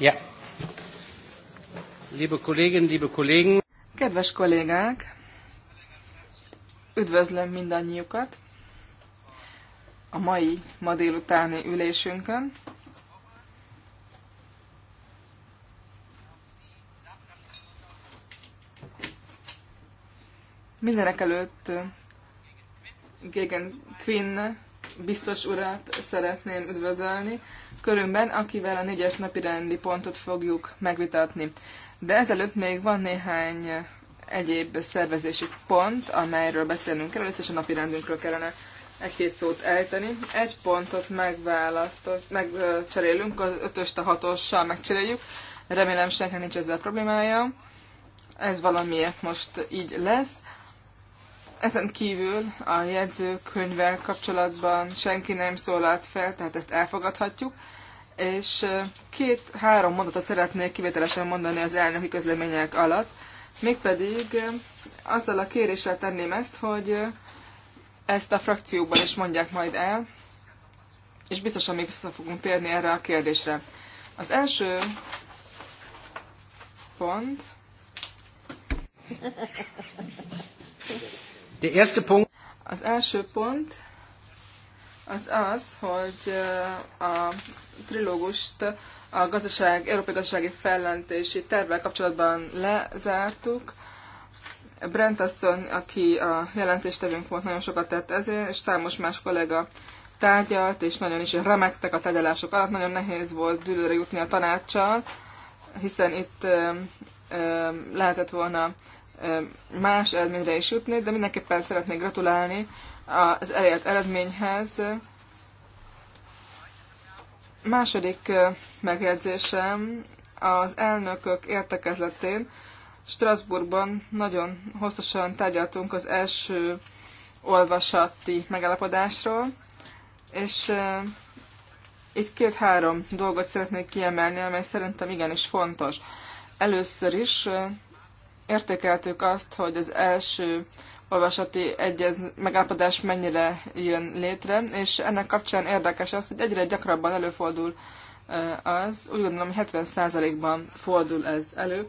Ja. Liebe Kolleginnen, liebe Kollegen. Kedves kollégák, üdvözlöm mindannyiukat a mai, ma délutáni ülésünkön. Mindenek előtt Gégen Quinn biztos urat szeretném üdvözölni körünkben, akivel a négyes napi rendi pontot fogjuk megvitatni. De ezelőtt még van néhány egyéb szervezési pont, amelyről beszélnünk kell. Először a napi rendünkről kellene egy-két szót ejteni. Egy pontot megválasztott, megcserélünk, az ötöst a hatossal megcseréljük. Remélem senkinek nincs ezzel problémája. Ez valamiért most így lesz. Ezen kívül a jegyzőkönyvvel kapcsolatban senki nem szólalt fel, tehát ezt elfogadhatjuk. És két-három mondatot szeretnék kivételesen mondani az elnöki közlemények alatt, mégpedig azzal a kéréssel tenném ezt, hogy ezt a frakcióban is mondják majd el, és biztosan még vissza fogunk térni erre a kérdésre. Az első pont... Az első pont az az, hogy a trilógust a gazdaság, európai gazdasági fellentési tervvel kapcsolatban lezártuk. Brent asszony, aki a jelentéstevőnk volt, nagyon sokat tett ezért, és számos más kollega tárgyalt, és nagyon is remektek a tárgyalások alatt, nagyon nehéz volt dűlőre jutni a tanácssal, hiszen itt ö, ö, lehetett volna más eredményre is jutni, de mindenképpen szeretnék gratulálni az elért eredményhez. Második megjegyzésem az elnökök értekezletén Strasbourgban nagyon hosszasan tárgyaltunk az első olvasati megállapodásról, és itt két-három dolgot szeretnék kiemelni, amely szerintem igenis fontos. Először is értékeltük azt, hogy az első olvasati egyez, megállapodás mennyire jön létre, és ennek kapcsán érdekes az, hogy egyre gyakrabban előfordul eh, az, úgy gondolom, hogy 70%-ban fordul ez elő,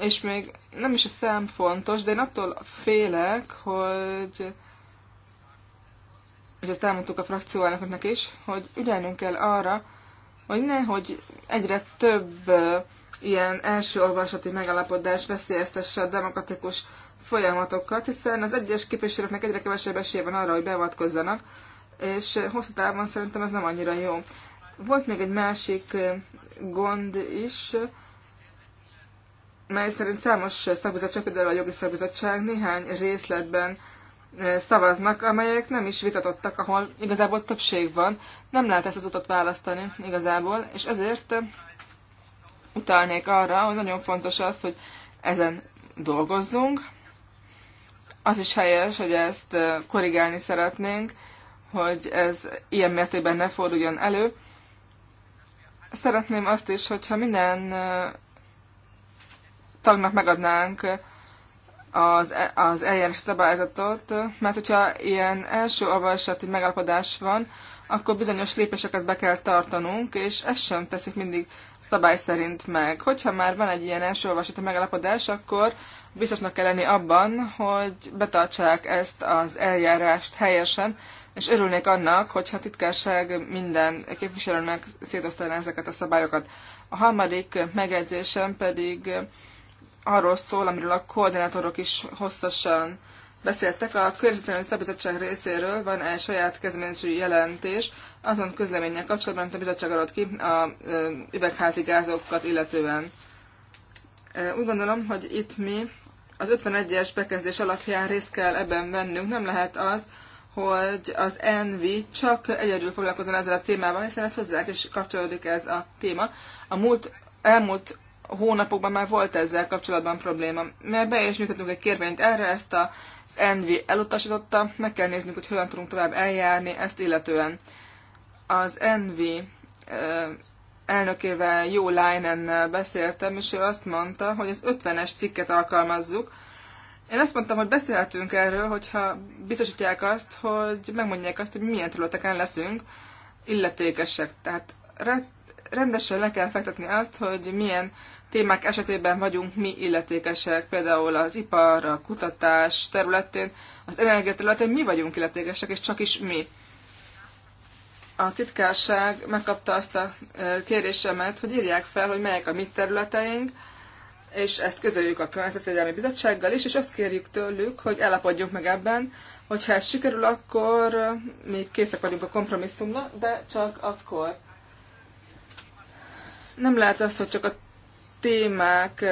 és még nem is a szám fontos, de én attól félek, hogy és ezt elmondtuk a frakcióállnokoknak is, hogy ügyelnünk kell arra, hogy nehogy egyre több eh, ilyen első olvasati megállapodás veszélyeztesse a demokratikus folyamatokat, hiszen az egyes képviselőknek egyre kevesebb esélye van arra, hogy beavatkozzanak, és hosszú távon szerintem ez nem annyira jó. Volt még egy másik gond is, mely szerint számos szakbizottság, például a jogi szakbizottság néhány részletben eh, szavaznak, amelyek nem is vitatottak, ahol igazából többség van. Nem lehet ezt az utat választani igazából, és ezért utalnék arra, hogy nagyon fontos az, hogy ezen dolgozzunk. Az is helyes, hogy ezt korrigálni szeretnénk, hogy ez ilyen mértékben ne forduljon elő. Szeretném azt is, hogyha minden tagnak megadnánk az, e, az eljárás szabályzatot, mert hogyha ilyen első avasati megalapodás van, akkor bizonyos lépéseket be kell tartanunk, és ezt sem teszik mindig szabály szerint meg. Hogyha már van egy ilyen első olvasati megállapodás, akkor biztosnak kell lenni abban, hogy betartsák ezt az eljárást helyesen, és örülnék annak, hogyha a titkárság minden képviselőnek szétosztaná ezeket a szabályokat. A harmadik megjegyzésem pedig arról szól, amiről a koordinátorok is hosszasan beszéltek. A Környezetvédelmi Szabizottság részéről van egy saját kezdeményező jelentés, azon közleménnyel kapcsolatban, amit a bizottság adott ki a üvegházi gázokat illetően. Úgy gondolom, hogy itt mi az 51-es bekezdés alapján részt kell ebben vennünk. Nem lehet az, hogy az NV csak egyedül foglalkozon ezzel a témával, hiszen ez hozzá is kapcsolódik ez a téma. A múlt, elmúlt hónapokban már volt ezzel kapcsolatban probléma, mert be is nyújtottunk egy kérvényt erre, ezt az ENVI elutasította, meg kell néznünk, hogy hogyan tudunk tovább eljárni ezt illetően. Az ENVI elnökével Jó Leinennel beszéltem, és ő azt mondta, hogy az 50-es cikket alkalmazzuk. Én azt mondtam, hogy beszélhetünk erről, hogyha biztosítják azt, hogy megmondják azt, hogy milyen területeken leszünk illetékesek. Tehát rendesen le kell fektetni azt, hogy milyen témák esetében vagyunk mi illetékesek, például az ipar, a kutatás területén, az energia területén mi vagyunk illetékesek, és csak is mi. A titkárság megkapta azt a kérésemet, hogy írják fel, hogy melyek a mi területeink, és ezt közöljük a Környezetvédelmi Bizottsággal is, és azt kérjük tőlük, hogy ellapodjunk meg ebben, hogyha ez sikerül, akkor még készek vagyunk a kompromisszumra, de csak akkor. Nem lehet az, hogy csak a témák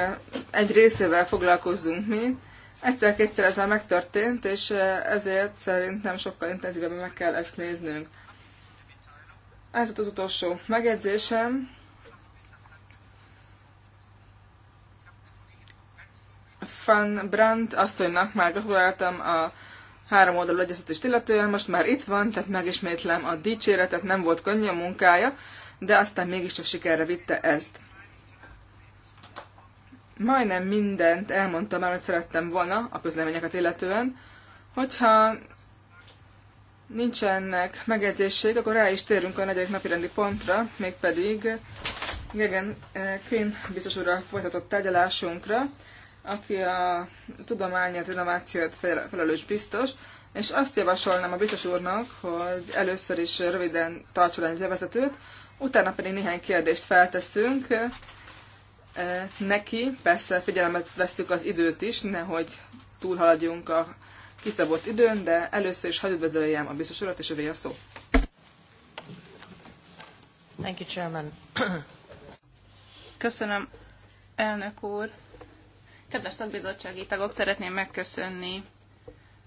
egy részével foglalkozzunk mi. Egyszer-kétszer ez már megtörtént, és ezért szerintem sokkal intenzívebben meg kell ezt néznünk. Ez volt az utolsó megjegyzésem. Van Brandt asszonynak már gratuláltam a három oldalú egyeztetést illetően, most már itt van, tehát megismétlem a dicséretet, nem volt könnyű a munkája, de aztán mégiscsak sikerre vitte ezt majdnem mindent elmondtam már, hogy szerettem volna a közleményeket illetően. Hogyha nincsenek megjegyzéség, akkor rá is térünk a negyedik napi rendi pontra, mégpedig igen, eh, Quinn biztos úrral folytatott tárgyalásunkra, aki a tudományért, innovációt felelős biztos, és azt javasolnám a biztos úrnak, hogy először is röviden tartson egy bevezetőt, utána pedig néhány kérdést felteszünk, neki, persze figyelemet veszük az időt is, nehogy túlhaladjunk a kiszabott időn, de először is hagyd üdvözöljem a biztos urat, és övé a szó. Thank you, Chairman. Köszönöm, elnök úr. Kedves szakbizottsági tagok, szeretném megköszönni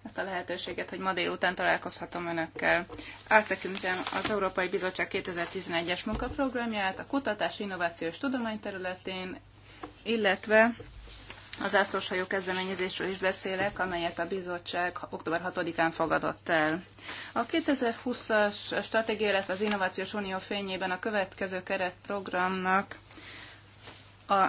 ezt a lehetőséget, hogy ma délután találkozhatom önökkel. Áttekintem az Európai Bizottság 2011-es munkaprogramját a kutatás, innováció és tudomány területén, illetve az ászlóshajó kezdeményezésről is beszélek, amelyet a bizottság október 6-án fogadott el. A 2020-as stratégia, illetve az Innovációs Unió fényében a következő keretprogramnak a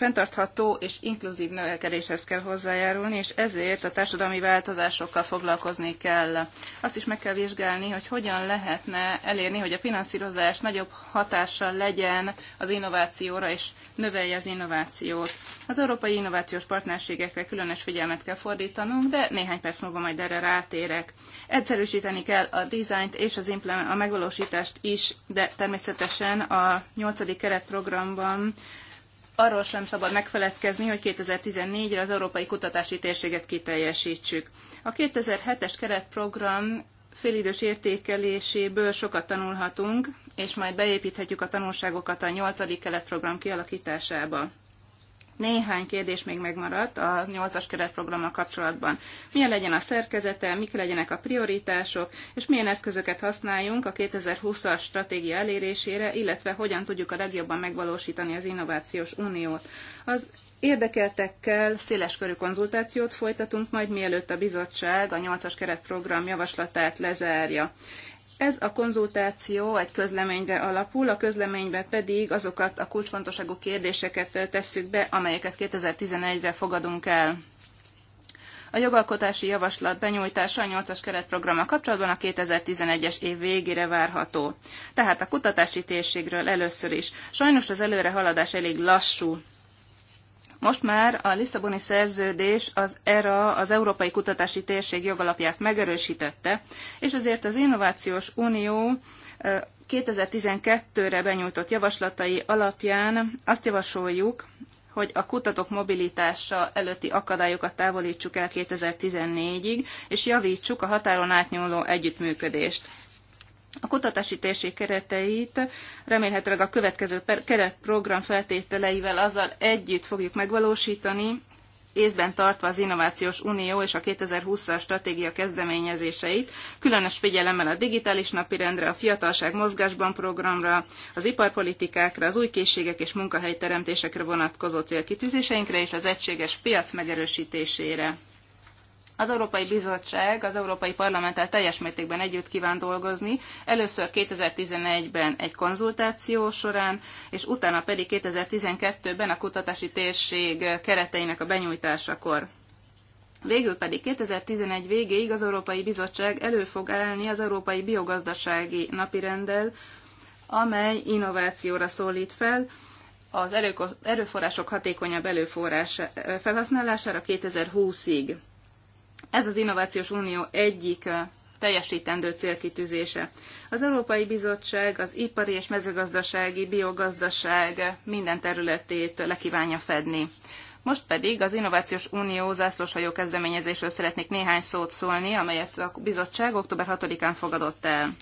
fenntartható és inkluzív növekedéshez kell hozzájárulni, és ezért a társadalmi változásokkal foglalkozni kell. Azt is meg kell vizsgálni, hogy hogyan lehetne elérni, hogy a finanszírozás nagyobb hatással legyen az innovációra, és növelje az innovációt. Az európai innovációs partnerségekre különös figyelmet kell fordítanunk, de néhány perc múlva majd erre rátérek. Egyszerűsíteni kell a dizájnt és az a megvalósítást is, de természetesen a 8. keretprogramban arról sem szabad megfeledkezni, hogy 2014-re az európai kutatási térséget kiteljesítsük. A 2007-es keretprogram félidős értékeléséből sokat tanulhatunk, és majd beépíthetjük a tanulságokat a 8. keletprogram kialakításába néhány kérdés még megmaradt a 8-as keretprogrammal kapcsolatban. Milyen legyen a szerkezete, mik legyenek a prioritások, és milyen eszközöket használjunk a 2020-as stratégia elérésére, illetve hogyan tudjuk a legjobban megvalósítani az Innovációs Uniót. Az Érdekeltekkel széles körű konzultációt folytatunk majd, mielőtt a bizottság a 8-as keretprogram javaslatát lezárja. Ez a konzultáció egy közleményre alapul, a közleménybe pedig azokat a kulcsfontosságú kérdéseket tesszük be, amelyeket 2011-re fogadunk el. A jogalkotási javaslat benyújtása a 8-as keretprogrammal kapcsolatban a 2011-es év végére várható. Tehát a kutatási térségről először is. Sajnos az előrehaladás elég lassú most már a Lisszaboni szerződés az ERA, az Európai Kutatási Térség jogalapját megerősítette, és azért az Innovációs Unió 2012-re benyújtott javaslatai alapján azt javasoljuk, hogy a kutatók mobilitása előtti akadályokat távolítsuk el 2014-ig, és javítsuk a határon átnyúló együttműködést. A kutatási térség kereteit remélhetőleg a következő keretprogram feltételeivel azzal együtt fogjuk megvalósítani, észben tartva az Innovációs Unió és a 2020-as stratégia kezdeményezéseit, különös figyelemmel a digitális napirendre, a fiatalság mozgásban programra, az iparpolitikákra, az új készségek és munkahelyteremtésekre vonatkozó célkitűzéseinkre és az egységes piac megerősítésére. Az Európai Bizottság az Európai Parlamenttel teljes mértékben együtt kíván dolgozni, először 2011-ben egy konzultáció során, és utána pedig 2012-ben a kutatási térség kereteinek a benyújtásakor. Végül pedig 2011 végéig az Európai Bizottság elő fog állni az Európai Biogazdasági Napirenddel, amely innovációra szólít fel, az erőforrások hatékonyabb előforrás felhasználására 2020-ig. Ez az Innovációs Unió egyik teljesítendő célkitűzése. Az Európai Bizottság az ipari és mezőgazdasági biogazdaság minden területét lekívánja fedni. Most pedig az Innovációs Unió zászlóshajó kezdeményezésről szeretnék néhány szót szólni, amelyet a bizottság október 6-án fogadott el.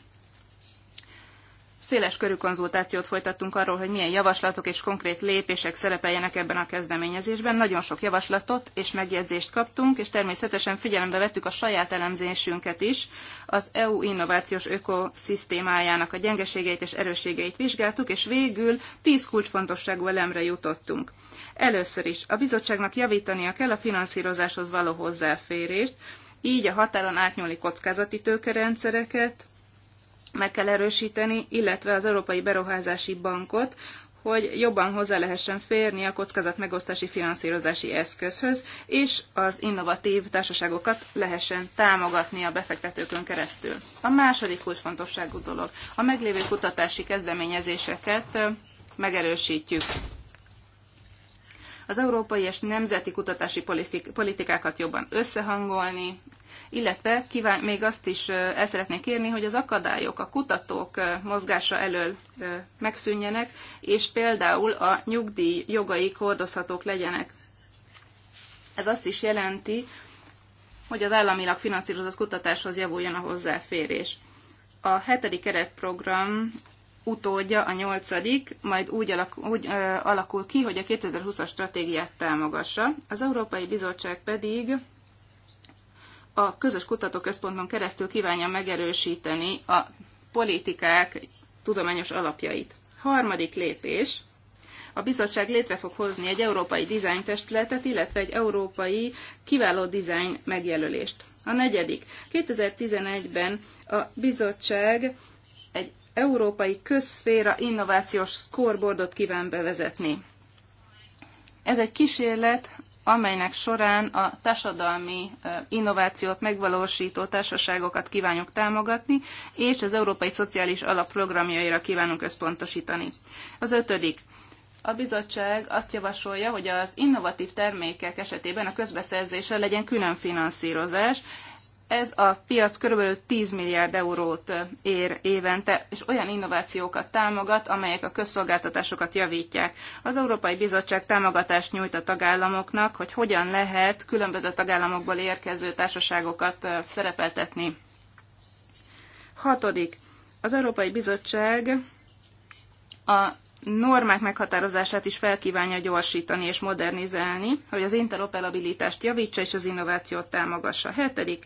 Széles körű konzultációt folytattunk arról, hogy milyen javaslatok és konkrét lépések szerepeljenek ebben a kezdeményezésben. Nagyon sok javaslatot és megjegyzést kaptunk, és természetesen figyelembe vettük a saját elemzésünket is. Az EU innovációs ökoszisztémájának a gyengeségeit és erősségeit vizsgáltuk, és végül tíz kulcsfontosságú elemre jutottunk. Először is a bizottságnak javítania kell a finanszírozáshoz való hozzáférést, így a határon átnyúli kockázati tőkerendszereket, meg kell erősíteni, illetve az Európai Beruházási Bankot, hogy jobban hozzá lehessen férni a kockázatmegosztási finanszírozási eszközhöz, és az innovatív társaságokat lehessen támogatni a befektetőkön keresztül. A második kulcsfontosságú dolog, a meglévő kutatási kezdeményezéseket megerősítjük. Az európai és nemzeti kutatási politikákat jobban összehangolni illetve kíván, még azt is el szeretnék kérni, hogy az akadályok a kutatók mozgása elől megszűnjenek, és például a nyugdíj jogaik hordozhatók legyenek. Ez azt is jelenti, hogy az államilag finanszírozott kutatáshoz javuljon a hozzáférés. A hetedik keretprogram utódja a nyolcadik, majd úgy, alakul, úgy ö, alakul ki, hogy a 2020-as stratégiát támogassa. Az Európai Bizottság pedig a közös kutatóközpontban keresztül kívánja megerősíteni a politikák tudományos alapjait. Harmadik lépés. A bizottság létre fog hozni egy európai dizájntestületet, illetve egy európai kiváló dizájn megjelölést. A negyedik. 2011-ben a bizottság egy európai közszféra innovációs scoreboardot kíván bevezetni. Ez egy kísérlet amelynek során a társadalmi innovációt megvalósító társaságokat kívánjuk támogatni, és az Európai Szociális Alap programjaira kívánunk összpontosítani. Az ötödik. A bizottság azt javasolja, hogy az innovatív termékek esetében a közbeszerzésre legyen külön finanszírozás ez a piac körülbelül 10 milliárd eurót ér évente, és olyan innovációkat támogat, amelyek a közszolgáltatásokat javítják. Az Európai Bizottság támogatást nyújt a tagállamoknak, hogy hogyan lehet különböző tagállamokból érkező társaságokat szerepeltetni. Hatodik. Az Európai Bizottság a normák meghatározását is felkívánja gyorsítani és modernizálni, hogy az interoperabilitást javítsa és az innovációt támogassa. Hetedik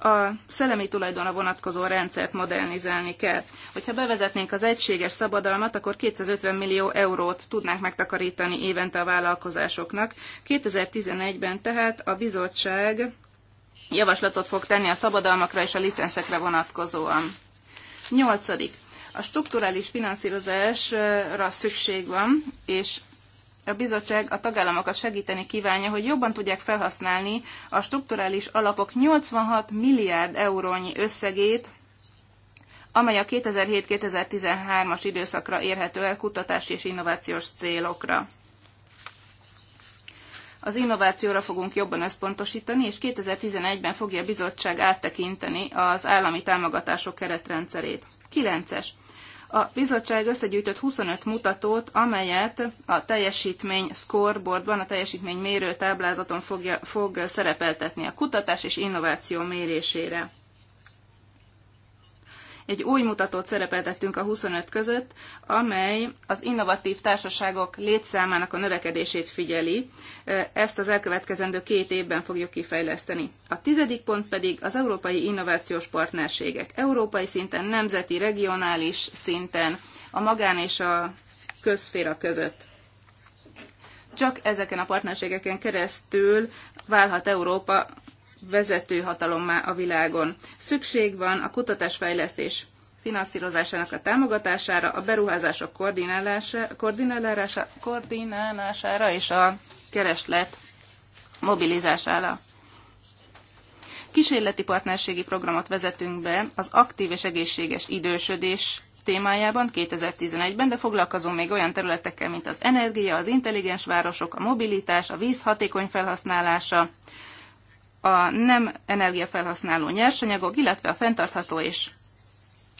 a szellemi tulajdonra vonatkozó rendszert modernizálni kell. Hogyha bevezetnénk az egységes szabadalmat, akkor 250 millió eurót tudnánk megtakarítani évente a vállalkozásoknak. 2011-ben tehát a bizottság javaslatot fog tenni a szabadalmakra és a licenszekre vonatkozóan. Nyolcadik. A strukturális finanszírozásra szükség van, és a bizottság a tagállamokat segíteni kívánja, hogy jobban tudják felhasználni a strukturális alapok 86 milliárd eurónyi összegét, amely a 2007-2013-as időszakra érhető el kutatási és innovációs célokra. Az innovációra fogunk jobban összpontosítani, és 2011-ben fogja a bizottság áttekinteni az állami támogatások keretrendszerét. 9-es. A bizottság összegyűjtött 25 mutatót, amelyet a teljesítmény scoreboardban, a teljesítmény mérő táblázaton fogja, fog szerepeltetni a kutatás és innováció mérésére egy új mutatót szerepeltettünk a 25 között, amely az innovatív társaságok létszámának a növekedését figyeli. Ezt az elkövetkezendő két évben fogjuk kifejleszteni. A tizedik pont pedig az európai innovációs partnerségek. Európai szinten, nemzeti, regionális szinten, a magán és a közszféra között. Csak ezeken a partnerségeken keresztül válhat Európa vezető hatalommá a világon. Szükség van a kutatásfejlesztés finanszírozásának a támogatására, a beruházások koordinálása, koordinálása, koordinálására és a kereslet mobilizására. Kísérleti partnerségi programot vezetünk be az aktív és egészséges idősödés témájában 2011-ben, de foglalkozunk még olyan területekkel, mint az energia, az intelligens városok, a mobilitás, a víz hatékony felhasználása, a nem energiafelhasználó nyersanyagok, illetve a fenntartható és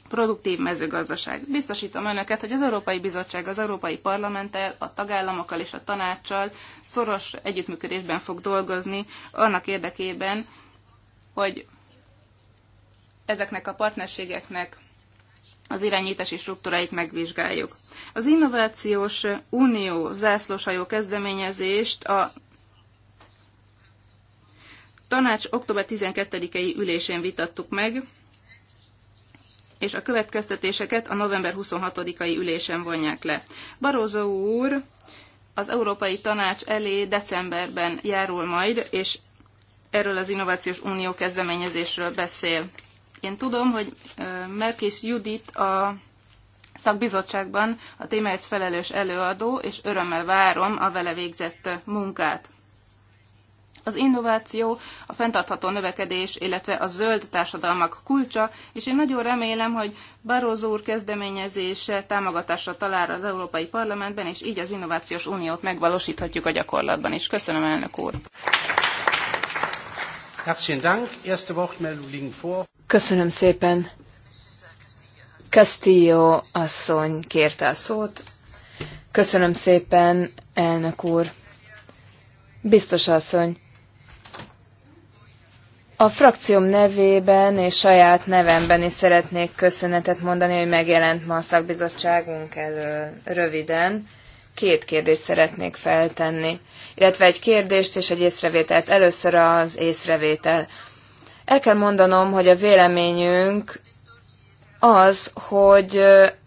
produktív mezőgazdaság. Biztosítom önöket, hogy az Európai Bizottság az Európai Parlamenttel, a tagállamokkal és a tanácssal szoros együttműködésben fog dolgozni annak érdekében, hogy ezeknek a partnerségeknek az irányítási struktúráit megvizsgáljuk. Az Innovációs Unió zászlósajó kezdeményezést a tanács október 12-i ülésén vitattuk meg, és a következtetéseket a november 26-ai ülésen vonják le. Barózó úr az Európai Tanács elé decemberben járul majd, és erről az Innovációs Unió kezdeményezésről beszél. Én tudom, hogy Merkis Judit a szakbizottságban a témáért felelős előadó, és örömmel várom a vele végzett munkát. Az innováció, a fenntartható növekedés, illetve a zöld társadalmak kulcsa, és én nagyon remélem, hogy Barroso úr kezdeményezése támogatásra talál az Európai Parlamentben, és így az Innovációs Uniót megvalósíthatjuk a gyakorlatban is. Köszönöm, elnök úr! Köszönöm szépen! Castillo asszony kérte a szót. Köszönöm szépen, elnök úr! Biztos asszony, a frakcióm nevében és saját nevemben is szeretnék köszönetet mondani, hogy megjelent ma a szakbizottságunk elő röviden. Két kérdést szeretnék feltenni, illetve egy kérdést és egy észrevételt. Először az észrevétel. El kell mondanom, hogy a véleményünk az, hogy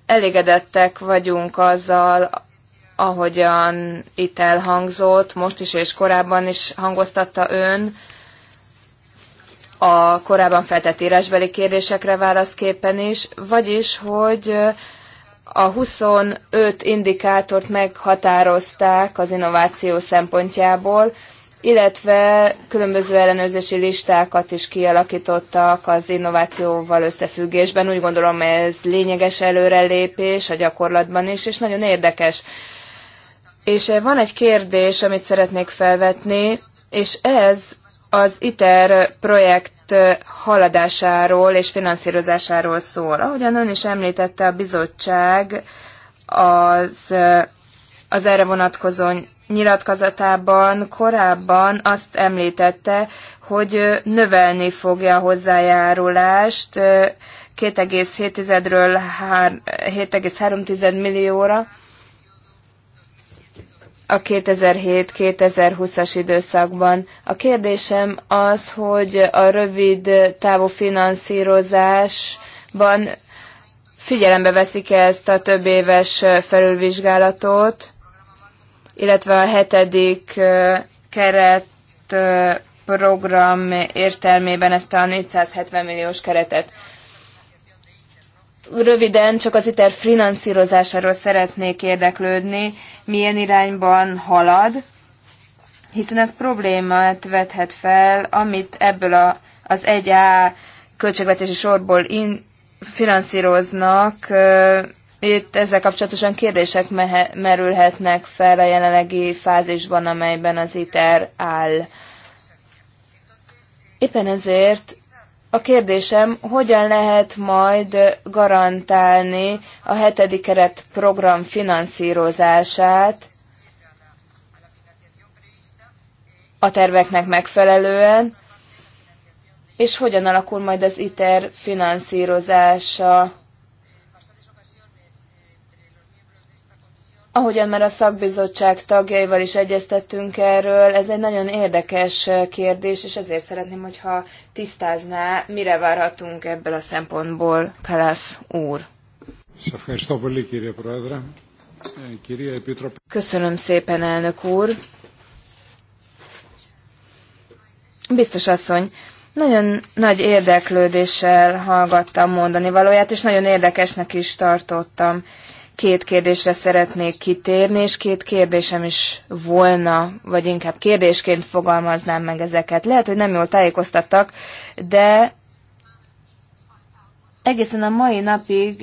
elégedettek vagyunk azzal, ahogyan itt elhangzott, most is és korábban is hangoztatta ön, a korábban feltett írásbeli kérdésekre válaszképpen is, vagyis, hogy a 25 indikátort meghatározták az innováció szempontjából, illetve különböző ellenőrzési listákat is kialakítottak az innovációval összefüggésben. Úgy gondolom, ez lényeges előrelépés a gyakorlatban is, és nagyon érdekes. És van egy kérdés, amit szeretnék felvetni, és ez az ITER projekt haladásáról és finanszírozásáról szól. Ahogyan ön is említette, a bizottság az, az erre vonatkozó nyilatkozatában korábban azt említette, hogy növelni fogja a hozzájárulást 2,7-ről 7,3 millióra, a 2007-2020-as időszakban. A kérdésem az, hogy a rövid távú finanszírozásban figyelembe veszik -e ezt a több éves felülvizsgálatot, illetve a hetedik keret program értelmében ezt a 470 milliós keretet röviden csak az ITER finanszírozásáról szeretnék érdeklődni, milyen irányban halad, hiszen ez problémát vethet fel, amit ebből a, az 1A költségvetési sorból in, finanszíroznak, itt ezzel kapcsolatosan kérdések mehe, merülhetnek fel a jelenlegi fázisban, amelyben az ITER áll. Éppen ezért a kérdésem, hogyan lehet majd garantálni a hetedik keret program finanszírozását a terveknek megfelelően, és hogyan alakul majd az ITER finanszírozása Ahogyan már a szakbizottság tagjaival is egyeztettünk erről, ez egy nagyon érdekes eh, kérdés, és ezért szeretném, hogyha tisztázná, mire várhatunk ebből a szempontból, Kalász úr. Köszönöm szépen, elnök úr. Biztos asszony, nagyon nagy érdeklődéssel hallgattam mondani valóját, és nagyon érdekesnek is tartottam két kérdésre szeretnék kitérni, és két kérdésem is volna, vagy inkább kérdésként fogalmaznám meg ezeket. Lehet, hogy nem jól tájékoztattak, de egészen a mai napig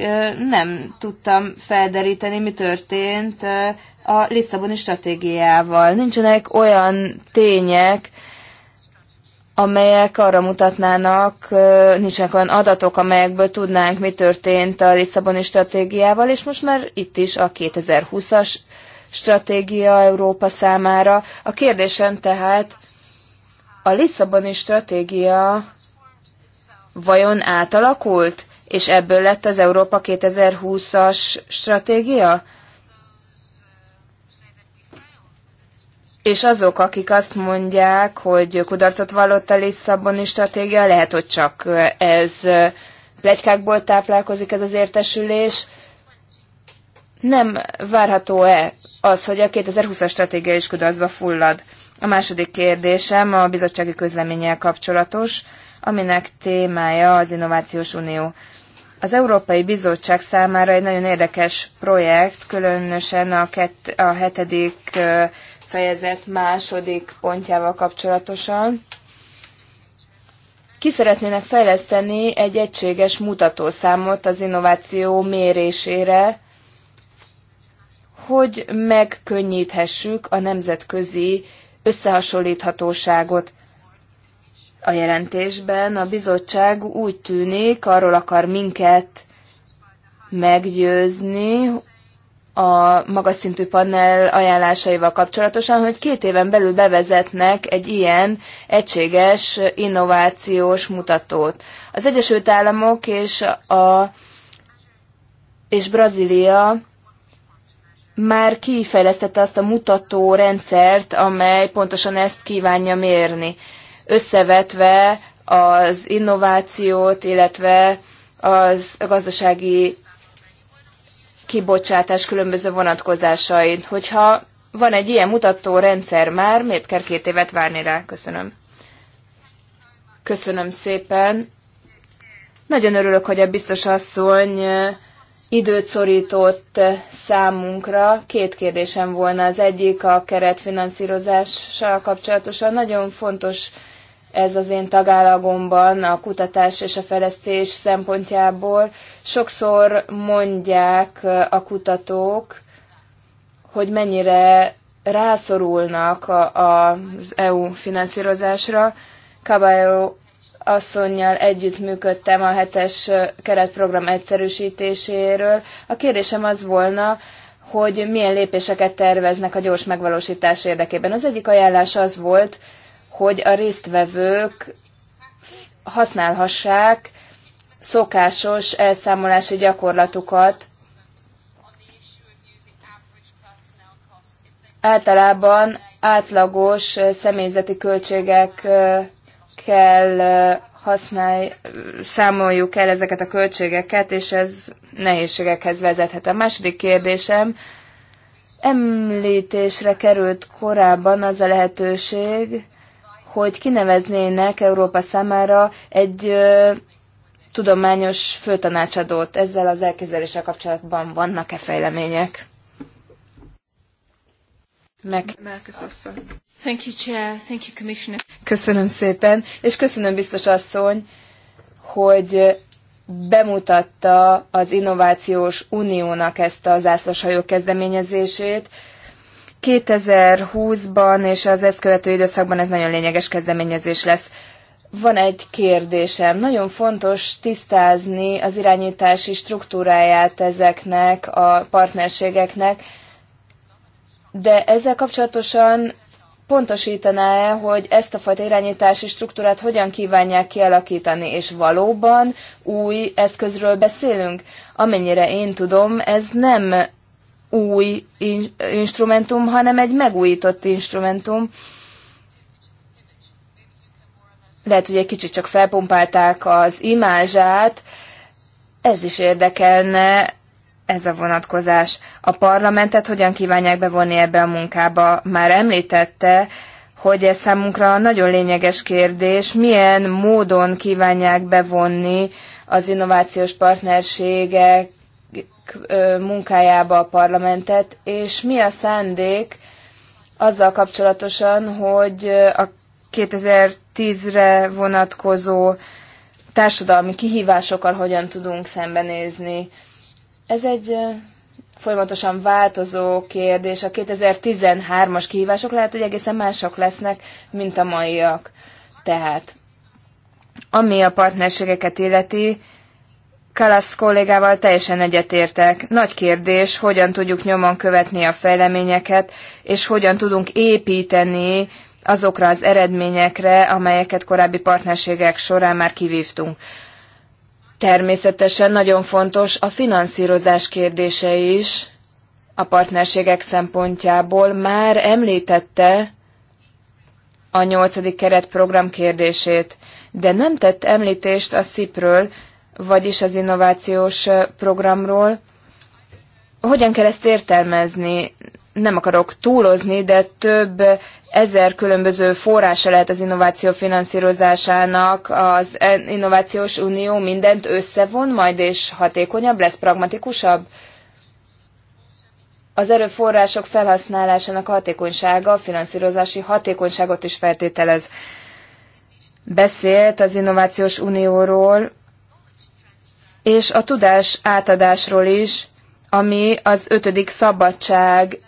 nem tudtam felderíteni, mi történt a Lisszaboni stratégiával. Nincsenek olyan tények, amelyek arra mutatnának, nincsenek olyan adatok, amelyekből tudnánk, mi történt a Lisszaboni stratégiával, és most már itt is a 2020-as stratégia Európa számára. A kérdésem tehát, a Lisszaboni stratégia vajon átalakult, és ebből lett az Európa 2020-as stratégia? és azok, akik azt mondják, hogy kudarcot vallott a Lisszaboni stratégia, lehet, hogy csak ez plegykákból táplálkozik ez az értesülés. Nem várható-e az, hogy a 2020-as stratégia is kudarcba fullad? A második kérdésem a bizottsági közleménnyel kapcsolatos, aminek témája az Innovációs Unió. Az Európai Bizottság számára egy nagyon érdekes projekt, különösen a, kett, a hetedik fejezet második pontjával kapcsolatosan. Ki szeretnének fejleszteni egy egységes mutatószámot az innováció mérésére, hogy megkönnyíthessük a nemzetközi összehasonlíthatóságot. A jelentésben a bizottság úgy tűnik, arról akar minket meggyőzni, a magas szintű panel ajánlásaival kapcsolatosan, hogy két éven belül bevezetnek egy ilyen egységes innovációs mutatót. Az Egyesült Államok és, a, és Brazília már kifejlesztette azt a mutató rendszert, amely pontosan ezt kívánja mérni, összevetve az innovációt, illetve az gazdasági kibocsátás különböző vonatkozásait. Hogyha van egy ilyen mutató rendszer már, miért kell két évet várni rá? Köszönöm. Köszönöm szépen. Nagyon örülök, hogy a biztos asszony időt szorított számunkra. Két kérdésem volna. Az egyik a keretfinanszírozással kapcsolatosan. Nagyon fontos ez az én tagállamomban a kutatás és a fejlesztés szempontjából. Sokszor mondják a kutatók, hogy mennyire rászorulnak a, a, az EU finanszírozásra. Caballero asszonynal együttműködtem a hetes keretprogram egyszerűsítéséről. A kérésem az volna, hogy milyen lépéseket terveznek a gyors megvalósítás érdekében. Az egyik ajánlás az volt, hogy a résztvevők használhassák szokásos elszámolási gyakorlatukat. Általában átlagos személyzeti költségekkel használj, számoljuk el ezeket a költségeket, és ez nehézségekhez vezethet. A második kérdésem, említésre került korábban az a lehetőség, hogy kineveznének Európa számára egy tudományos főtanácsadót. Ezzel az elképzeléssel kapcsolatban vannak-e fejlemények? Meg. Thank you, Chair. Thank you, Commissioner. Köszönöm szépen, és köszönöm biztos asszony, hogy bemutatta az Innovációs Uniónak ezt a zászlóshajó kezdeményezését. 2020-ban és az ezt követő időszakban ez nagyon lényeges kezdeményezés lesz. Van egy kérdésem. Nagyon fontos tisztázni az irányítási struktúráját ezeknek a partnerségeknek, de ezzel kapcsolatosan pontosítaná-e, hogy ezt a fajta irányítási struktúrát hogyan kívánják kialakítani, és valóban új eszközről beszélünk? Amennyire én tudom, ez nem új in- instrumentum, hanem egy megújított instrumentum. Lehet, hogy egy kicsit csak felpumpálták az imázsát, ez is érdekelne, ez a vonatkozás. A parlamentet hogyan kívánják bevonni ebbe a munkába? Már említette, hogy ez számunkra nagyon lényeges kérdés, milyen módon kívánják bevonni az innovációs partnerségek munkájába a parlamentet, és mi a szándék azzal kapcsolatosan, hogy a 2010-re vonatkozó társadalmi kihívásokkal hogyan tudunk szembenézni. Ez egy folyamatosan változó kérdés. A 2013-as kihívások lehet, hogy egészen mások lesznek, mint a maiak. Tehát, ami a partnerségeket illeti, Kalasz kollégával teljesen egyetértek. Nagy kérdés, hogyan tudjuk nyomon követni a fejleményeket, és hogyan tudunk építeni azokra az eredményekre, amelyeket korábbi partnerségek során már kivívtunk. Természetesen nagyon fontos a finanszírozás kérdése is a partnerségek szempontjából. Már említette a nyolcadik keretprogram kérdését, de nem tett említést a szipről, vagyis az innovációs programról. Hogyan kell ezt értelmezni? Nem akarok túlozni, de több ezer különböző forrása lehet az innováció finanszírozásának. Az Innovációs Unió mindent összevon majd, és hatékonyabb lesz, pragmatikusabb? Az erőforrások felhasználásának hatékonysága a finanszírozási hatékonyságot is feltételez. Beszélt az Innovációs Unióról, és a tudás átadásról is, ami az ötödik szabadság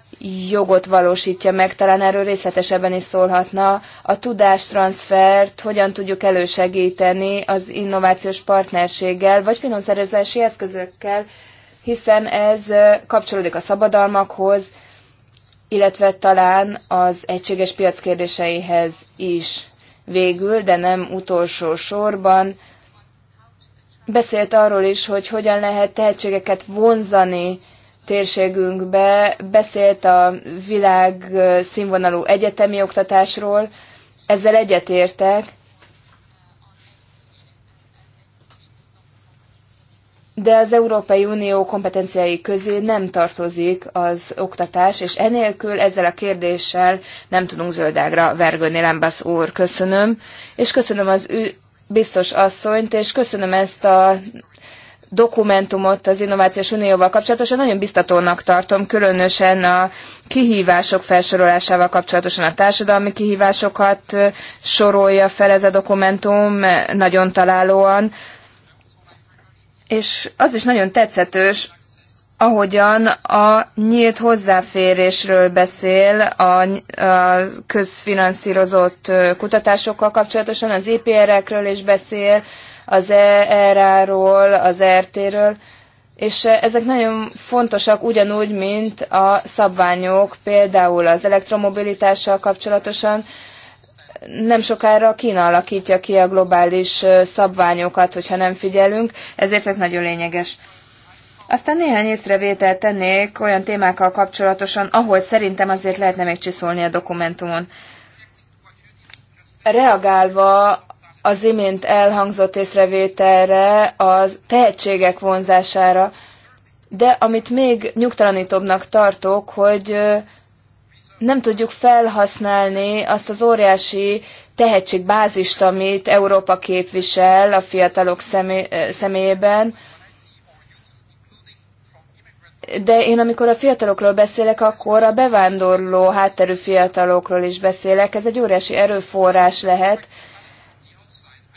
jogot valósítja meg, talán erről részletesebben is szólhatna, a tudástranszfert hogyan tudjuk elősegíteni az innovációs partnerséggel, vagy finanszírozási eszközökkel, hiszen ez kapcsolódik a szabadalmakhoz, illetve talán az egységes piac kérdéseihez is végül, de nem utolsó sorban Beszélt arról is, hogy hogyan lehet tehetségeket vonzani térségünkbe, beszélt a világ színvonalú egyetemi oktatásról, ezzel egyetértek, de az Európai Unió kompetenciái közé nem tartozik az oktatás, és enélkül ezzel a kérdéssel nem tudunk zöldágra vergődni, Lembasz úr. Köszönöm, és köszönöm az biztos asszonyt, és köszönöm ezt a dokumentumot az Innovációs Unióval kapcsolatosan nagyon biztatónak tartom, különösen a kihívások felsorolásával kapcsolatosan a társadalmi kihívásokat sorolja fel ez a dokumentum nagyon találóan. És az is nagyon tetszetős, ahogyan a nyílt hozzáférésről beszél a, a közfinanszírozott kutatásokkal kapcsolatosan, az EPR-ekről is beszél, az ERA-ról, az e RT-ről, és ezek nagyon fontosak ugyanúgy, mint a szabványok, például az elektromobilitással kapcsolatosan, nem sokára Kína alakítja ki a globális szabványokat, hogyha nem figyelünk, ezért ez nagyon lényeges. Aztán néhány észrevételt tennék olyan témákkal kapcsolatosan, ahol szerintem azért lehetne még csiszolni a dokumentumon. Reagálva az imént elhangzott észrevételre, az tehetségek vonzására, de amit még nyugtalanítóbbnak tartok, hogy nem tudjuk felhasználni azt az óriási tehetségbázist, amit Európa képvisel a fiatalok személyében, de én amikor a fiatalokról beszélek, akkor a bevándorló hátterű fiatalokról is beszélek. Ez egy óriási erőforrás lehet,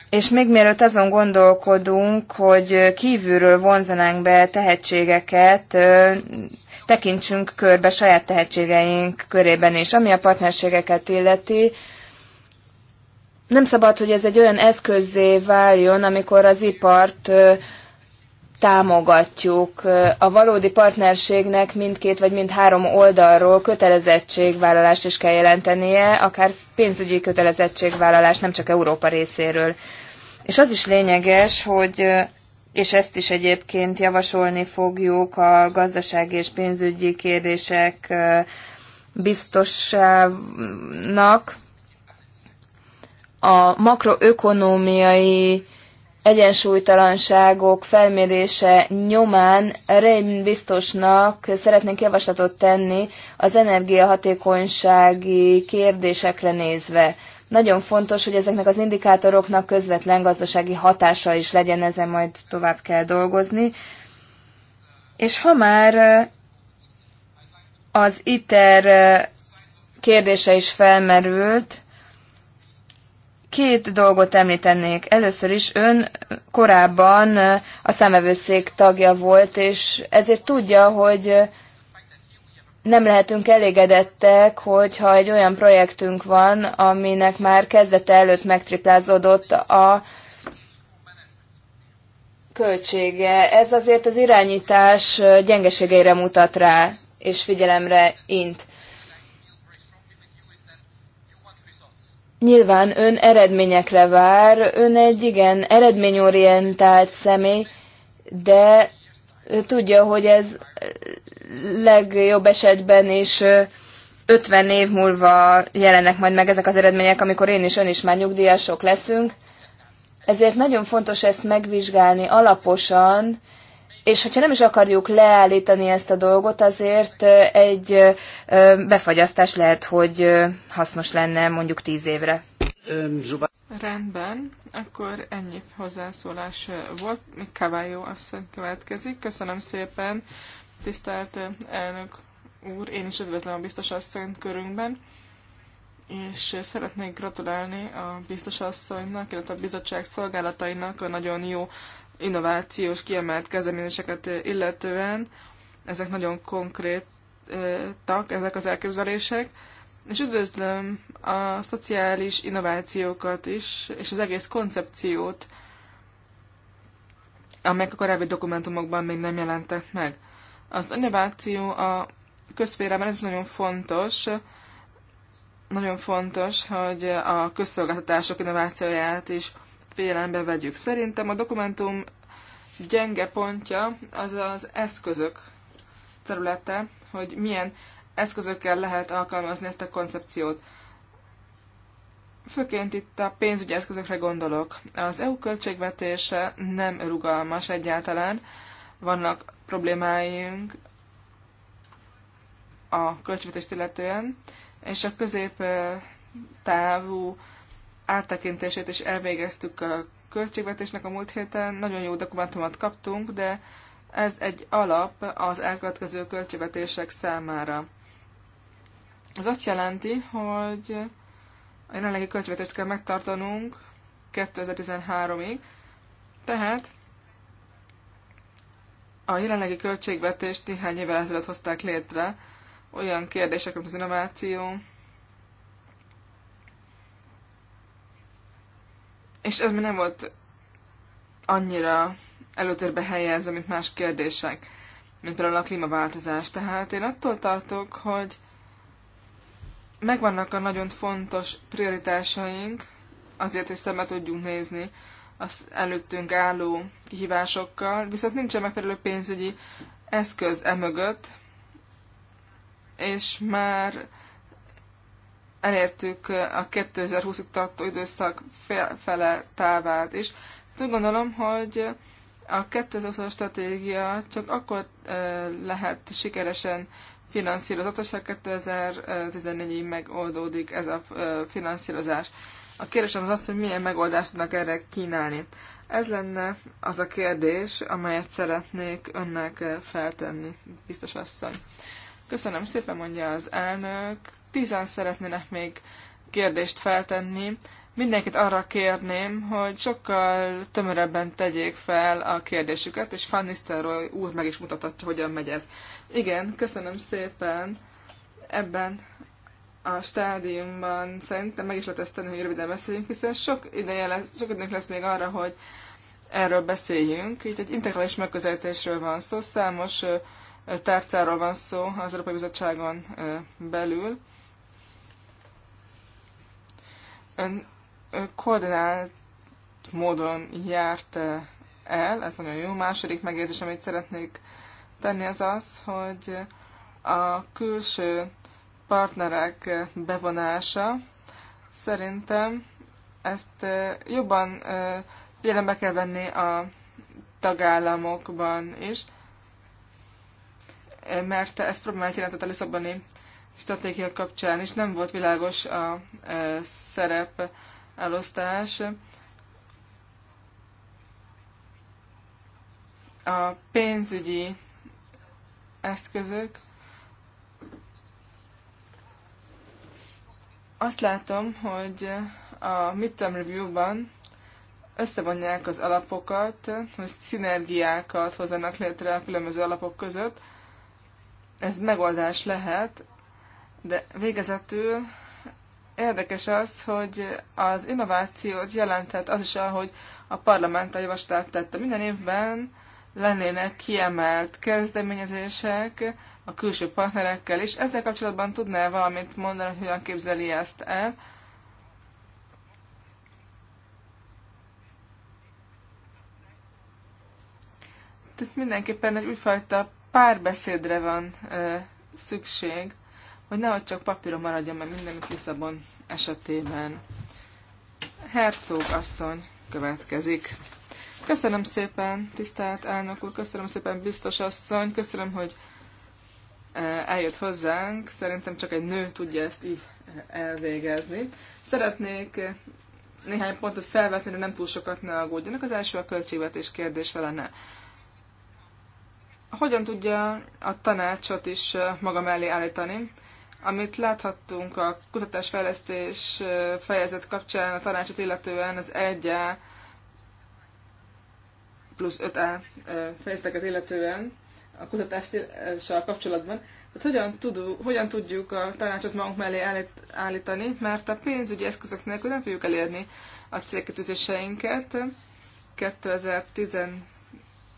és még mielőtt azon gondolkodunk, hogy kívülről vonzanánk be tehetségeket, tekintsünk körbe saját tehetségeink körében is. Ami a partnerségeket illeti, nem szabad, hogy ez egy olyan eszközzé váljon, amikor az ipart támogatjuk. A valódi partnerségnek mindkét vagy mindhárom oldalról kötelezettségvállalást is kell jelentenie, akár pénzügyi kötelezettségvállalás, nem csak Európa részéről. És az is lényeges, hogy és ezt is egyébként javasolni fogjuk a gazdasági és pénzügyi kérdések biztosnak, a makroökonómiai egyensúlytalanságok felmérése nyomán Reim biztosnak szeretnénk javaslatot tenni az energiahatékonysági kérdésekre nézve. Nagyon fontos, hogy ezeknek az indikátoroknak közvetlen gazdasági hatása is legyen, ezen majd tovább kell dolgozni. És ha már eh, az ITER eh, kérdése is felmerült, Két dolgot említenék. Először is ön korábban a szemevőszék tagja volt, és ezért tudja, hogy nem lehetünk elégedettek, hogyha egy olyan projektünk van, aminek már kezdete előtt megtriplázódott a költsége. Ez azért az irányítás gyengeségeire mutat rá, és figyelemre int. Nyilván ön eredményekre vár, ön egy igen eredményorientált személy, de ő tudja, hogy ez legjobb esetben is 50 év múlva jelennek majd meg ezek az eredmények, amikor én is ön is már nyugdíjasok leszünk. Ezért nagyon fontos ezt megvizsgálni alaposan, és hogyha nem is akarjuk leállítani ezt a dolgot, azért egy befagyasztás lehet, hogy hasznos lenne mondjuk tíz évre. Rendben, akkor ennyi hozzászólás volt. Kavályó asszony következik. Köszönöm szépen, tisztelt elnök úr. Én is üdvözlöm a biztos asszonyt körünkben és szeretnék gratulálni a biztos asszonynak, illetve a bizottság szolgálatainak a nagyon jó innovációs kiemelt kezdeményezéseket illetően. Ezek nagyon konkrétak, ezek az elképzelések. És üdvözlöm a szociális innovációkat is, és az egész koncepciót, amelyek a korábbi dokumentumokban még nem jelentek meg. Az innováció a közférában ez nagyon fontos, nagyon fontos, hogy a közszolgáltatások innovációját is figyelembe vegyük. Szerintem a dokumentum gyenge pontja az az eszközök területe, hogy milyen eszközökkel lehet alkalmazni ezt a koncepciót. Főként itt a pénzügyi eszközökre gondolok. Az EU költségvetése nem rugalmas egyáltalán, vannak problémáink a költségvetést illetően, és a középtávú áttekintését is elvégeztük a költségvetésnek a múlt héten. Nagyon jó dokumentumot kaptunk, de ez egy alap az elkövetkező költségvetések számára. Ez azt jelenti, hogy a jelenlegi költségvetést kell megtartanunk 2013-ig, tehát a jelenlegi költségvetést néhány évvel ezelőtt hozták létre olyan kérdések, mint az innováció, és ez még nem volt annyira előtérbe helyezve, mint más kérdések, mint például a klímaváltozás. Tehát én attól tartok, hogy megvannak a nagyon fontos prioritásaink, azért, hogy szembe tudjunk nézni az előttünk álló kihívásokkal, viszont nincsen megfelelő pénzügyi eszköz emögött, és már elértük a 2020-ig tartó időszak fele távát is. Hát úgy gondolom, hogy a 2020-as stratégia csak akkor lehet sikeresen finanszírozott, és 2014-ig megoldódik ez a finanszírozás. A kérdésem az az, hogy milyen megoldást tudnak erre kínálni. Ez lenne az a kérdés, amelyet szeretnék önnek feltenni, biztos asszony. Köszönöm szépen, mondja az elnök tízen szeretnének még kérdést feltenni. Mindenkit arra kérném, hogy sokkal tömörebben tegyék fel a kérdésüket, és Van Nistelrooy úr meg is mutathatja, hogyan megy ez. Igen, köszönöm szépen ebben a stádiumban szerintem meg is lehet ezt tenni, hogy röviden beszéljünk, hiszen sok ideje lesz, sok időnk lesz még arra, hogy erről beszéljünk. Itt egy integrális megközelítésről van szó, számos tárcáról van szó az Európai Bizottságon belül ön, ön koordinált módon járt el, ez nagyon jó. Második megérzés, amit szeretnék tenni, az az, hogy a külső partnerek bevonása szerintem ezt jobban jelenbe kell venni a tagállamokban is, mert ez problémát jelentett a Lisszaboni stratégia kapcsán is nem volt világos a e, szerep elosztás. A pénzügyi eszközök. Azt látom, hogy a midterm review-ban összevonják az alapokat, hogy szinergiákat hozzanak létre a különböző alapok között. Ez megoldás lehet, de végezetül érdekes az, hogy az innovációt jelentett az is, ahogy a parlament a javaslat tette. Minden évben lennének kiemelt kezdeményezések a külső partnerekkel, és ezzel kapcsolatban tudná -e valamit mondani, hogy hogyan képzeli ezt el? Tehát mindenképpen egy újfajta párbeszédre van ö, szükség hogy nehogy csak papíron maradjon meg minden, mint Lisszabon esetében. Herzog asszony következik. Köszönöm szépen, tisztelt elnök úr, köszönöm szépen, biztos asszony, köszönöm, hogy eh, eljött hozzánk. Szerintem csak egy nő tudja ezt így eh, elvégezni. Szeretnék eh, néhány pontot felvetni, de nem túl sokat ne aggódjanak. Az első a költségvetés kérdése lenne. Hogyan tudja a tanácsot is maga mellé állítani? Amit láthattunk a kutatásfejlesztés fejezet kapcsán a tanácsot illetően az 1A plusz 5A fejezeteket illetően, a kutatással kapcsolatban. Tehát hogyan, tudunk, hogyan tudjuk a tanácsot magunk mellé állítani, mert a pénzügyi eszközök nélkül nem fogjuk elérni a célkitűzéseinket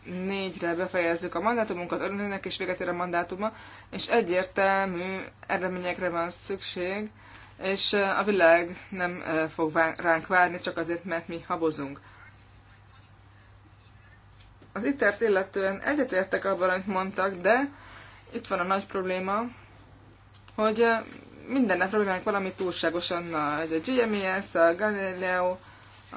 négyre befejezzük a mandátumunkat, örülnének és véget ér a mandátuma, és egyértelmű eredményekre van szükség, és a világ nem fog ránk várni, csak azért, mert mi habozunk. Az ittert illetően egyetértek abban, amit mondtak, de itt van a nagy probléma, hogy minden nap problémák valami túlságosan nagy. A GMES, a Galileo,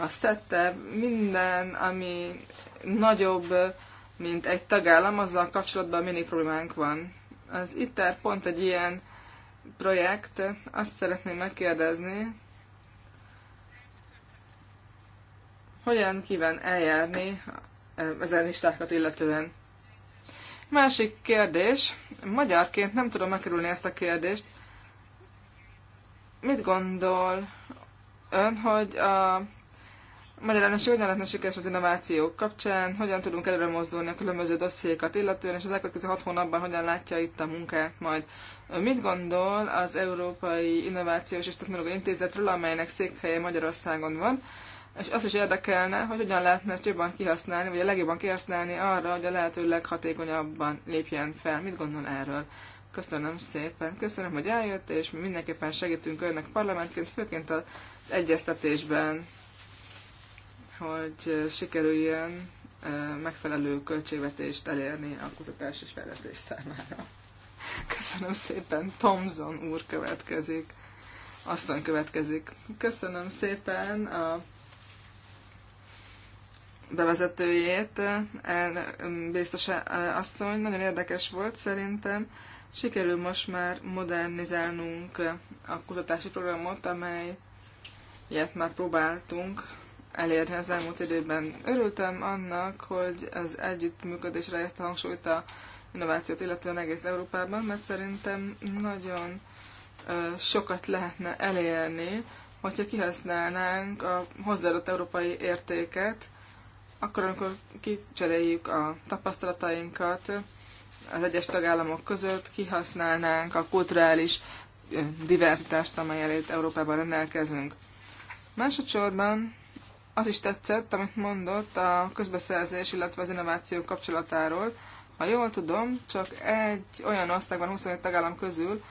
a szette minden, ami nagyobb, mint egy tagállam, azzal kapcsolatban mindig problémánk van. Az ITER pont egy ilyen projekt, azt szeretném megkérdezni, hogyan kíván eljárni ezen listákat illetően. Másik kérdés, magyarként nem tudom megkerülni ezt a kérdést, mit gondol ön, hogy a Magyarán is hogyan lehetne sikeres az innovációk kapcsán, hogyan tudunk előre mozdulni a különböző dossziékat illetően, és az elkövetkező hat hónapban hogyan látja itt a munkát majd. Mit gondol az Európai Innovációs és Technológiai Intézetről, amelynek székhelye Magyarországon van, és azt is érdekelne, hogy hogyan lehetne ezt jobban kihasználni, vagy a legjobban kihasználni arra, hogy a lehető leghatékonyabban lépjen fel. Mit gondol erről? Köszönöm szépen. Köszönöm, hogy eljött, és mi mindenképpen segítünk önnek parlamentként, főként az egyeztetésben hogy sikerüljön megfelelő költségvetést elérni a kutatás és fejlesztés számára. Köszönöm szépen, Thomson úr következik, asszony következik. Köszönöm szépen a bevezetőjét, el, biztos asszony, nagyon érdekes volt szerintem. Sikerül most már modernizálnunk a kutatási programot, amelyet már próbáltunk elérni az elmúlt időben. Örültem annak, hogy az együttműködésre ezt a hangsúlyt a innovációt, illetően egész Európában, mert szerintem nagyon sokat lehetne elérni, hogyha kihasználnánk a hozzáadott európai értéket, akkor, amikor kicseréljük a tapasztalatainkat az egyes tagállamok között, kihasználnánk a kulturális diverzitást, amelyel itt Európában rendelkezünk. Másodszorban az is tetszett, amit mondott a közbeszerzés, illetve az innováció kapcsolatáról. Ha jól tudom, csak egy olyan országban, 25 tagállam közül,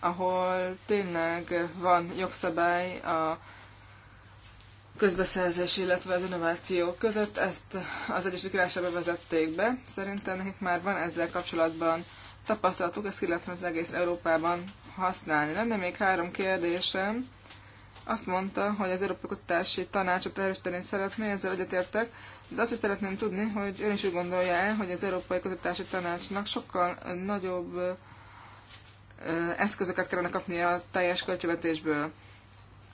ahol tényleg van jogszabály a közbeszerzés, illetve az innováció között, ezt az Egyesült Királyságba vezették be. Szerintem nekik már van ezzel kapcsolatban tapasztalatuk, ezt ki lehetne az egész Európában használni. Lenne még három kérdésem azt mondta, hogy az Európai Kutatási Tanácsot erősíteni szeretné, ezzel egyetértek, de azt is szeretném tudni, hogy ön is úgy gondolja el, hogy az Európai Kutatási Tanácsnak sokkal nagyobb eszközöket kellene kapnia a teljes költségvetésből.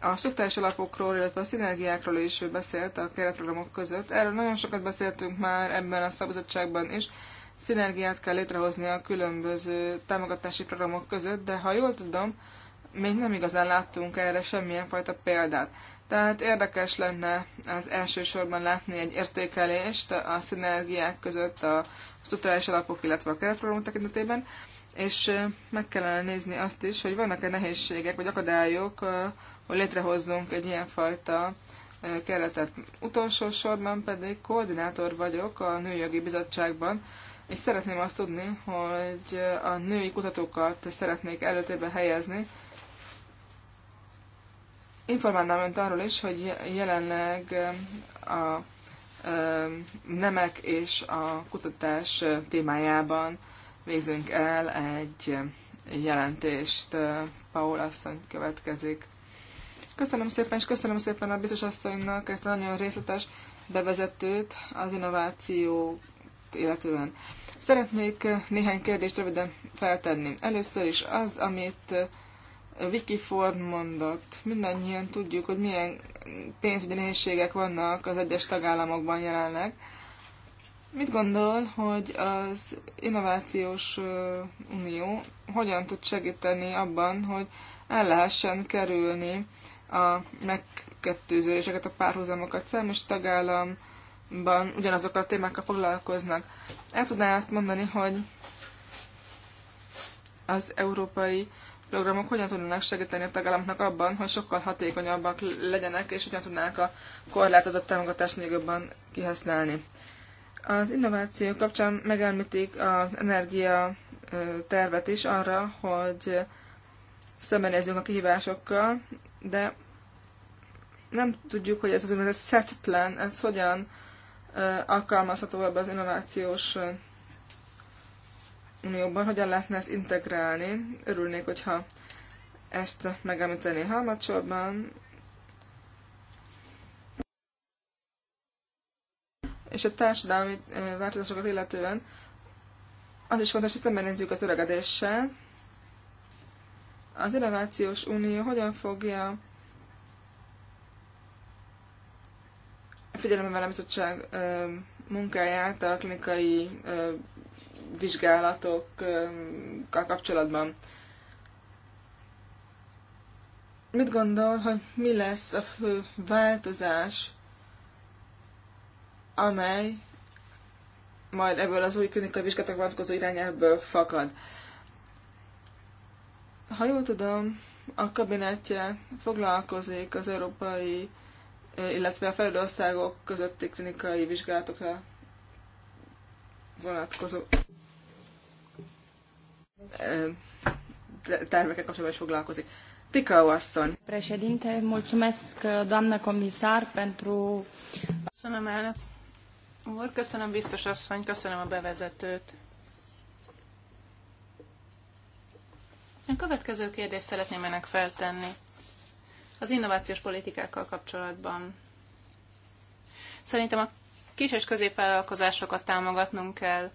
A struktúrális alapokról, illetve a szinergiákról is beszélt a keretprogramok között. Erről nagyon sokat beszéltünk már ebben a szabadságban is. Szinergiát kell létrehozni a különböző támogatási programok között, de ha jól tudom, még nem igazán láttunk erre semmilyen fajta példát. Tehát érdekes lenne az elsősorban látni egy értékelést a szinergiák között a struktúrális alapok, illetve a keretprogramok tekintetében, és meg kellene nézni azt is, hogy vannak-e nehézségek vagy akadályok, hogy létrehozzunk egy ilyenfajta keretet. Utolsó sorban pedig koordinátor vagyok a Nőjogi Bizottságban, és szeretném azt tudni, hogy a női kutatókat szeretnék előtérbe helyezni, Informálnám önt arról is, hogy jelenleg a nemek és a kutatás témájában végzünk el egy jelentést. Paul asszony következik. Köszönöm szépen, és köszönöm szépen a biztos asszonynak ezt a nagyon részletes bevezetőt az innováció illetően. Szeretnék néhány kérdést röviden feltenni. Először is az, amit Vicky Ford mondott. Mindannyian tudjuk, hogy milyen pénzügyi nehézségek vannak az egyes tagállamokban jelenleg. Mit gondol, hogy az Innovációs Unió hogyan tud segíteni abban, hogy el lehessen kerülni a megkettőződéseket, a párhuzamokat? Számos tagállamban ugyanazokkal a témákkal foglalkoznak. El tudná azt mondani, hogy az európai programok hogyan tudnának segíteni a tagállamoknak abban, hogy sokkal hatékonyabbak legyenek, és hogyan tudnák a korlátozott támogatást még jobban kihasználni. Az innováció kapcsán megelmítik az energia tervet is arra, hogy szembenézzünk a kihívásokkal, de nem tudjuk, hogy ez az úgynevezett set plan, ez hogyan alkalmazható ebbe az innovációs Unióban, hogyan lehetne ezt integrálni. Örülnék, hogyha ezt megemlíteni harmadsorban. És a társadalmi változásokat illetően az is fontos, hogy nézzük az öregedéssel. Az Innovációs Unió hogyan fogja figyelembe a bizottság munkáját a klinikai vizsgálatokkal kapcsolatban. Mit gondol, hogy mi lesz a fő változás, amely majd ebből az új klinikai vizsgálatok vonatkozó irányából fakad? Ha jól tudom, a kabinetje foglalkozik az európai, illetve a fejlődő országok közötti klinikai vizsgálatokra vonatkozó termékek kapcsolatban is foglalkozik. Tika asszony. Președinte, mulțumesc, doamna comisar, pentru... Köszönöm, elnök úr, köszönöm, biztos asszony, köszönöm a bevezetőt. A következő kérdést szeretném ennek feltenni. Az innovációs politikákkal kapcsolatban. Szerintem a kis- és középvállalkozásokat támogatnunk kell.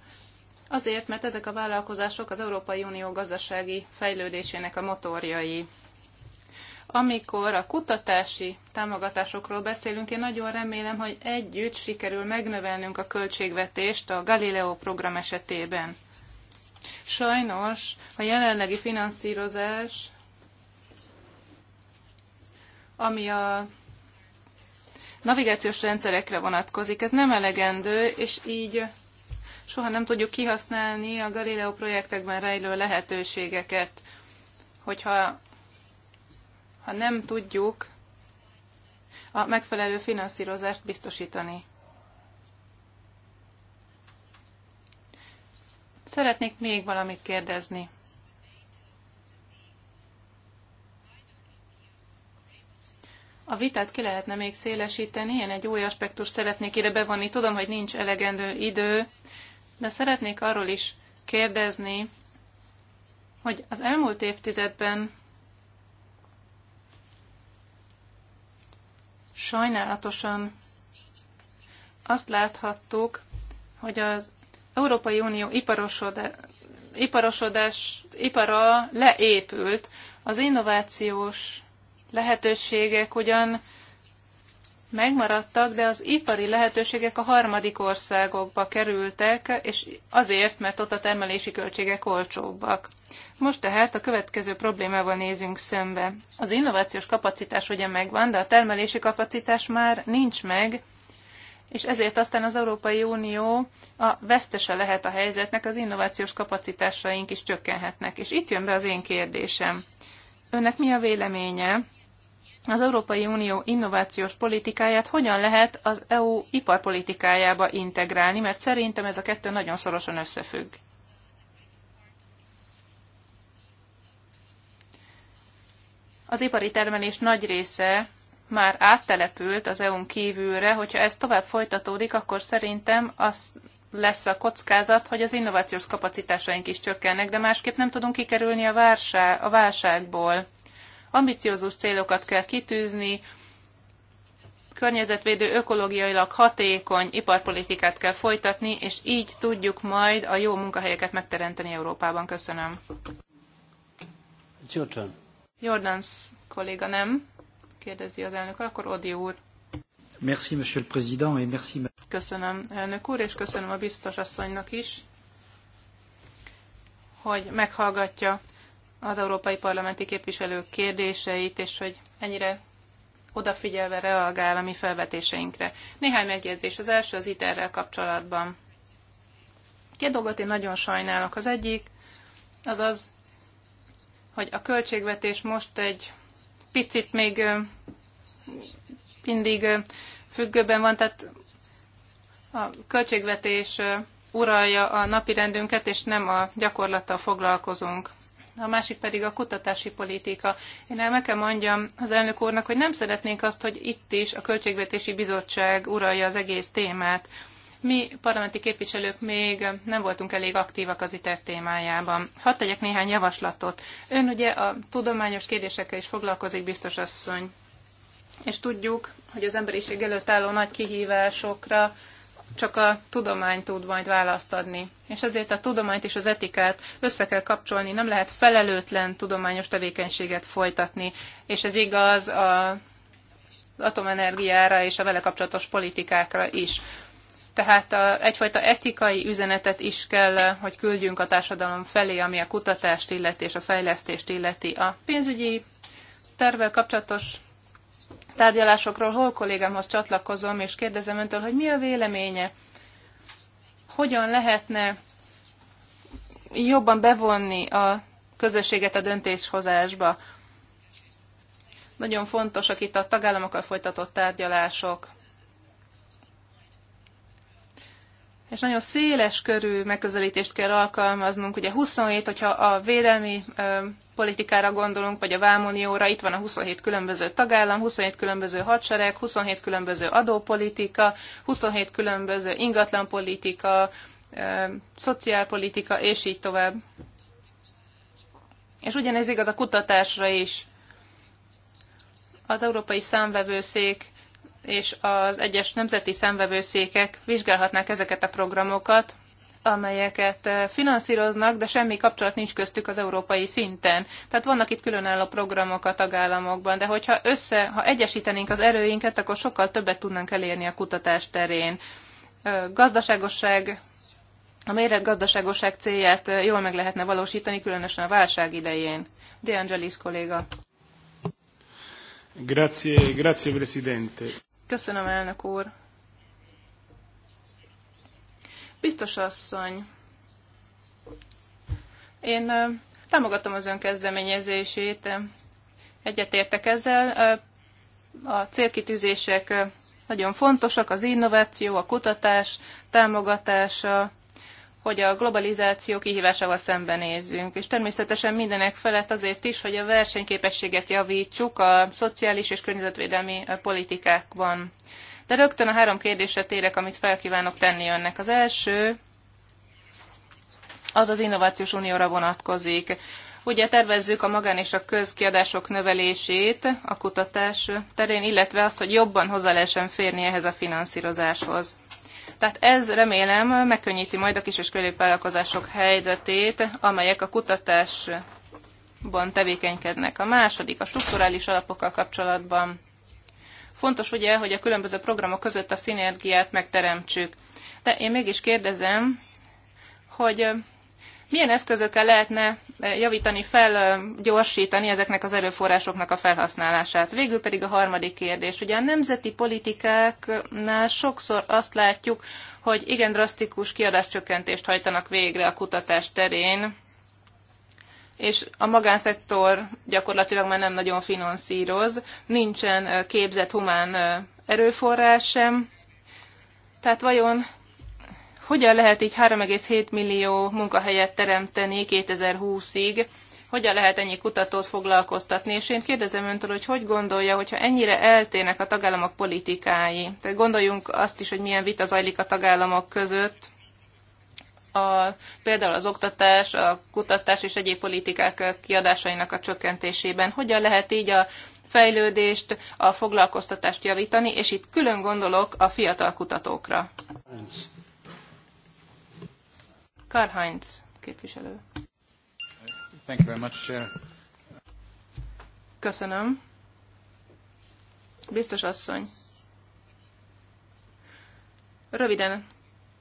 Azért, mert ezek a vállalkozások az Európai Unió gazdasági fejlődésének a motorjai. Amikor a kutatási támogatásokról beszélünk, én nagyon remélem, hogy együtt sikerül megnövelnünk a költségvetést a Galileo program esetében. Sajnos a jelenlegi finanszírozás, ami a navigációs rendszerekre vonatkozik. Ez nem elegendő, és így soha nem tudjuk kihasználni a Galileo projektekben rejlő lehetőségeket, hogyha ha nem tudjuk a megfelelő finanszírozást biztosítani. Szeretnék még valamit kérdezni. A vitát ki lehetne még szélesíteni, én egy új aspektus szeretnék ide bevonni. Tudom, hogy nincs elegendő idő, de szeretnék arról is kérdezni, hogy az elmúlt évtizedben sajnálatosan azt láthattuk, hogy az Európai Unió iparosodás, iparosodás ipara leépült, az innovációs lehetőségek ugyan megmaradtak, de az ipari lehetőségek a harmadik országokba kerültek, és azért, mert ott a termelési költségek olcsóbbak. Most tehát a következő problémával nézünk szembe. Az innovációs kapacitás ugye megvan, de a termelési kapacitás már nincs meg, és ezért aztán az Európai Unió a vesztese lehet a helyzetnek, az innovációs kapacitásaink is csökkenhetnek. És itt jön be az én kérdésem. Önnek mi a véleménye? az Európai Unió innovációs politikáját hogyan lehet az EU iparpolitikájába integrálni, mert szerintem ez a kettő nagyon szorosan összefügg. Az ipari termelés nagy része már áttelepült az EU-n kívülre, hogyha ez tovább folytatódik, akkor szerintem az lesz a kockázat, hogy az innovációs kapacitásaink is csökkennek, de másképp nem tudunk kikerülni a, vársá, a válságból. Ambiciózus célokat kell kitűzni, környezetvédő, ökológiailag hatékony iparpolitikát kell folytatni, és így tudjuk majd a jó munkahelyeket megteremteni Európában. Köszönöm. Jordans kolléga nem, kérdezi az elnök, akkor Odi úr. Merci, monsieur le président, et merci. Köszönöm, elnök úr, és köszönöm a biztos asszonynak is, hogy meghallgatja az európai parlamenti képviselők kérdéseit, és hogy ennyire odafigyelve reagál a mi felvetéseinkre. Néhány megjegyzés. Az első az iter kapcsolatban. Két dolgot én nagyon sajnálok. Az egyik az az, hogy a költségvetés most egy picit még mindig függőben van, tehát a költségvetés uralja a napi rendünket, és nem a gyakorlattal foglalkozunk a másik pedig a kutatási politika. Én el meg kell mondjam az elnök úrnak, hogy nem szeretnénk azt, hogy itt is a Költségvetési Bizottság uralja az egész témát. Mi parlamenti képviselők még nem voltunk elég aktívak az ITER témájában. Hadd tegyek néhány javaslatot. Ön ugye a tudományos kérdésekkel is foglalkozik, biztos asszony. És tudjuk, hogy az emberiség előtt álló nagy kihívásokra csak a tudomány tud majd választ adni. És ezért a tudományt és az etikát össze kell kapcsolni, nem lehet felelőtlen tudományos tevékenységet folytatni, és ez igaz a atomenergiára és a vele kapcsolatos politikákra is. Tehát a, egyfajta etikai üzenetet is kell, hogy küldjünk a társadalom felé, ami a kutatást illeti és a fejlesztést illeti. A pénzügyi tervvel kapcsolatos tárgyalásokról hol kollégámhoz csatlakozom, és kérdezem öntől, hogy mi a véleménye, hogyan lehetne jobban bevonni a közösséget a döntéshozásba. Nagyon fontosak itt a tagállamokkal folytatott tárgyalások. és nagyon széles körű megközelítést kell alkalmaznunk. Ugye 27, hogyha a védelmi politikára gondolunk, vagy a vámunióra, itt van a 27 különböző tagállam, 27 különböző hadsereg, 27 különböző adópolitika, 27 különböző ingatlanpolitika, szociálpolitika, és így tovább. És ugyanez igaz a kutatásra is. Az Európai Számvevőszék és az egyes nemzeti szemvevőszékek vizsgálhatnák ezeket a programokat, amelyeket eh, finanszíroznak, de semmi kapcsolat nincs köztük az európai szinten. Tehát vannak itt különálló programok a tagállamokban, de hogyha össze, ha egyesítenénk az erőinket, akkor sokkal többet tudnánk elérni a kutatás terén. Eh, gazdaságosság, a méret gazdaságosság célját eh, jól meg lehetne valósítani, különösen a válság idején. De Angelis kolléga. Grazie, grazie Presidente. Köszönöm, elnök úr. Biztos asszony, én támogatom az ön kezdeményezését, egyetértek ezzel. A célkitűzések nagyon fontosak, az innováció, a kutatás támogatása, hogy a globalizáció kihívásával szembenézünk. és természetesen mindenek felett azért is, hogy a versenyképességet javítsuk a szociális és környezetvédelmi politikákban. De rögtön a három kérdésre térek, amit felkívánok tenni önnek. Az első az az Innovációs Unióra vonatkozik. Ugye tervezzük a magán és a közkiadások növelését a kutatás terén, illetve azt, hogy jobban hozzá lehessen férni ehhez a finanszírozáshoz. Tehát ez remélem megkönnyíti majd a kis és középvállalkozások helyzetét, amelyek a kutatásban tevékenykednek. A második a strukturális alapokkal kapcsolatban. Fontos ugye, hogy a különböző programok között a szinergiát megteremtsük. De én mégis kérdezem, hogy milyen eszközökkel lehetne eh, javítani, felgyorsítani ezeknek az erőforrásoknak a felhasználását? Végül pedig a harmadik kérdés. Ugye a nemzeti politikáknál sokszor azt látjuk, hogy igen drasztikus kiadáscsökkentést hajtanak végre a kutatás terén, és a magánszektor gyakorlatilag már nem nagyon finanszíroz, nincsen eh, képzett humán eh, erőforrás sem. Tehát vajon hogyan lehet így 3,7 millió munkahelyet teremteni 2020-ig, hogyan lehet ennyi kutatót foglalkoztatni, és én kérdezem öntől, hogy hogy gondolja, hogyha ennyire eltérnek a tagállamok politikái, tehát gondoljunk azt is, hogy milyen vita zajlik a tagállamok között, a, például az oktatás, a kutatás és egyéb politikák kiadásainak a csökkentésében. Hogyan lehet így a fejlődést, a foglalkoztatást javítani, és itt külön gondolok a fiatal kutatókra. Karl-Heinz képviselő. Thank you very much, Köszönöm. Biztos asszony. Röviden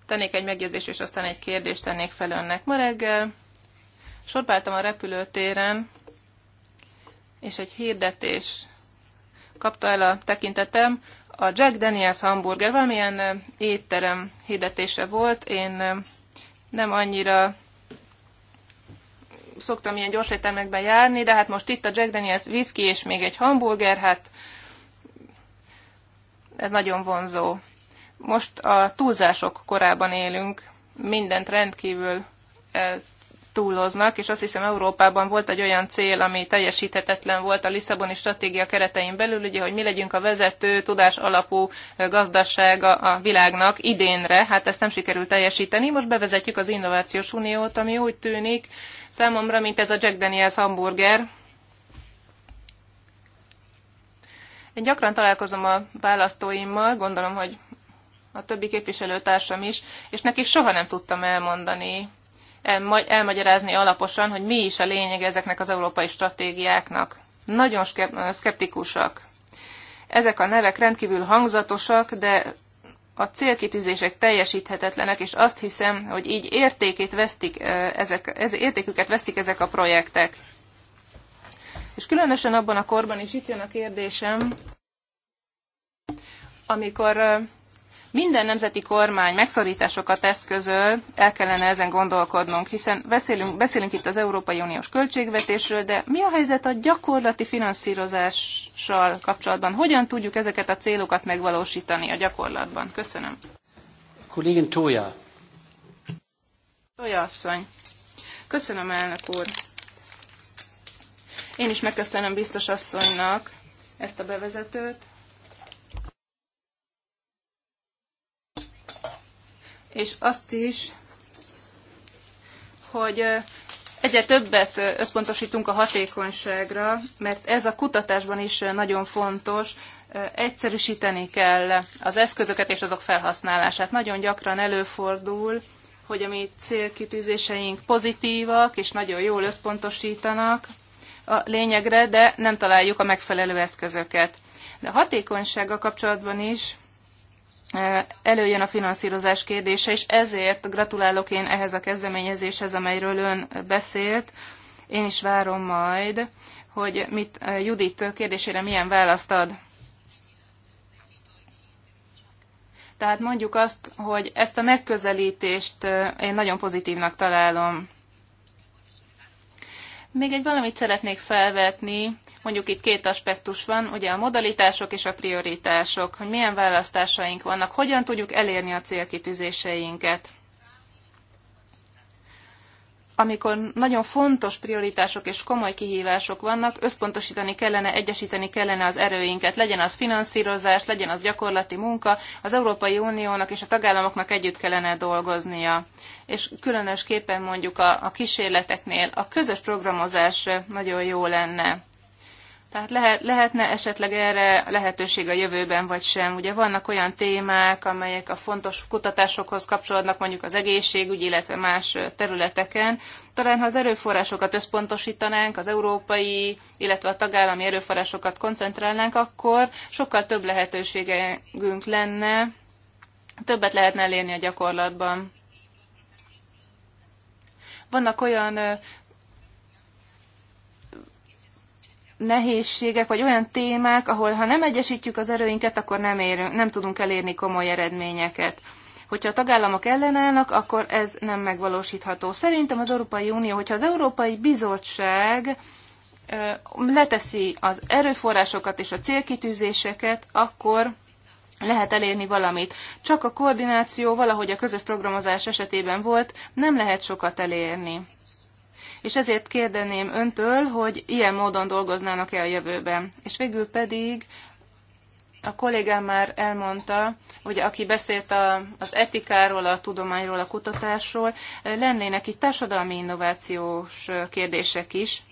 tennék egy megjegyzést, és aztán egy kérdést tennék fel önnek. Ma reggel sorbáltam a repülőtéren, és egy hirdetés kapta el a tekintetem. A Jack Daniels hamburger valamilyen étterem hirdetése volt. Én nem annyira szoktam ilyen gyors ételmekben járni, de hát most itt a Jack Daniels whisky és még egy hamburger, hát ez nagyon vonzó. Most a túlzások korában élünk, mindent rendkívül túloznak, és azt hiszem Európában volt egy olyan cél, ami teljesíthetetlen volt a Lisszaboni stratégia keretein belül, ugye, hogy mi legyünk a vezető, tudás alapú gazdasága a világnak idénre, hát ezt nem sikerült teljesíteni. Most bevezetjük az Innovációs Uniót, ami úgy tűnik számomra, mint ez a Jack Daniels hamburger, Én gyakran találkozom a választóimmal, gondolom, hogy a többi képviselőtársam is, és neki soha nem tudtam elmondani, elmagyarázni alaposan, hogy mi is a lényeg ezeknek az európai stratégiáknak. Nagyon szkeptikusak. Ezek a nevek rendkívül hangzatosak, de a célkitűzések teljesíthetetlenek, és azt hiszem, hogy így értékét vesztik ezek, ez, értéküket vesztik ezek a projektek. És különösen abban a korban is itt jön a kérdésem, amikor minden nemzeti kormány megszorításokat eszközöl, el kellene ezen gondolkodnunk, hiszen beszélünk, beszélünk itt az Európai Uniós költségvetésről, de mi a helyzet a gyakorlati finanszírozással kapcsolatban? Hogyan tudjuk ezeket a célokat megvalósítani a gyakorlatban? Köszönöm. Kollégin Tója. Tója asszony. Köszönöm, elnök úr. Én is megköszönöm biztos asszonynak ezt a bevezetőt. és azt is, hogy egyre többet összpontosítunk a hatékonyságra, mert ez a kutatásban is nagyon fontos, egyszerűsíteni kell az eszközöket és azok felhasználását. Nagyon gyakran előfordul, hogy a mi célkitűzéseink pozitívak és nagyon jól összpontosítanak a lényegre, de nem találjuk a megfelelő eszközöket. De a hatékonysággal kapcsolatban is előjön a finanszírozás kérdése, és ezért gratulálok én ehhez a kezdeményezéshez, amelyről ön beszélt. Én is várom majd, hogy mit eh, Judit kérdésére milyen választ ad. Tehát mondjuk azt, hogy ezt a megközelítést eh, én nagyon pozitívnak találom. Még egy valamit szeretnék felvetni, mondjuk itt két aspektus van, ugye a modalitások és a prioritások, hogy milyen választásaink vannak, hogyan tudjuk elérni a célkitűzéseinket amikor nagyon fontos prioritások és komoly kihívások vannak, összpontosítani kellene, egyesíteni kellene az erőinket, legyen az finanszírozás, legyen az gyakorlati munka, az Európai Uniónak és a tagállamoknak együtt kellene dolgoznia. És különösképpen mondjuk a, a kísérleteknél a közös programozás nagyon jó lenne tehát lehet, lehetne esetleg erre lehetőség a jövőben, vagy sem? Ugye vannak olyan témák, amelyek a fontos kutatásokhoz kapcsolódnak, mondjuk az egészségügy, illetve más területeken. Talán ha az erőforrásokat összpontosítanánk, az európai, illetve a tagállami erőforrásokat koncentrálnánk, akkor sokkal több lehetőségünk lenne, többet lehetne elérni a gyakorlatban. Vannak olyan nehézségek, vagy olyan témák, ahol ha nem egyesítjük az erőinket, akkor nem, érünk, nem tudunk elérni komoly eredményeket. Hogyha a tagállamok ellenállnak, akkor ez nem megvalósítható. Szerintem az Európai Unió, hogyha az Európai Bizottság leteszi az erőforrásokat és a célkitűzéseket, akkor lehet elérni valamit. Csak a koordináció valahogy a közös programozás esetében volt, nem lehet sokat elérni és ezért kérdeném öntől, hogy ilyen módon dolgoznának-e a jövőben. És végül pedig a kollégám már elmondta, hogy aki beszélt a, az etikáról, a tudományról, a kutatásról, lennének itt társadalmi innovációs kérdések is.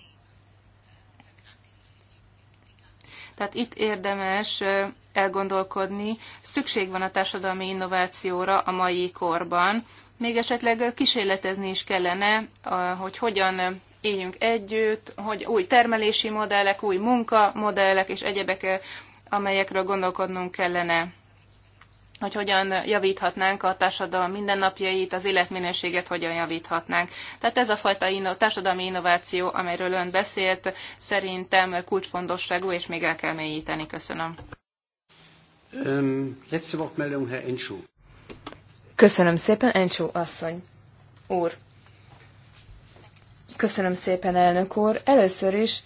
Tehát itt érdemes elgondolkodni, szükség van a társadalmi innovációra a mai korban, még esetleg kísérletezni is kellene, hogy hogyan éljünk együtt, hogy új termelési modellek, új munkamodellek és egyebek, eh, amelyekről gondolkodnunk kellene hogy hogyan javíthatnánk a társadalom mindennapjait, az életminőséget hogyan javíthatnánk. Tehát ez a fajta inno- társadalmi innováció, amelyről ön beszélt, szerintem kulcsfontosságú, és még el kell mélyíteni. Köszönöm. Um, letzte Wortmeldung, Herr Enschu. Köszönöm szépen, Encsó asszony. Úr. Köszönöm szépen, elnök úr. Először is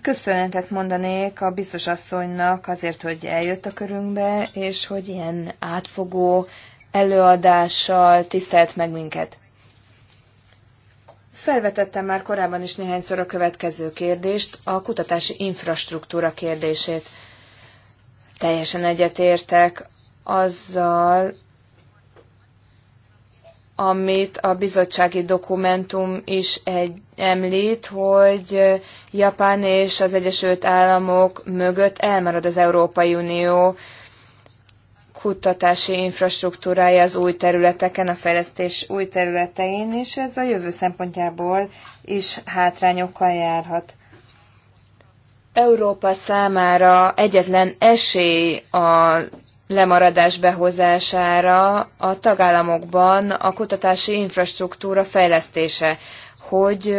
köszönetet mondanék a biztos asszonynak azért, hogy eljött a körünkbe, és hogy ilyen átfogó előadással tisztelt meg minket. Felvetettem már korábban is néhányszor a következő kérdést, a kutatási infrastruktúra kérdését. Teljesen egyetértek azzal, amit a bizottsági dokumentum is egy, említ, hogy Japán és az Egyesült Államok mögött elmarad az Európai Unió kutatási infrastruktúrája az új területeken, a fejlesztés új területein, és ez a jövő szempontjából is hátrányokkal járhat. Európa számára egyetlen esély a lemaradás behozására a tagállamokban a kutatási infrastruktúra fejlesztése, hogy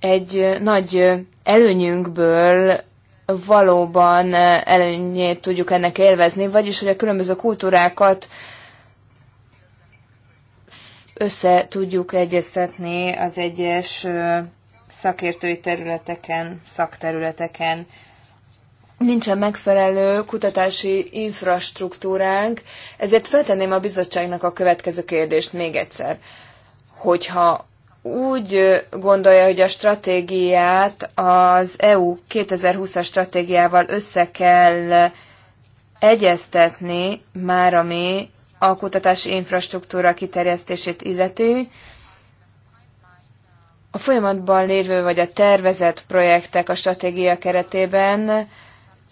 egy nagy előnyünkből valóban előnyét tudjuk ennek élvezni, vagyis hogy a különböző kultúrákat össze tudjuk egyeztetni az egyes szakértői területeken, szakterületeken nincsen megfelelő kutatási infrastruktúránk, ezért feltenném a bizottságnak a következő kérdést még egyszer. Hogyha úgy gondolja, hogy a stratégiát az EU 2020-as stratégiával össze kell egyeztetni, már ami a kutatási infrastruktúra kiterjesztését illeti, a folyamatban lévő vagy a tervezett projektek a stratégia keretében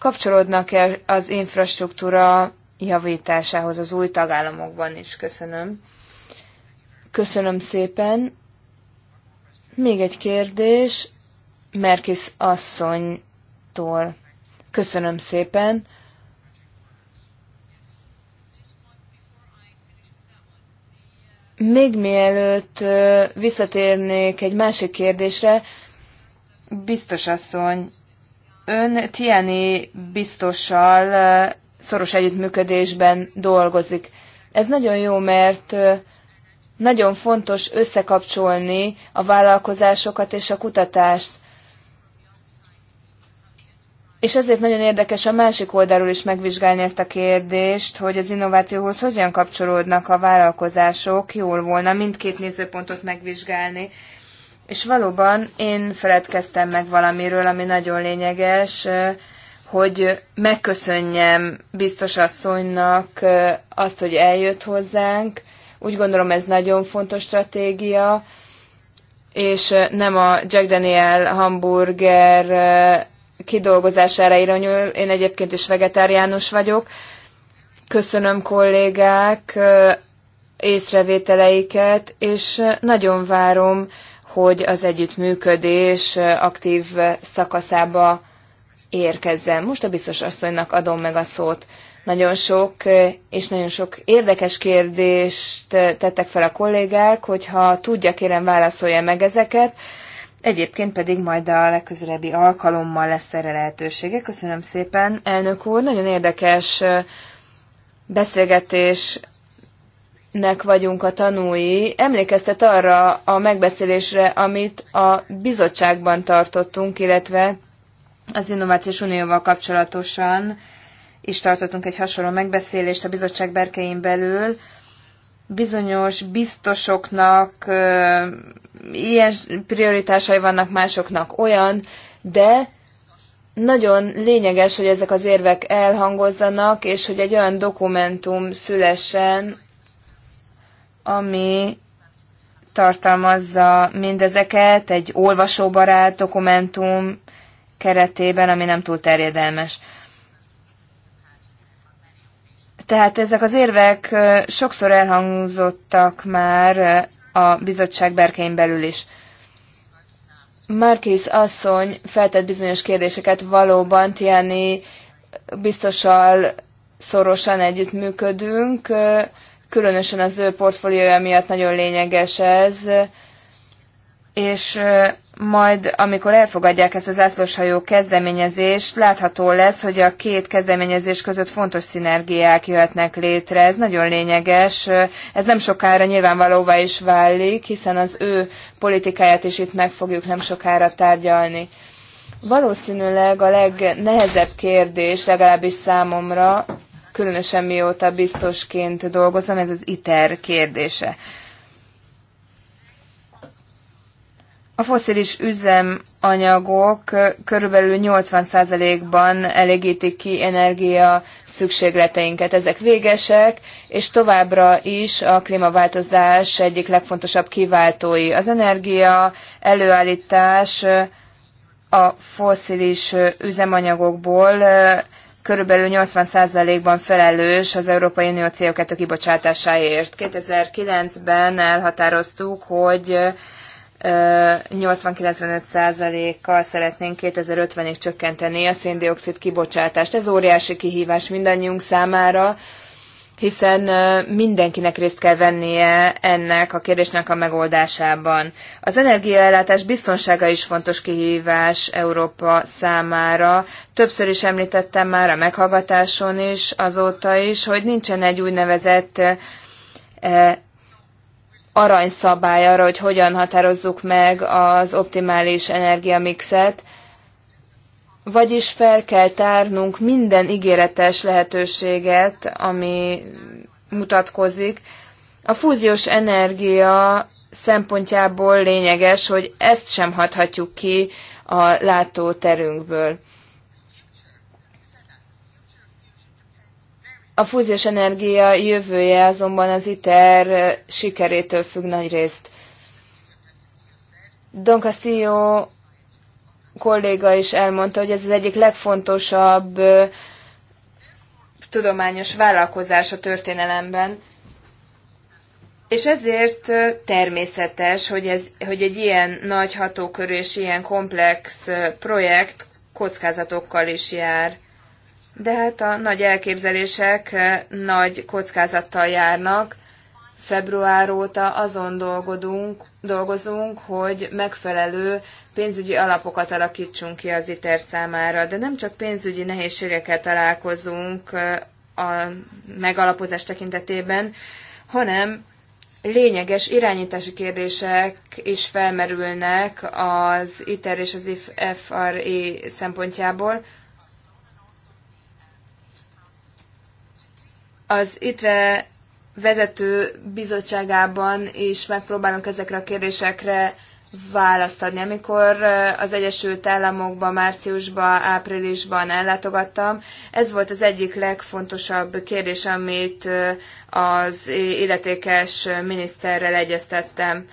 kapcsolódnak-e az infrastruktúra javításához az új tagállamokban is. Köszönöm. Köszönöm szépen. Még egy kérdés Merkis asszonytól. Köszönöm szépen. Még mielőtt visszatérnék egy másik kérdésre, biztos asszony, Ön Tiani biztossal szoros együttműködésben dolgozik. Ez nagyon jó, mert nagyon fontos összekapcsolni a vállalkozásokat és a kutatást. És ezért nagyon érdekes a másik oldalról is megvizsgálni ezt a kérdést, hogy az innovációhoz hogyan kapcsolódnak a vállalkozások. Jól volna mindkét nézőpontot megvizsgálni. És valóban én feledkeztem meg valamiről, ami nagyon lényeges, hogy megköszönjem biztos asszonynak azt, hogy eljött hozzánk. Úgy gondolom ez nagyon fontos stratégia, és nem a Jack Daniel hamburger kidolgozására irányul. Én egyébként is vegetáriánus vagyok. Köszönöm kollégák észrevételeiket, és nagyon várom, hogy az együttműködés aktív szakaszába érkezzen. Most a biztos asszonynak adom meg a szót. Nagyon sok és nagyon sok érdekes kérdést tettek fel a kollégák, hogyha tudja, kérem válaszolja meg ezeket. Egyébként pedig majd a legközelebbi alkalommal lesz erre lehetősége. Köszönöm szépen, elnök úr. Nagyon érdekes beszélgetés nek vagyunk a tanúi, emlékeztet arra a megbeszélésre, amit a bizottságban tartottunk, illetve az Innovációs Unióval kapcsolatosan is tartottunk egy hasonló megbeszélést a bizottság berkein belül. Bizonyos biztosoknak ilyen prioritásai vannak, másoknak olyan, de nagyon lényeges, hogy ezek az érvek elhangozzanak, és hogy egy olyan dokumentum szülessen, ami tartalmazza mindezeket egy olvasóbarát dokumentum keretében, ami nem túl terjedelmes. Tehát ezek az érvek sokszor elhangzottak már a bizottság berkein belül is. Márkész asszony feltett bizonyos kérdéseket valóban, Tiani biztosal szorosan együttműködünk, különösen az ő portfóliója miatt nagyon lényeges ez, és majd, amikor elfogadják ezt az zászlóshajó kezdeményezést, látható lesz, hogy a két kezdeményezés között fontos szinergiák jöhetnek létre. Ez nagyon lényeges. Ez nem sokára nyilvánvalóvá is válik, hiszen az ő politikáját is itt meg fogjuk nem sokára tárgyalni. Valószínűleg a legnehezebb kérdés, legalábbis számomra, különösen mióta biztosként dolgozom, ez az ITER kérdése. A foszilis üzemanyagok körülbelül 80%-ban elégítik ki energia szükségleteinket. Ezek végesek, és továbbra is a klímaváltozás egyik legfontosabb kiváltói. Az energia előállítás a foszilis üzemanyagokból körülbelül 80%-ban felelős az Európai Unió CO2 kibocsátásáért. 2009-ben elhatároztuk, hogy 80-95%-kal szeretnénk 2050-ig csökkenteni a széndiokszid kibocsátást. Ez óriási kihívás mindannyiunk számára, hiszen mindenkinek részt kell vennie ennek a kérdésnek a megoldásában. Az energiaellátás biztonsága is fontos kihívás Európa számára. Többször is említettem már a meghallgatáson is, azóta is, hogy nincsen egy úgynevezett aranyszabály arra, hogy hogyan határozzuk meg az optimális energiamixet, vagyis fel kell tárnunk minden ígéretes lehetőséget, ami mutatkozik. A fúziós energia szempontjából lényeges, hogy ezt sem hathatjuk ki a látóterünkből. A fúziós energia jövője azonban az ITER sikerétől függ nagy részt. Don Castillo kolléga is elmondta, hogy ez az egyik legfontosabb tudományos vállalkozás a történelemben. És ezért természetes, hogy, ez, hogy egy ilyen nagy hatókörű és ilyen komplex projekt kockázatokkal is jár. De hát a nagy elképzelések nagy kockázattal járnak, február óta azon dolgozunk, dolgozunk, hogy megfelelő pénzügyi alapokat alakítsunk ki az ITER számára, de nem csak pénzügyi nehézségekkel találkozunk a megalapozás tekintetében, hanem lényeges irányítási kérdések is felmerülnek az ITER és az FRE szempontjából. Az ITRE vezető bizottságában is megpróbálunk ezekre a kérdésekre választ adni. Amikor az Egyesült Államokban márciusban, áprilisban ellátogattam, ez volt az egyik legfontosabb kérdés, amit az illetékes miniszterrel egyeztettem.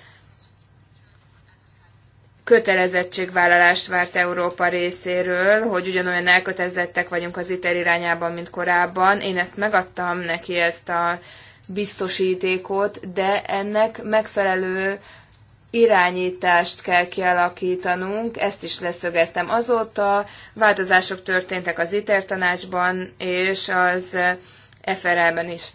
Kötelezettségvállalást várt Európa részéről, hogy ugyanolyan elkötelezettek vagyunk az ITER irányában, mint korábban. Én ezt megadtam neki, ezt a biztosítékot, de ennek megfelelő irányítást kell kialakítanunk, ezt is leszögeztem. Azóta változások történtek az ITER tanácsban és az FRL-ben is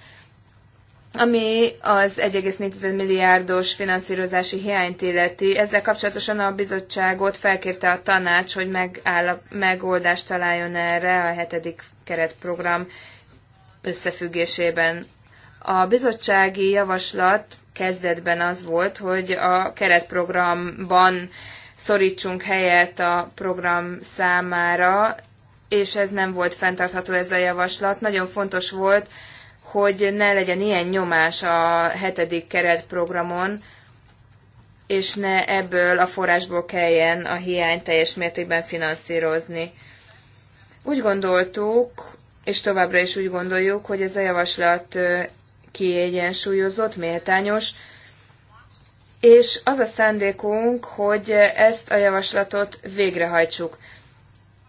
ami az 1,4 milliárdos finanszírozási hiányt illeti. Ezzel kapcsolatosan a bizottságot felkérte a tanács, hogy megáll, megoldást találjon erre a hetedik keretprogram összefüggésében. A bizottsági javaslat kezdetben az volt, hogy a keretprogramban szorítsunk helyet a program számára, és ez nem volt fenntartható ez a javaslat. Nagyon fontos volt, hogy ne legyen ilyen nyomás a hetedik keretprogramon, és ne ebből a forrásból kelljen a hiány teljes mértékben finanszírozni. Úgy gondoltuk, és továbbra is úgy gondoljuk, hogy ez a javaslat kiegyensúlyozott, méltányos, és az a szándékunk, hogy ezt a javaslatot végrehajtsuk.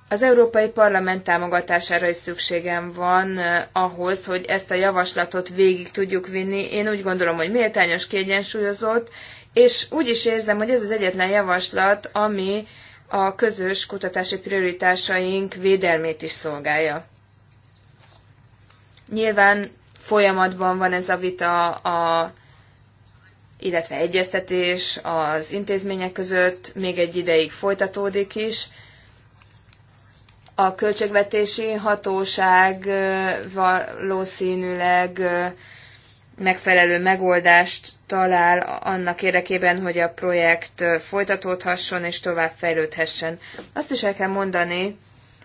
Az Európai Parlament támogatására is szükségem van eh, ahhoz, hogy ezt a javaslatot végig tudjuk vinni. Én úgy gondolom, hogy méltányos, kiegyensúlyozott, és úgy is érzem, hogy ez az egyetlen javaslat, ami a közös kutatási prioritásaink védelmét is szolgálja. Nyilván folyamatban van ez a vita, a, illetve egyeztetés az intézmények között még egy ideig folytatódik is. A költségvetési hatóság valószínűleg megfelelő megoldást talál annak érdekében, hogy a projekt folytatódhasson és tovább fejlődhessen. Azt is el kell mondani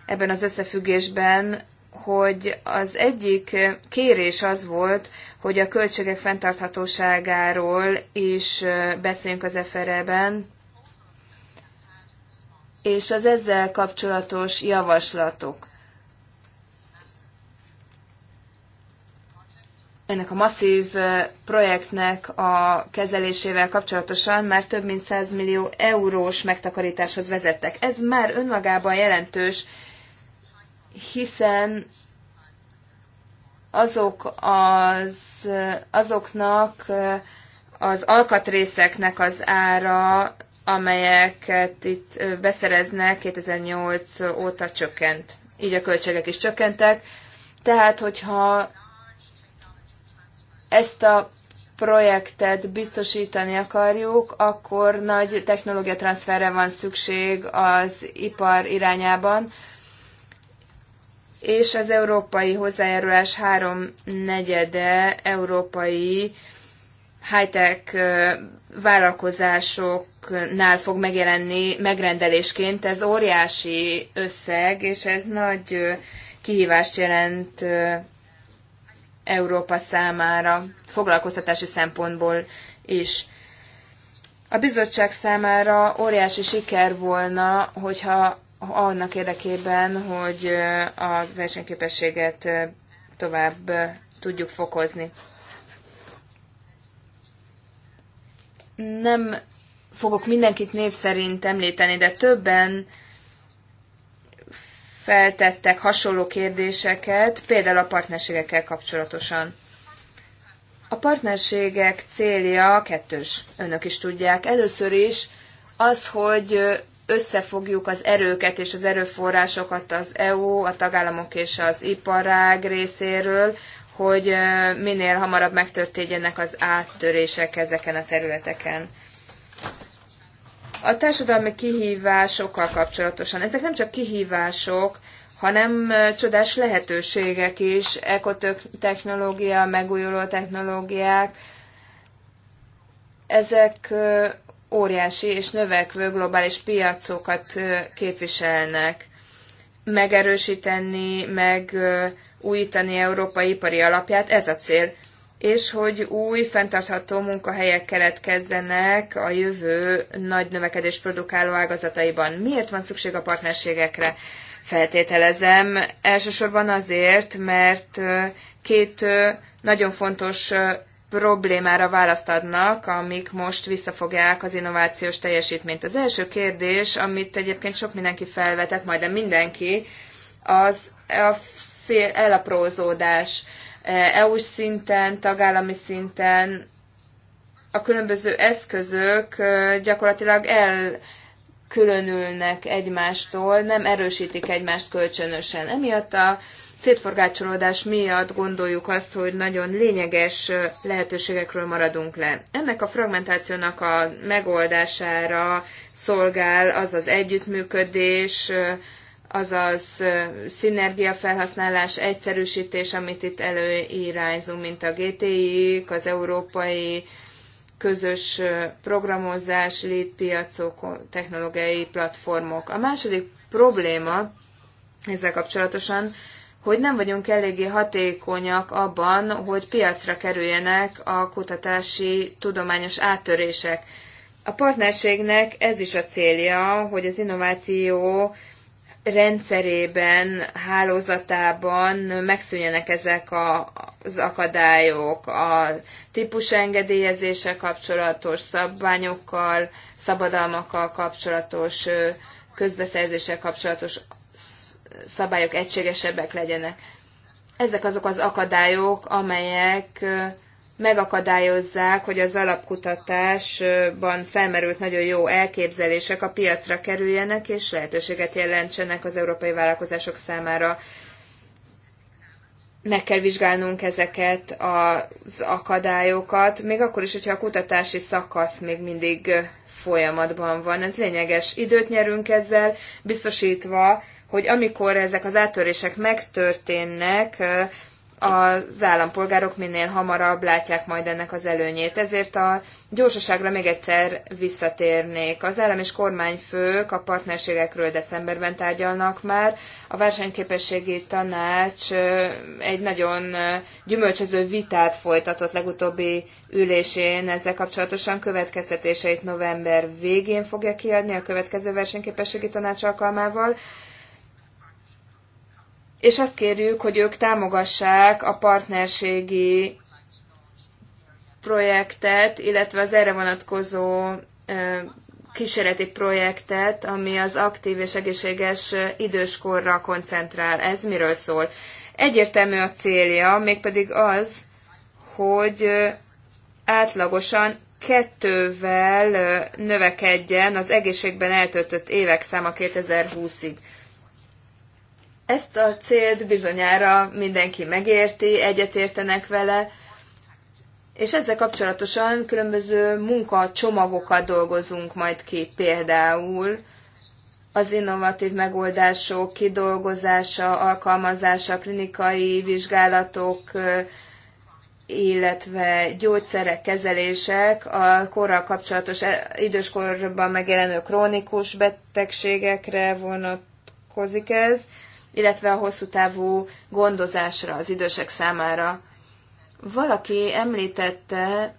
ebben az összefüggésben, hogy az egyik kérés az volt, hogy a költségek fenntarthatóságáról is beszéljünk az FRE-ben, és az ezzel kapcsolatos javaslatok. ennek a masszív projektnek a kezelésével kapcsolatosan már több mint 100 millió eurós megtakarításhoz vezettek. Ez már önmagában jelentős hiszen azok az, azoknak az alkatrészeknek az ára, amelyeket itt beszereznek 2008 óta csökkent. Így a költségek is csökkentek. Tehát, hogyha ezt a projektet biztosítani akarjuk, akkor nagy technológia transferre van szükség az ipar irányában, és az európai hozzájárulás három negyede európai high-tech vállalkozásoknál fog megjelenni megrendelésként. Ez óriási összeg, és ez nagy kihívást jelent Európa számára, foglalkoztatási szempontból is. A bizottság számára óriási siker volna, hogyha annak érdekében, hogy a versenyképességet tovább tudjuk fokozni. Nem fogok mindenkit név szerint említeni, de többen feltettek hasonló kérdéseket, például a partnerségekkel kapcsolatosan. A partnerségek célja kettős, önök is tudják. Először is az, hogy összefogjuk az erőket és az erőforrásokat az EU, a tagállamok és az iparág részéről, hogy minél hamarabb megtörténjenek az áttörések ezeken a területeken. A társadalmi kihívásokkal kapcsolatosan, ezek nem csak kihívások, hanem csodás lehetőségek is, ekotechnológia, megújuló technológiák, ezek óriási és növekvő globális piacokat képviselnek. Megerősíteni, meg újítani európai ipari alapját, ez a cél. És hogy új, fenntartható munkahelyek keletkezzenek a jövő nagy növekedés produkáló ágazataiban. Miért van szükség a partnerségekre? Feltételezem. Elsősorban azért, mert két nagyon fontos problémára választ adnak, amik most visszafogják az innovációs teljesítményt. Az első kérdés, amit egyébként sok mindenki felvetett, majdnem mindenki, az a elaprózódás. EU-s e szinten, tagállami szinten a különböző eszközök gyakorlatilag elkülönülnek egymástól, nem erősítik egymást kölcsönösen. Emiatt a szétforgácsolódás miatt gondoljuk azt, hogy nagyon lényeges lehetőségekről maradunk le. Ennek a fragmentációnak a megoldására szolgál az az együttműködés, azaz szinergiafelhasználás, egyszerűsítés, amit itt előirányzunk, mint a gti az európai közös programozás, létpiacok, technológiai platformok. A második probléma ezzel kapcsolatosan, hogy nem vagyunk eléggé hatékonyak abban, hogy piacra kerüljenek a kutatási tudományos áttörések. A partnerségnek ez is a célja, hogy az innováció rendszerében, hálózatában megszűnjenek ezek a, az akadályok, a típusengedélyezése kapcsolatos szabványokkal, szabadalmakkal kapcsolatos, közbeszerzéssel kapcsolatos szabályok egységesebbek legyenek. Ezek azok az akadályok, amelyek megakadályozzák, hogy az alapkutatásban felmerült nagyon jó elképzelések a piacra kerüljenek, és lehetőséget jelentsenek az európai vállalkozások számára. Meg kell vizsgálnunk ezeket az akadályokat, még akkor is, hogyha a kutatási szakasz még mindig folyamatban van. Ez lényeges. Időt nyerünk ezzel, biztosítva, hogy amikor ezek az áttörések megtörténnek, az állampolgárok minél hamarabb látják majd ennek az előnyét. Ezért a gyorsaságra még egyszer visszatérnék. Az állam és kormányfők a partnerségekről decemberben tárgyalnak már. A versenyképességi tanács egy nagyon gyümölcsöző vitát folytatott legutóbbi ülésén ezzel kapcsolatosan következtetéseit november végén fogja kiadni a következő versenyképességi tanács alkalmával és azt kérjük, hogy ők támogassák a partnerségi projektet, illetve az erre vonatkozó kísérleti projektet, ami az aktív és egészséges időskorra koncentrál. Ez miről szól? Egyértelmű a célja, mégpedig az, hogy átlagosan kettővel növekedjen az egészségben eltöltött évek száma 2020-ig. Ezt a célt bizonyára mindenki megérti, egyetértenek vele, és ezzel kapcsolatosan különböző munkacsomagokat dolgozunk majd ki, például az innovatív megoldások kidolgozása, alkalmazása, klinikai vizsgálatok, illetve gyógyszerek, kezelések a korral kapcsolatos e, időskorban megjelenő krónikus betegségekre vonatkozik ez, illetve a hosszú távú gondozásra az idősek számára. Valaki említette,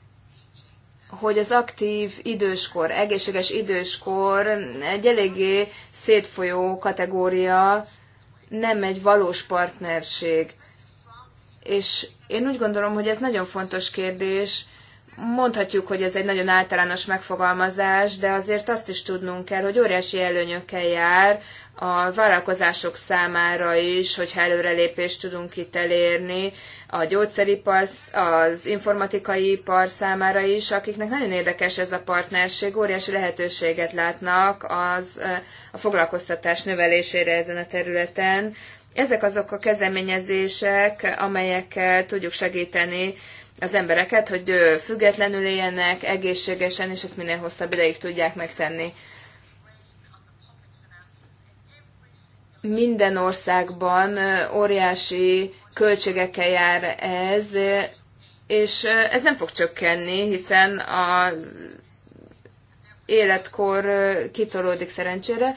hogy az aktív időskor, egészséges időskor egy eléggé szétfolyó kategória, nem egy valós partnerség. És én úgy gondolom, hogy ez nagyon fontos kérdés. Mondhatjuk, hogy ez egy nagyon általános megfogalmazás, de azért azt is tudnunk kell, hogy óriási előnyökkel jár a vállalkozások számára is, hogyha előrelépést tudunk itt elérni, a gyógyszeripar, az informatikai ipar számára is, akiknek nagyon érdekes ez a partnerség, óriási lehetőséget látnak az, a foglalkoztatás növelésére ezen a területen. Ezek azok a kezdeményezések, amelyekkel tudjuk segíteni az embereket, hogy függetlenül éljenek, egészségesen, és ezt minél hosszabb ideig tudják megtenni. minden országban óriási költségekkel jár ez, és ez nem fog csökkenni, hiszen a életkor kitolódik szerencsére.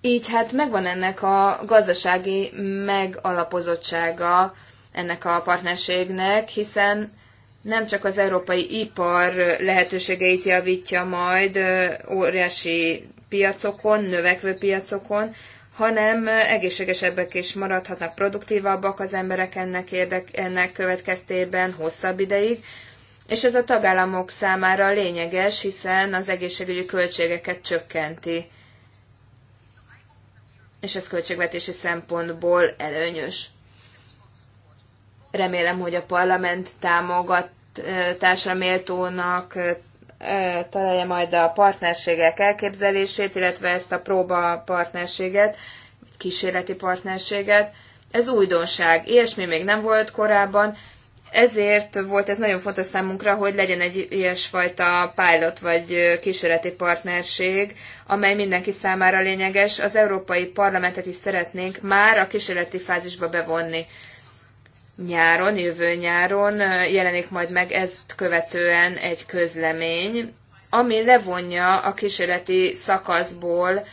Így hát megvan ennek a gazdasági megalapozottsága ennek a partnerségnek, hiszen nem csak az európai ipar lehetőségeit javítja majd óriási piacokon, növekvő piacokon, hanem egészségesebbek is maradhatnak, produktívabbak az emberek ennek, érdek, ennek következtében hosszabb ideig, és ez a tagállamok számára lényeges, hiszen az egészségügyi költségeket csökkenti, és ez költségvetési szempontból előnyös. Remélem, hogy a parlament támogatása eh, méltónak eh, találja majd a partnerségek elképzelését, illetve ezt a próba partnerséget, kísérleti partnerséget. Ez újdonság, ilyesmi még nem volt korábban, ezért volt ez nagyon fontos számunkra, hogy legyen egy ilyesfajta pilot vagy kísérleti partnerség, amely mindenki számára lényeges. Az Európai Parlamentet is szeretnénk már a kísérleti fázisba bevonni nyáron, jövő nyáron jelenik majd meg ezt követően egy közlemény, ami levonja a kísérleti szakaszból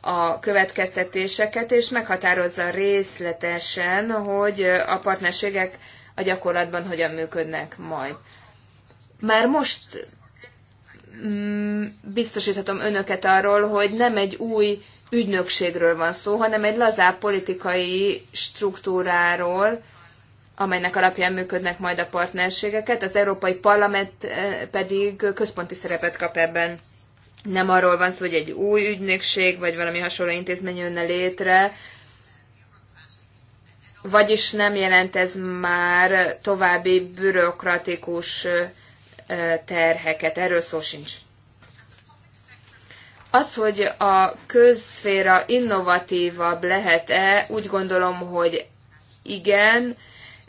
a következtetéseket, és meghatározza részletesen, hogy a partnerségek a gyakorlatban hogyan működnek majd. Már most mm, biztosíthatom önöket arról, hogy nem egy új ügynökségről van szó, hanem egy lazább politikai struktúráról, amelynek alapján működnek majd a partnerségeket, az Európai Parlament eh, pedig központi szerepet kap ebben. Nem arról van szó, hogy egy új ügynökség vagy valami hasonló intézmény jönne létre, vagyis nem jelent ez már további bürokratikus eh, terheket. Erről szó sincs. Az, hogy a közszféra innovatívabb lehet-e, úgy gondolom, hogy igen,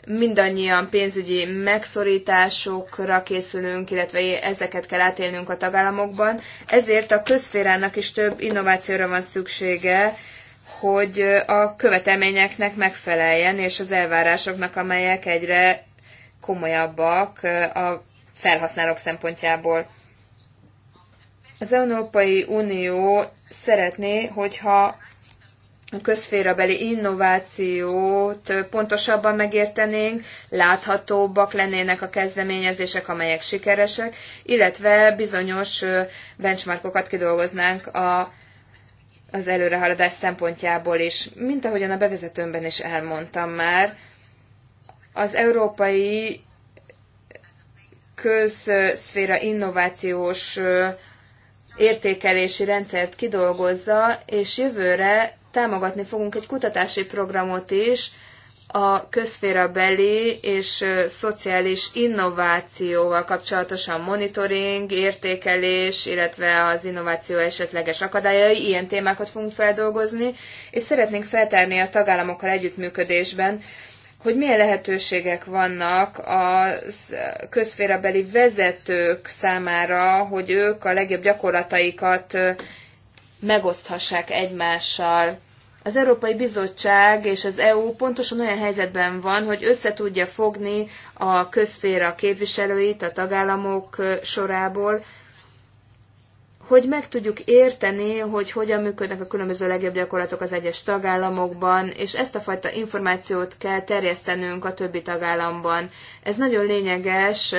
mindannyian pénzügyi megszorításokra készülünk, illetve ezeket kell átélnünk a tagállamokban. Ezért a közférának is több innovációra van szüksége, hogy a követelményeknek megfeleljen, és az elvárásoknak, amelyek egyre komolyabbak a felhasználók szempontjából. Az Európai Unió szeretné, hogyha a közférabeli innovációt pontosabban megértenénk, láthatóbbak lennének a kezdeményezések, amelyek sikeresek, illetve bizonyos benchmarkokat kidolgoznánk a, az előrehaladás szempontjából is. Mint ahogyan a bevezetőmben is elmondtam már, az európai közszféra innovációs értékelési rendszert kidolgozza, és jövőre támogatni fogunk egy kutatási programot is a közféra beli és szociális innovációval kapcsolatosan monitoring, értékelés, illetve az innováció esetleges akadályai, ilyen témákat fogunk feldolgozni, és szeretnénk feltárni a tagállamokkal együttműködésben, hogy milyen lehetőségek vannak a közférabeli vezetők számára, hogy ők a legjobb gyakorlataikat megoszthassák egymással. Az Európai Bizottság és az EU pontosan olyan helyzetben van, hogy összetudja fogni a közféra képviselőit a tagállamok sorából, hogy meg tudjuk érteni, hogy hogyan működnek a különböző legjobb gyakorlatok az egyes tagállamokban, és ezt a fajta információt kell terjesztenünk a többi tagállamban. Ez nagyon lényeges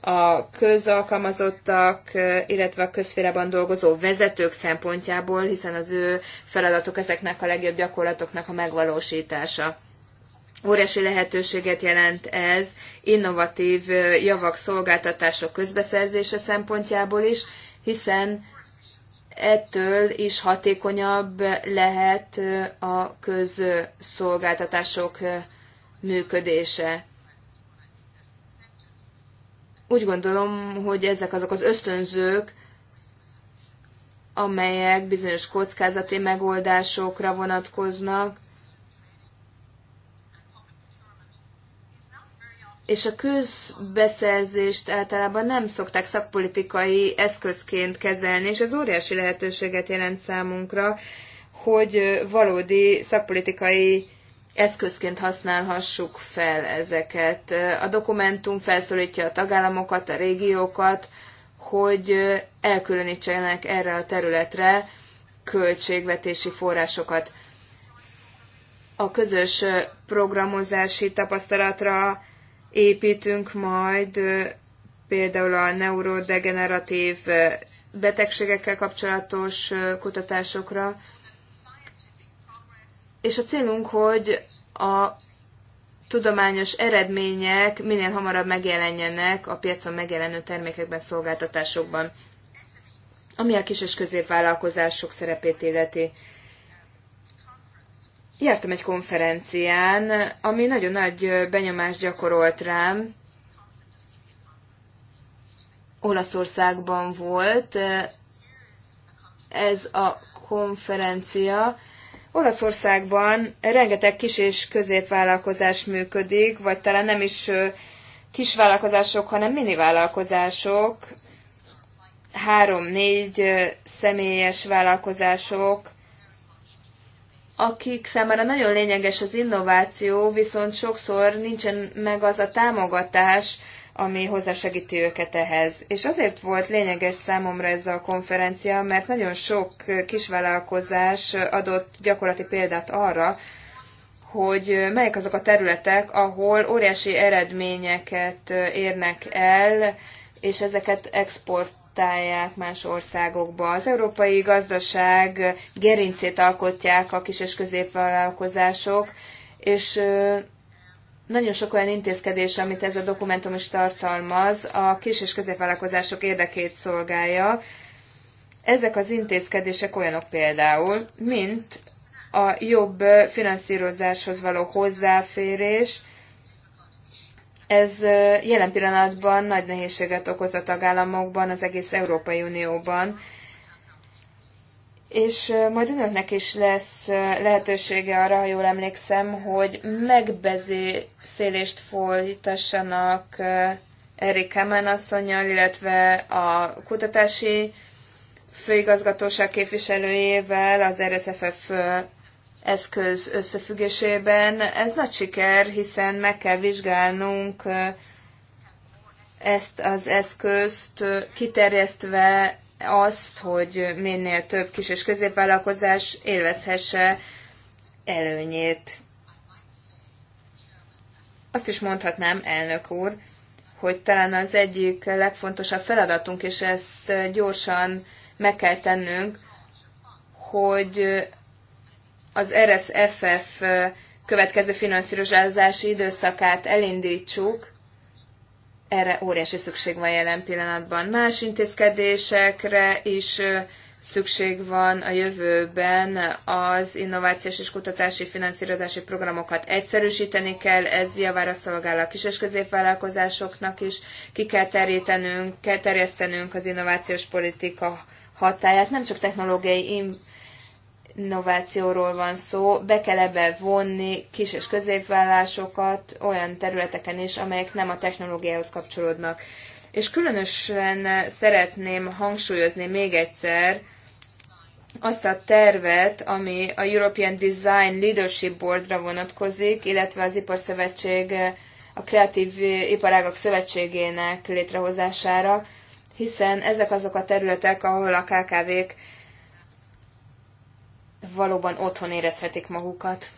a közalkalmazottak, illetve a közférában dolgozó vezetők szempontjából, hiszen az ő feladatok ezeknek a legjobb gyakorlatoknak a megvalósítása. Óriási lehetőséget jelent ez innovatív javak szolgáltatások közbeszerzése szempontjából is, hiszen ettől is hatékonyabb lehet a közszolgáltatások működése. Úgy gondolom, hogy ezek azok az ösztönzők, amelyek bizonyos kockázati megoldásokra vonatkoznak, és a közbeszerzést általában nem szokták szakpolitikai eszközként kezelni, és ez óriási lehetőséget jelent számunkra, hogy valódi szakpolitikai eszközként használhassuk fel ezeket. A dokumentum felszólítja a tagállamokat, a régiókat, hogy elkülönítsenek erre a területre költségvetési forrásokat. A közös programozási tapasztalatra építünk majd például a neurodegeneratív betegségekkel kapcsolatos kutatásokra, és a célunk, hogy a tudományos eredmények minél hamarabb megjelenjenek a piacon megjelenő termékekben, szolgáltatásokban, ami a kis és középvállalkozások szerepét illeti. Jártam egy konferencián, ami nagyon nagy benyomást gyakorolt rám. Olaszországban volt ez a konferencia, Olaszországban rengeteg kis és középvállalkozás működik, vagy talán nem is kisvállalkozások, hanem minivállalkozások, három-négy személyes vállalkozások, akik számára nagyon lényeges az innováció, viszont sokszor nincsen meg az a támogatás, ami hozzásegíti őket ehhez. És azért volt lényeges számomra ez a konferencia, mert nagyon sok kisvállalkozás adott gyakorlati példát arra, hogy melyek azok a területek, ahol óriási eredményeket érnek el, és ezeket exportálják más országokba. Az európai gazdaság gerincét alkotják a kis és középvállalkozások, és nagyon sok olyan intézkedés, amit ez a dokumentum is tartalmaz, a kis- és középvállalkozások érdekét szolgálja. Ezek az intézkedések olyanok például, mint a jobb finanszírozáshoz való hozzáférés, ez jelen pillanatban nagy nehézséget okoz a tagállamokban, az egész Európai Unióban és majd önöknek is lesz lehetősége arra, ha jól emlékszem, hogy megbeszélést folytassanak Erik Hemen asszonyjal, illetve a kutatási főigazgatóság képviselőjével az RSFF eszköz összefüggésében. Ez nagy siker, hiszen meg kell vizsgálnunk ezt az eszközt kiterjesztve azt, hogy minél több kis és középvállalkozás élvezhesse előnyét. Azt is mondhatnám, elnök úr, hogy talán az egyik legfontosabb feladatunk, és ezt gyorsan meg kell tennünk, hogy az RSFF következő finanszírozási időszakát elindítsuk, erre óriási szükség van jelen pillanatban. Más intézkedésekre is szükség van a jövőben az innovációs és kutatási finanszírozási programokat egyszerűsíteni kell, ez javára szolgál a kis- és középvállalkozásoknak is, ki kell terjesztenünk, kell terjesztenünk az innovációs politika hatáját, nem csak technológiai innovációról van szó, be kell ebbe vonni kis és középvállásokat olyan területeken is, amelyek nem a technológiához kapcsolódnak. És különösen szeretném hangsúlyozni még egyszer azt a tervet, ami a European Design Leadership Boardra vonatkozik, illetve az Iparszövetség a Kreatív Iparágak Szövetségének létrehozására, hiszen ezek azok a területek, ahol a KKV-k valóban otthon érezhetik magukat.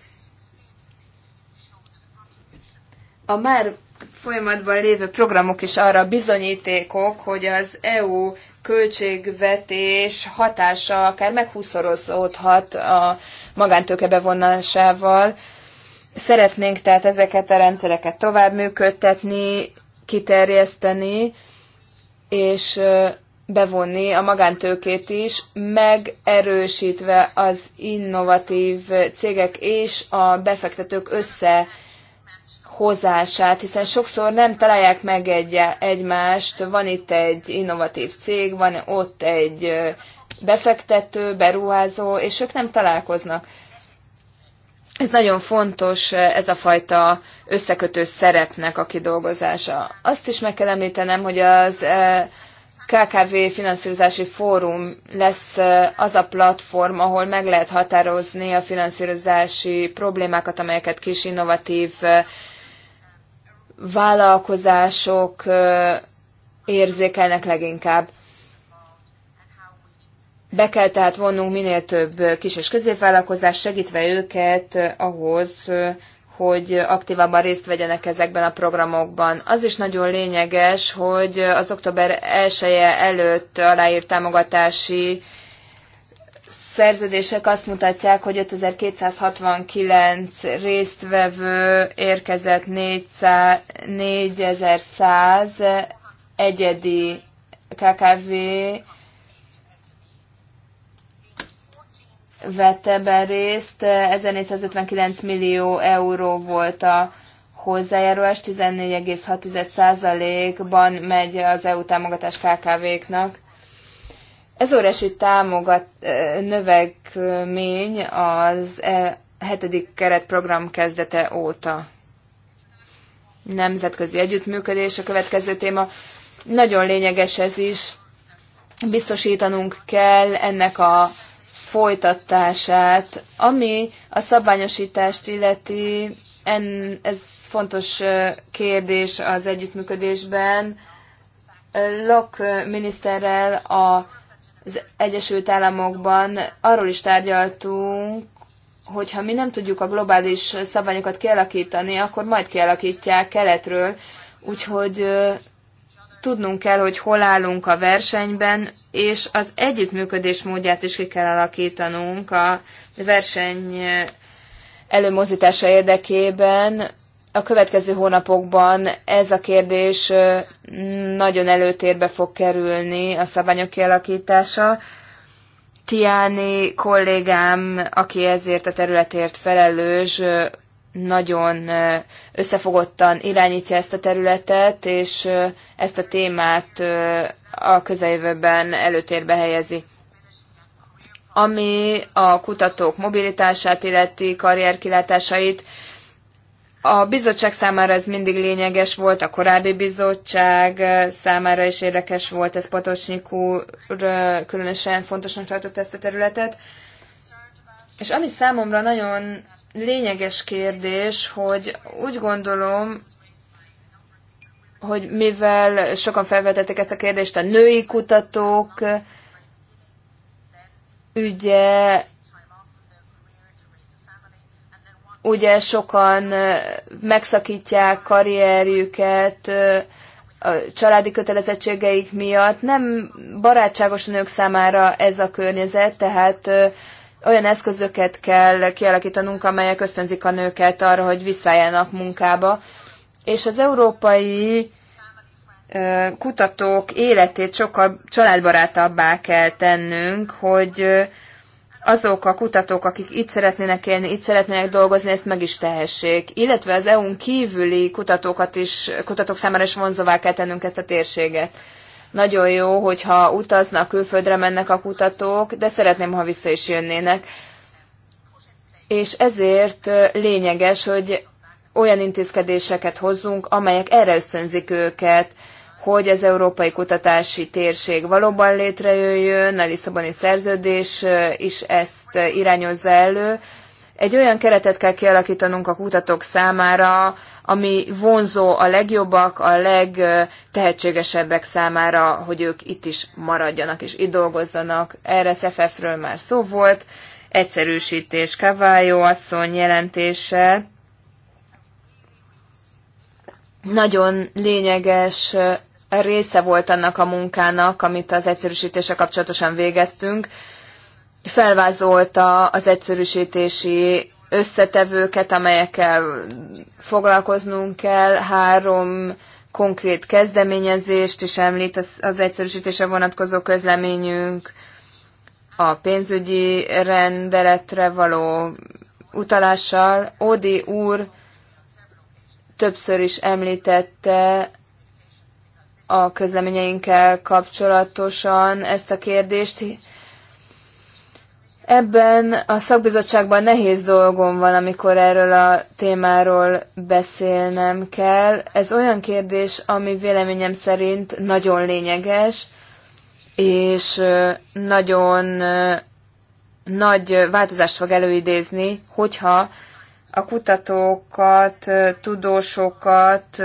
A már folyamatban lévő programok is arra bizonyítékok, hogy az EU költségvetés hatása akár meghúszorozódhat a magántőke bevonásával. Szeretnénk tehát ezeket a rendszereket tovább működtetni, kiterjeszteni, és bevonni a magántőkét is, megerősítve az innovatív cégek és a befektetők összehozását, hiszen sokszor nem találják meg egy, egymást, van itt egy innovatív cég, van ott egy befektető, beruházó, és ők nem találkoznak. Ez nagyon fontos, ez a fajta összekötő szerepnek a kidolgozása. Azt is meg kell említenem, hogy az KKV finanszírozási fórum lesz az a platform, ahol meg lehet határozni a finanszírozási problémákat, amelyeket kis innovatív vállalkozások érzékelnek leginkább. Be kell tehát vonnunk minél több kis és középvállalkozást, segítve őket ahhoz, hogy aktívabban részt vegyenek ezekben a programokban. Az is nagyon lényeges, hogy az október 1 -e előtt aláírt támogatási szerződések azt mutatják, hogy 5269 résztvevő érkezett 4100 egyedi KKV vett ebben részt, 1459 millió euró volt a hozzájárulás, 14,6%-ban megy az EU támogatás KKV-knak. Ez óriási támogat, növekmény az e hetedik keretprogram kezdete óta. Nemzetközi együttműködés a következő téma. Nagyon lényeges ez is. Biztosítanunk kell ennek a folytatását. Ami a szabványosítást illeti, en, ez fontos kérdés az együttműködésben. Lok miniszterrel az Egyesült Államokban arról is tárgyaltunk, hogyha mi nem tudjuk a globális szabványokat kialakítani, akkor majd kialakítják keletről, úgyhogy tudnunk kell, hogy hol állunk a versenyben, és az együttműködés módját is ki kell alakítanunk a verseny eh, előmozítása érdekében. A következő hónapokban ez a kérdés eh, nagyon előtérbe fog kerülni a szabályok kialakítása. Tiáni kollégám, aki ezért a területért felelős, eh, nagyon összefogottan irányítja ezt a területet, és ezt a témát a közeljövőben előtérbe helyezi. Ami a kutatók mobilitását illeti, karrierkilátásait, a bizottság számára ez mindig lényeges volt, a korábbi bizottság számára is érdekes volt, ez Patocsnyik úr különösen fontosnak tartott ezt a területet. És ami számomra nagyon lényeges kérdés, hogy úgy gondolom, hogy mivel sokan felvetették ezt a kérdést, a női kutatók ügye, ugye sokan megszakítják karrierjüket a családi kötelezettségeik miatt. Nem barátságos a nők számára ez a környezet, tehát olyan eszközöket kell kialakítanunk, amelyek ösztönzik a nőket arra, hogy visszálljanak munkába. És az európai kutatók életét sokkal családbarátabbá kell tennünk, hogy azok a kutatók, akik itt szeretnének élni, itt szeretnének dolgozni, ezt meg is tehessék. Illetve az EU-n kívüli kutatókat is, kutatók számára is vonzóvá kell tennünk ezt a térséget. Nagyon jó, hogyha utaznak, külföldre mennek a kutatók, de szeretném, ha vissza is jönnének. És ezért lényeges, hogy olyan intézkedéseket hozzunk, amelyek erre ösztönzik őket, hogy az európai kutatási térség valóban létrejöjjön, a Lisszaboni szerződés is ezt irányozza elő, egy olyan keretet kell kialakítanunk a kutatók számára, ami vonzó a legjobbak, a legtehetségesebbek számára, hogy ők itt is maradjanak és itt dolgozzanak. Erre SFF-ről már szó volt. Egyszerűsítés Kavályó asszony jelentése nagyon lényeges része volt annak a munkának, amit az egyszerűsítése kapcsolatosan végeztünk felvázolta az egyszerűsítési összetevőket, amelyekkel foglalkoznunk kell, három konkrét kezdeményezést is említ az, egyszerűsítése vonatkozó közleményünk, a pénzügyi rendeletre való utalással. Ódi úr többször is említette a közleményeinkkel kapcsolatosan ezt a kérdést, Ebben a szakbizottságban nehéz dolgom van, amikor erről a témáról beszélnem kell. Ez olyan kérdés, ami véleményem szerint nagyon lényeges, és nagyon nagy változást fog előidézni, hogyha a kutatókat, tudósokat,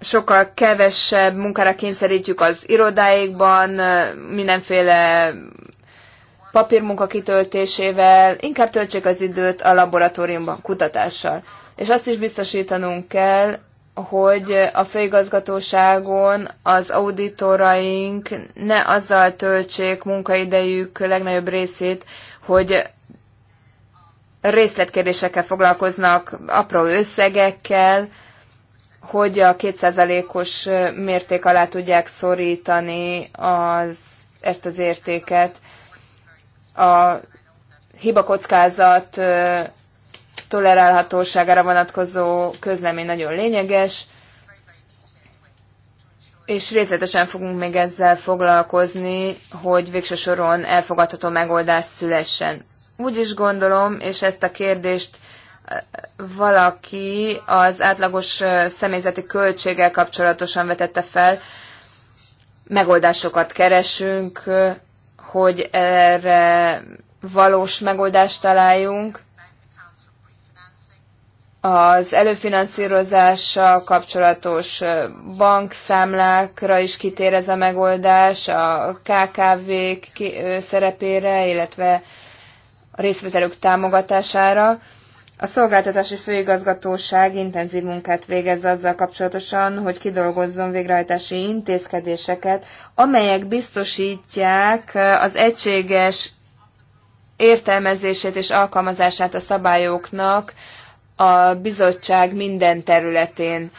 sokkal kevesebb munkára kényszerítjük az irodáikban, mindenféle papírmunka kitöltésével, inkább töltsék az időt a laboratóriumban kutatással. És azt is biztosítanunk kell, hogy a főigazgatóságon az auditoraink ne azzal töltsék munkaidejük legnagyobb részét, hogy részletkérdésekkel foglalkoznak, apró összegekkel, hogy a kétszázalékos mérték alá tudják szorítani az, ezt az értéket. A kockázat tolerálhatóságára vonatkozó közlemény nagyon lényeges, és részletesen fogunk még ezzel foglalkozni, hogy végső soron elfogadható megoldás szülessen. Úgy is gondolom, és ezt a kérdést valaki az átlagos személyzeti költséggel kapcsolatosan vetette fel, megoldásokat keresünk, hogy erre valós megoldást találjunk. Az előfinanszírozással kapcsolatos bankszámlákra is kitér ez a megoldás, a KKV-k szerepére, illetve a részvételők támogatására. A szolgáltatási főigazgatóság intenzív munkát végez azzal kapcsolatosan, hogy kidolgozzon végrehajtási intézkedéseket, amelyek biztosítják az egységes értelmezését és alkalmazását a szabályoknak a bizottság minden területén.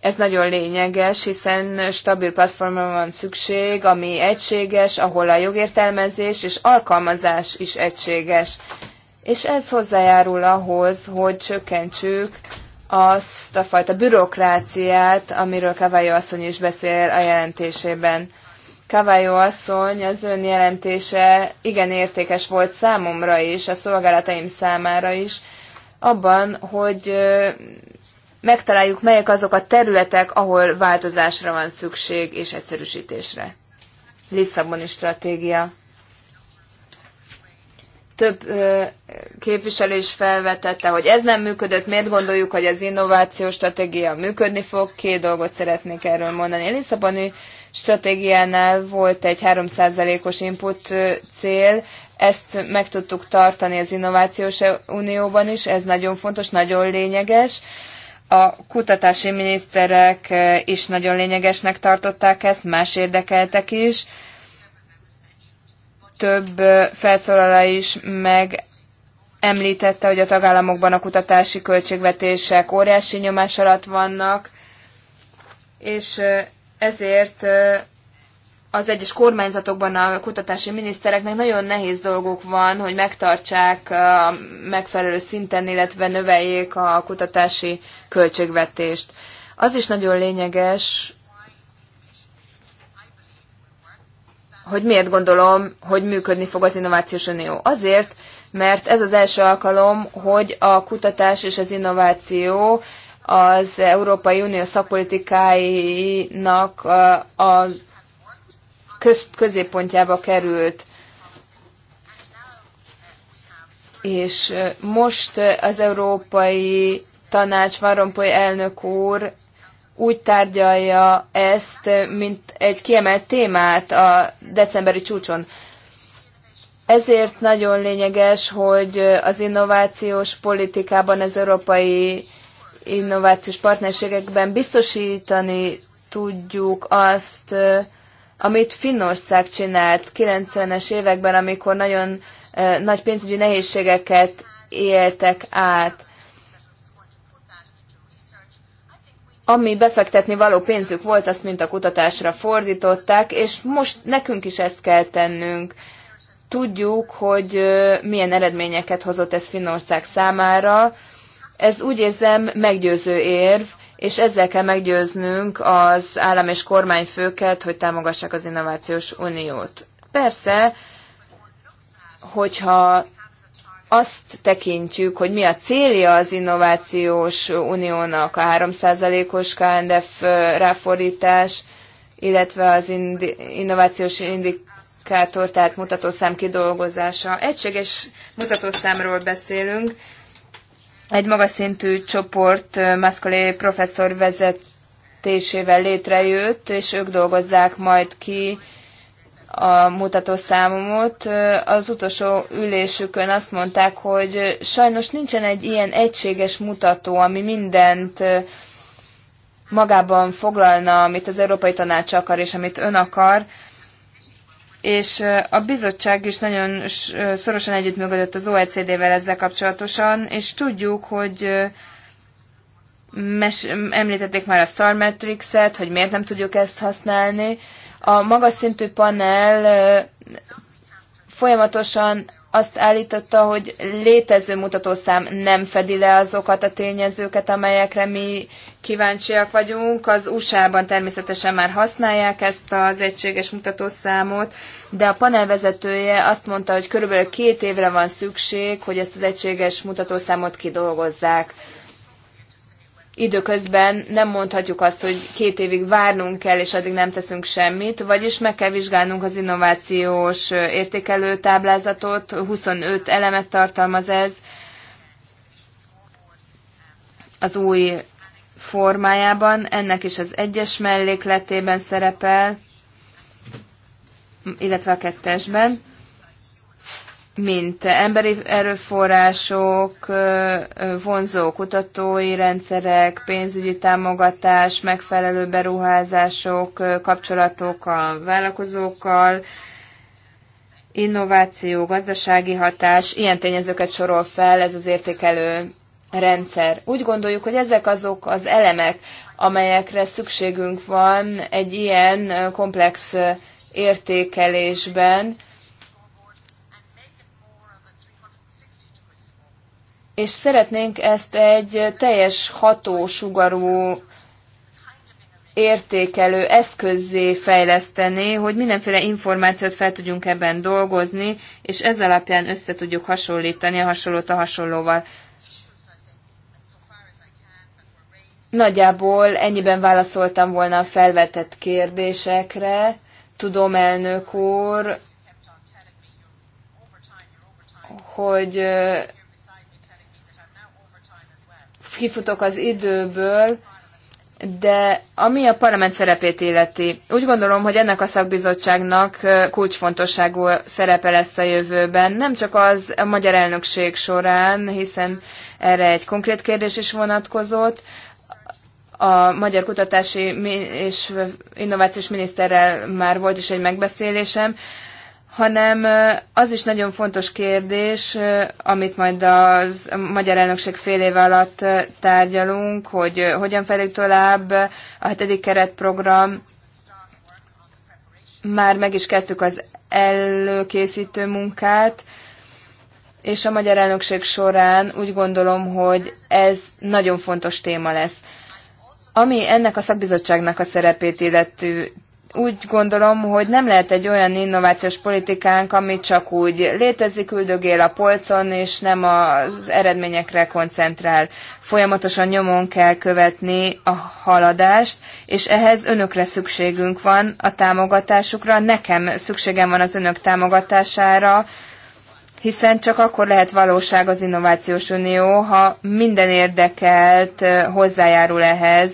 Ez nagyon lényeges, hiszen stabil platformra van szükség, ami egységes, ahol a jogértelmezés és alkalmazás is egységes és ez hozzájárul ahhoz, hogy csökkentsük azt a fajta bürokráciát, amiről Kavályó asszony is beszél a jelentésében. Kavályó asszony, az ön jelentése igen értékes volt számomra is, a szolgálataim számára is, abban, hogy megtaláljuk, melyek azok a területek, ahol változásra van szükség és egyszerűsítésre. Lisszaboni stratégia több képviselő is felvetette, hogy ez nem működött, miért gondoljuk, hogy az innovációs stratégia működni fog. Két dolgot szeretnék erről mondani. A Lisszaboni stratégiánál volt egy 3%-os input cél, ezt meg tudtuk tartani az Innovációs Unióban is, ez nagyon fontos, nagyon lényeges. A kutatási miniszterek is nagyon lényegesnek tartották ezt, más érdekeltek is több felszólalá is meg említette, hogy a tagállamokban a kutatási költségvetések óriási nyomás alatt vannak, és ezért az egyes kormányzatokban a kutatási minisztereknek nagyon nehéz dolgok van, hogy megtartsák a megfelelő szinten, illetve növeljék a kutatási költségvetést. Az is nagyon lényeges, hogy miért gondolom, hogy működni fog az Innovációs Unió. Azért, mert ez az első alkalom, hogy a kutatás és az innováció az Európai Unió szakpolitikáinak a köz, középpontjába került. És most az Európai Tanács Van elnök úr úgy tárgyalja ezt, mint egy kiemelt témát a decemberi csúcson. Ezért nagyon lényeges, hogy az innovációs politikában, az európai innovációs partnerségekben biztosítani tudjuk azt, amit Finnország csinált 90-es években, amikor nagyon eh, nagy pénzügyi nehézségeket éltek át. ami befektetni való pénzük volt, azt mint a kutatásra fordították, és most nekünk is ezt kell tennünk. Tudjuk, hogy milyen eredményeket hozott ez Finnország számára. Ez úgy érzem meggyőző érv, és ezzel kell meggyőznünk az állam és kormányfőket, hogy támogassák az Innovációs Uniót. Persze, hogyha azt tekintjük, hogy mi a célja az innovációs uniónak, a 3%-os KNDF ráfordítás, illetve az indi- innovációs indikátor, tehát mutatószám kidolgozása. Egységes mutatószámról beszélünk. Egy magas szintű csoport Maszkolé professzor vezetésével létrejött, és ők dolgozzák majd ki a mutatószámomot. Az utolsó ülésükön azt mondták, hogy sajnos nincsen egy ilyen egységes mutató, ami mindent magában foglalna, amit az Európai Tanács akar, és amit ön akar, és a bizottság is nagyon szorosan együttműködött az OECD-vel ezzel kapcsolatosan, és tudjuk, hogy említették már a Star Matrix-et, hogy miért nem tudjuk ezt használni, a magas szintű panel folyamatosan azt állította, hogy létező mutatószám nem fedi le azokat a tényezőket, amelyekre mi kíváncsiak vagyunk. Az USA-ban természetesen már használják ezt az egységes mutatószámot, de a panel vezetője azt mondta, hogy körülbelül két évre van szükség, hogy ezt az egységes mutatószámot kidolgozzák időközben nem mondhatjuk azt, hogy két évig várnunk kell, és addig nem teszünk semmit, vagyis meg kell vizsgálnunk az innovációs értékelő táblázatot, 25 elemet tartalmaz ez az új formájában, ennek is az egyes mellékletében szerepel, illetve a kettesben mint emberi erőforrások, vonzó kutatói rendszerek, pénzügyi támogatás, megfelelő beruházások, kapcsolatok a vállalkozókkal, innováció, gazdasági hatás, ilyen tényezőket sorol fel ez az értékelő rendszer. Úgy gondoljuk, hogy ezek azok az elemek, amelyekre szükségünk van egy ilyen komplex értékelésben, és szeretnénk ezt egy teljes hatósugarú értékelő eszközzé fejleszteni, hogy mindenféle információt fel tudjunk ebben dolgozni, és ez alapján össze tudjuk hasonlítani a hasonlót a hasonlóval. Nagyjából ennyiben válaszoltam volna a felvetett kérdésekre. Tudom, elnök úr, hogy kifutok az időből, de ami a parlament szerepét illeti, úgy gondolom, hogy ennek a szakbizottságnak kulcsfontosságú szerepe lesz a jövőben, nem csak az a magyar elnökség során, hiszen erre egy konkrét kérdés is vonatkozott, a magyar kutatási és innovációs miniszterrel már volt is egy megbeszélésem, hanem az is nagyon fontos kérdés, amit majd a magyar elnökség fél év alatt tárgyalunk, hogy hogyan fejlődik tovább a hetedik keretprogram. Már meg is kezdtük az előkészítő munkát, és a magyar elnökség során úgy gondolom, hogy ez nagyon fontos téma lesz. Ami ennek a szakbizottságnak a szerepét illető úgy gondolom, hogy nem lehet egy olyan innovációs politikánk, ami csak úgy létezik, üldögél a polcon, és nem az eredményekre koncentrál. Folyamatosan nyomon kell követni a haladást, és ehhez önökre szükségünk van a támogatásukra. Nekem szükségem van az önök támogatására, hiszen csak akkor lehet valóság az Innovációs Unió, ha minden érdekelt eh, hozzájárul ehhez,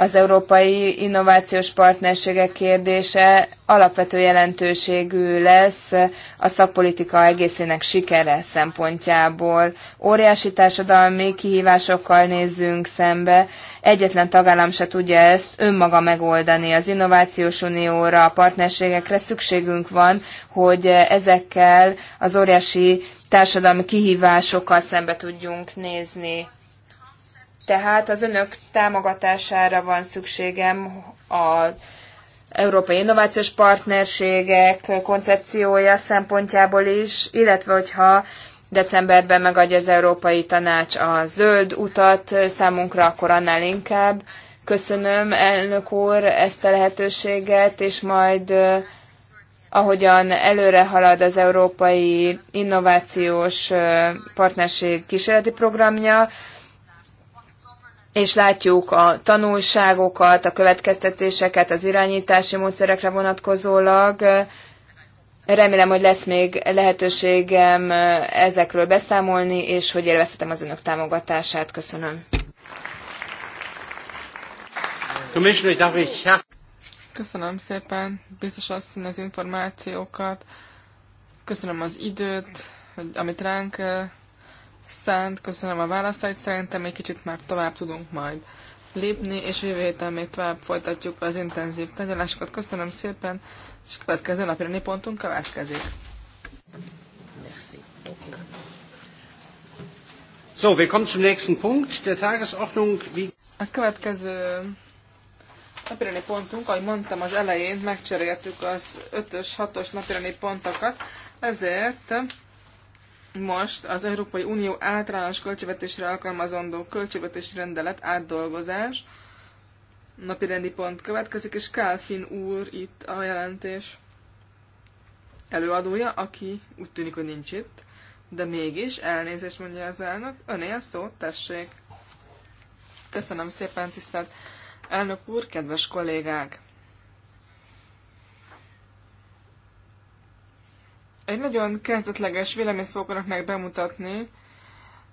az európai innovációs partnerségek kérdése alapvető jelentőségű lesz a szakpolitika egészének sikere szempontjából. Óriási társadalmi kihívásokkal nézzünk szembe, egyetlen tagállam se tudja ezt önmaga megoldani. Az Innovációs Unióra, a partnerségekre szükségünk van, hogy ezekkel az óriási társadalmi kihívásokkal szembe tudjunk nézni tehát az önök támogatására van szükségem az Európai Innovációs Partnerségek koncepciója szempontjából is, illetve hogyha decemberben megadja az Európai Tanács a zöld utat számunkra, akkor annál inkább. Köszönöm, elnök úr, ezt a lehetőséget, és majd ahogyan előre halad az Európai Innovációs Partnerség kísérleti programja, és látjuk a tanulságokat, a következtetéseket az irányítási módszerekre vonatkozólag. Remélem, hogy lesz még lehetőségem ezekről beszámolni, és hogy élvezhetem az önök támogatását. Köszönöm. Köszönöm szépen, biztos asszony az információkat. Köszönöm az időt, hogy, amit ránk eh, Szent, köszönöm a válaszait, szerintem egy kicsit már tovább tudunk majd lépni, és jövő héten még tovább folytatjuk az intenzív tanulásokat. Köszönöm szépen, és a következő napi pontunk következik. So, wir kommen zum nächsten Punkt der Tagesordnung. Wie a következő napirani pontunk, ahogy mondtam az elején, megcseréltük az 5-ös, 6-os napirani pontokat, ezért most az Európai Unió általános költségvetésre alkalmazandó költségvetési rendelet átdolgozás. Napi rendi pont következik, és Kálfin úr itt a jelentés előadója, aki úgy tűnik, hogy nincs itt, de mégis elnézést mondja az elnök. Öné a szó, tessék! Köszönöm szépen, tisztelt elnök úr, kedves kollégák! Egy nagyon kezdetleges véleményt fogok önöknek bemutatni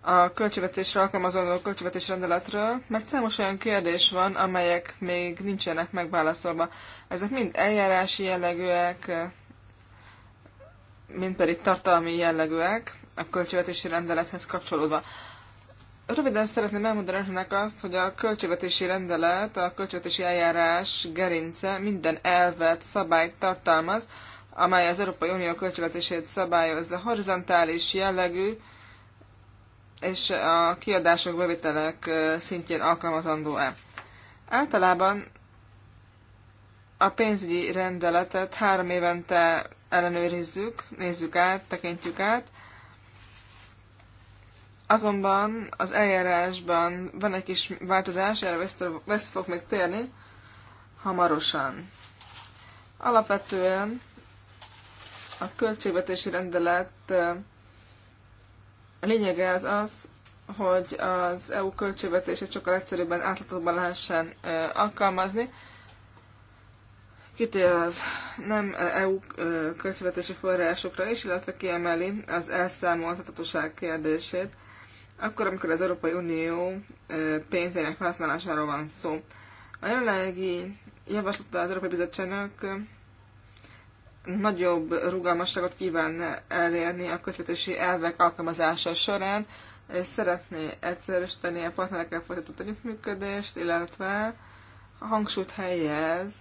a költségvetésre alkalmazandó költségvetés rendeletről, mert számos olyan kérdés van, amelyek még nincsenek megválaszolva. Ezek mind eljárási jellegűek, mind pedig tartalmi jellegűek a költségvetési rendelethez kapcsolódva. Röviden szeretném elmondani önnek azt, hogy a költségvetési rendelet, a költségvetési eljárás gerince minden elvet, szabályt tartalmaz, amely az Európai Unió költségvetését szabályozza, horizontális jellegű, és a kiadások, bevételek szintjén alkalmazandó-e. Általában a pénzügyi rendeletet három évente ellenőrizzük, nézzük át, tekintjük át. Azonban az eljárásban van egy kis változás, erre vesz fog még térni hamarosan. Alapvetően a költségvetési rendelet a lényege az az, hogy az EU költségvetését sokkal egyszerűbben, átlatokban lehessen alkalmazni. Kitér az nem EU költségvetési forrásokra is, illetve kiemeli az elszámolhatatóság kérdését, akkor, amikor az Európai Unió pénzének felhasználásáról van szó. A jelenlegi javaslata az Európai Bizottságnak nagyobb rugalmasságot kívánna elérni a kötetési elvek alkalmazása során, és szeretné egyszerűsíteni a partnerekkel folytatott együttműködést, illetve hangsúlyt helyez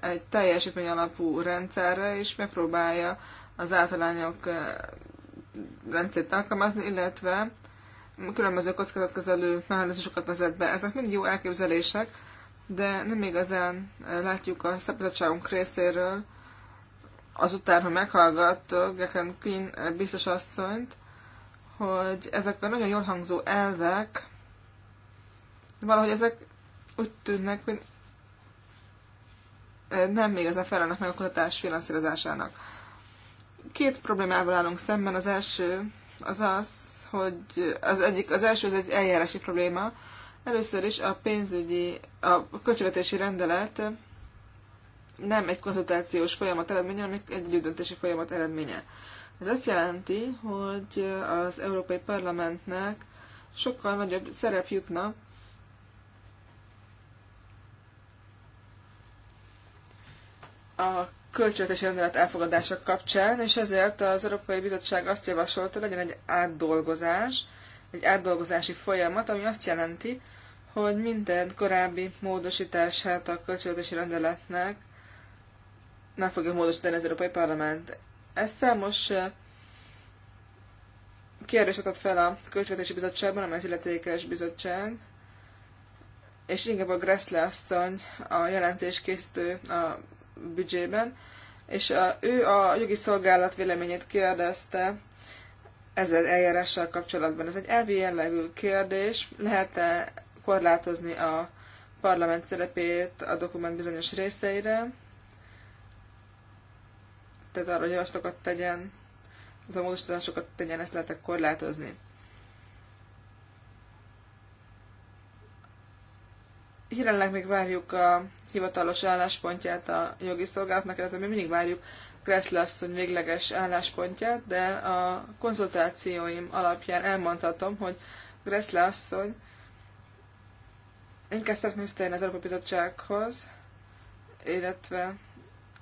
egy teljesítmény alapú rendszerre, és megpróbálja az általányok eh, rendszert alkalmazni, illetve különböző kockázatkezelő mechanizmusokat vezet be. Ezek mind jó elképzelések, de nem igazán eh, látjuk a szabadságunk részéről, azután, hogy meghallgattok, Gekken Queen eh, biztos asszonyt, hogy ezek a nagyon jól hangzó elvek, valahogy ezek úgy tűnnek, hogy eh, nem ezen felelnek meg a kutatás finanszírozásának. Két problémával állunk szemben. Az első az az, hogy az, egyik, az első az egy eljárási probléma. Először is a pénzügyi, a költségvetési rendelet nem egy konzultációs folyamat eredménye, hanem egy együttdöntési folyamat eredménye. Ez azt jelenti, hogy az Európai Parlamentnek sokkal nagyobb szerep jutna a költségvetési rendelet elfogadása kapcsán, és ezért az Európai Bizottság azt javasolta, hogy legyen egy átdolgozás, egy átdolgozási folyamat, ami azt jelenti, hogy minden korábbi módosítását a költségvetési rendeletnek nem fogja módosítani az Európai Parlament. Ez számos kérdés adott fel a Költségvetési Bizottságban, amely az illetékes bizottság, és a Gressle asszony a jelentés készítő a büdzsében, és a, ő a jogi szolgálat véleményét kérdezte ezzel eljárással kapcsolatban. Ez egy elvi jellegű kérdés, lehet-e korlátozni a parlament szerepét a dokument bizonyos részeire, tehát arra, hogy javaslatokat tegyen, az a módosításokat tegyen, ezt lehetek korlátozni. Jelenleg még várjuk a hivatalos álláspontját a jogi szolgálatnak, illetve mi mindig várjuk lesz, hogy végleges álláspontját, de a konzultációim alapján elmondhatom, hogy Kressle asszony inkább szeretném az Európai Bizottsághoz, illetve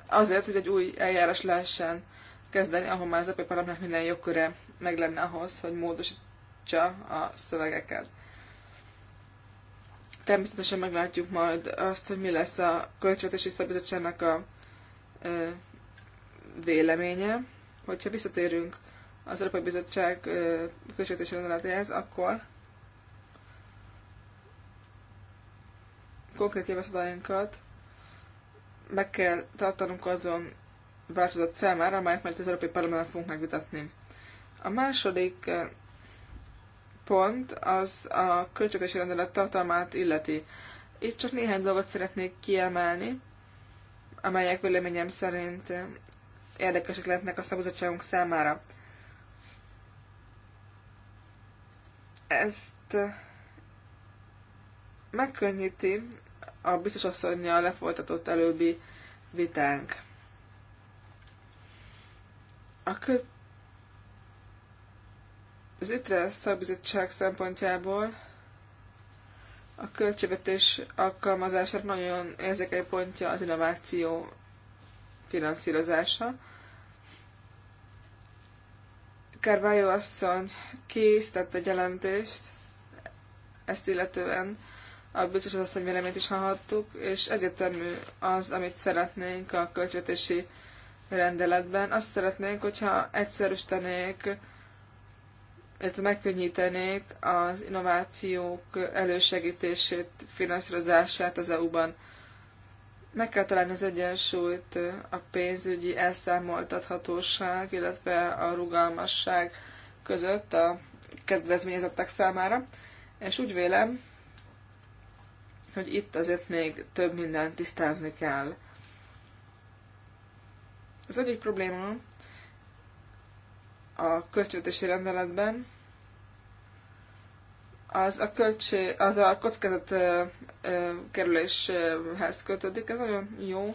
azért, hogy egy új eljárás lehessen kezdeni, ahol már az EP Parlamentnek minden jogköre meg lenne ahhoz, hogy módosítsa a szövegeket. Természetesen meglátjuk majd azt, hogy mi lesz a Költségvetési szabadságnak a ö, véleménye. Hogyha visszatérünk az Európai Bizottság Költségvetési Rendeletéhez, akkor konkrét javaslatainkat meg kell tartanunk azon változat számára, amelyet majd az Európai Parlamentben fogunk megvitatni. A második eh, pont az a költségvetési rendelet tartalmát illeti. Itt csak néhány dolgot szeretnék kiemelni, amelyek véleményem szerint eh, érdekesek lehetnek a szabadságunk számára. Ezt eh, megkönnyíti a biztos asszonyja lefolytatott előbbi vitánk. A kö... Az ITRE szakbizottság szempontjából a költségvetés alkalmazására nagyon érzékeny pontja az innováció finanszírozása. Carvalho asszony készített egy jelentést ezt illetően a biztos az asszony véleményt is hallhattuk, és egyetemű az, amit szeretnénk a költségvetési rendeletben. Azt szeretnénk, hogyha egyszerűsítenék, illetve megkönnyítenék az innovációk elősegítését, finanszírozását az EU-ban. Meg kell találni az egyensúlyt a pénzügyi elszámoltathatóság, illetve a rugalmasság között a kedvezményezettek számára, és úgy vélem, hogy itt azért még több mindent tisztázni kell. Az egyik probléma a költségvetési rendeletben az a, költség, az a kockázat ö, ö, kerüléshez kötődik, ez nagyon jó.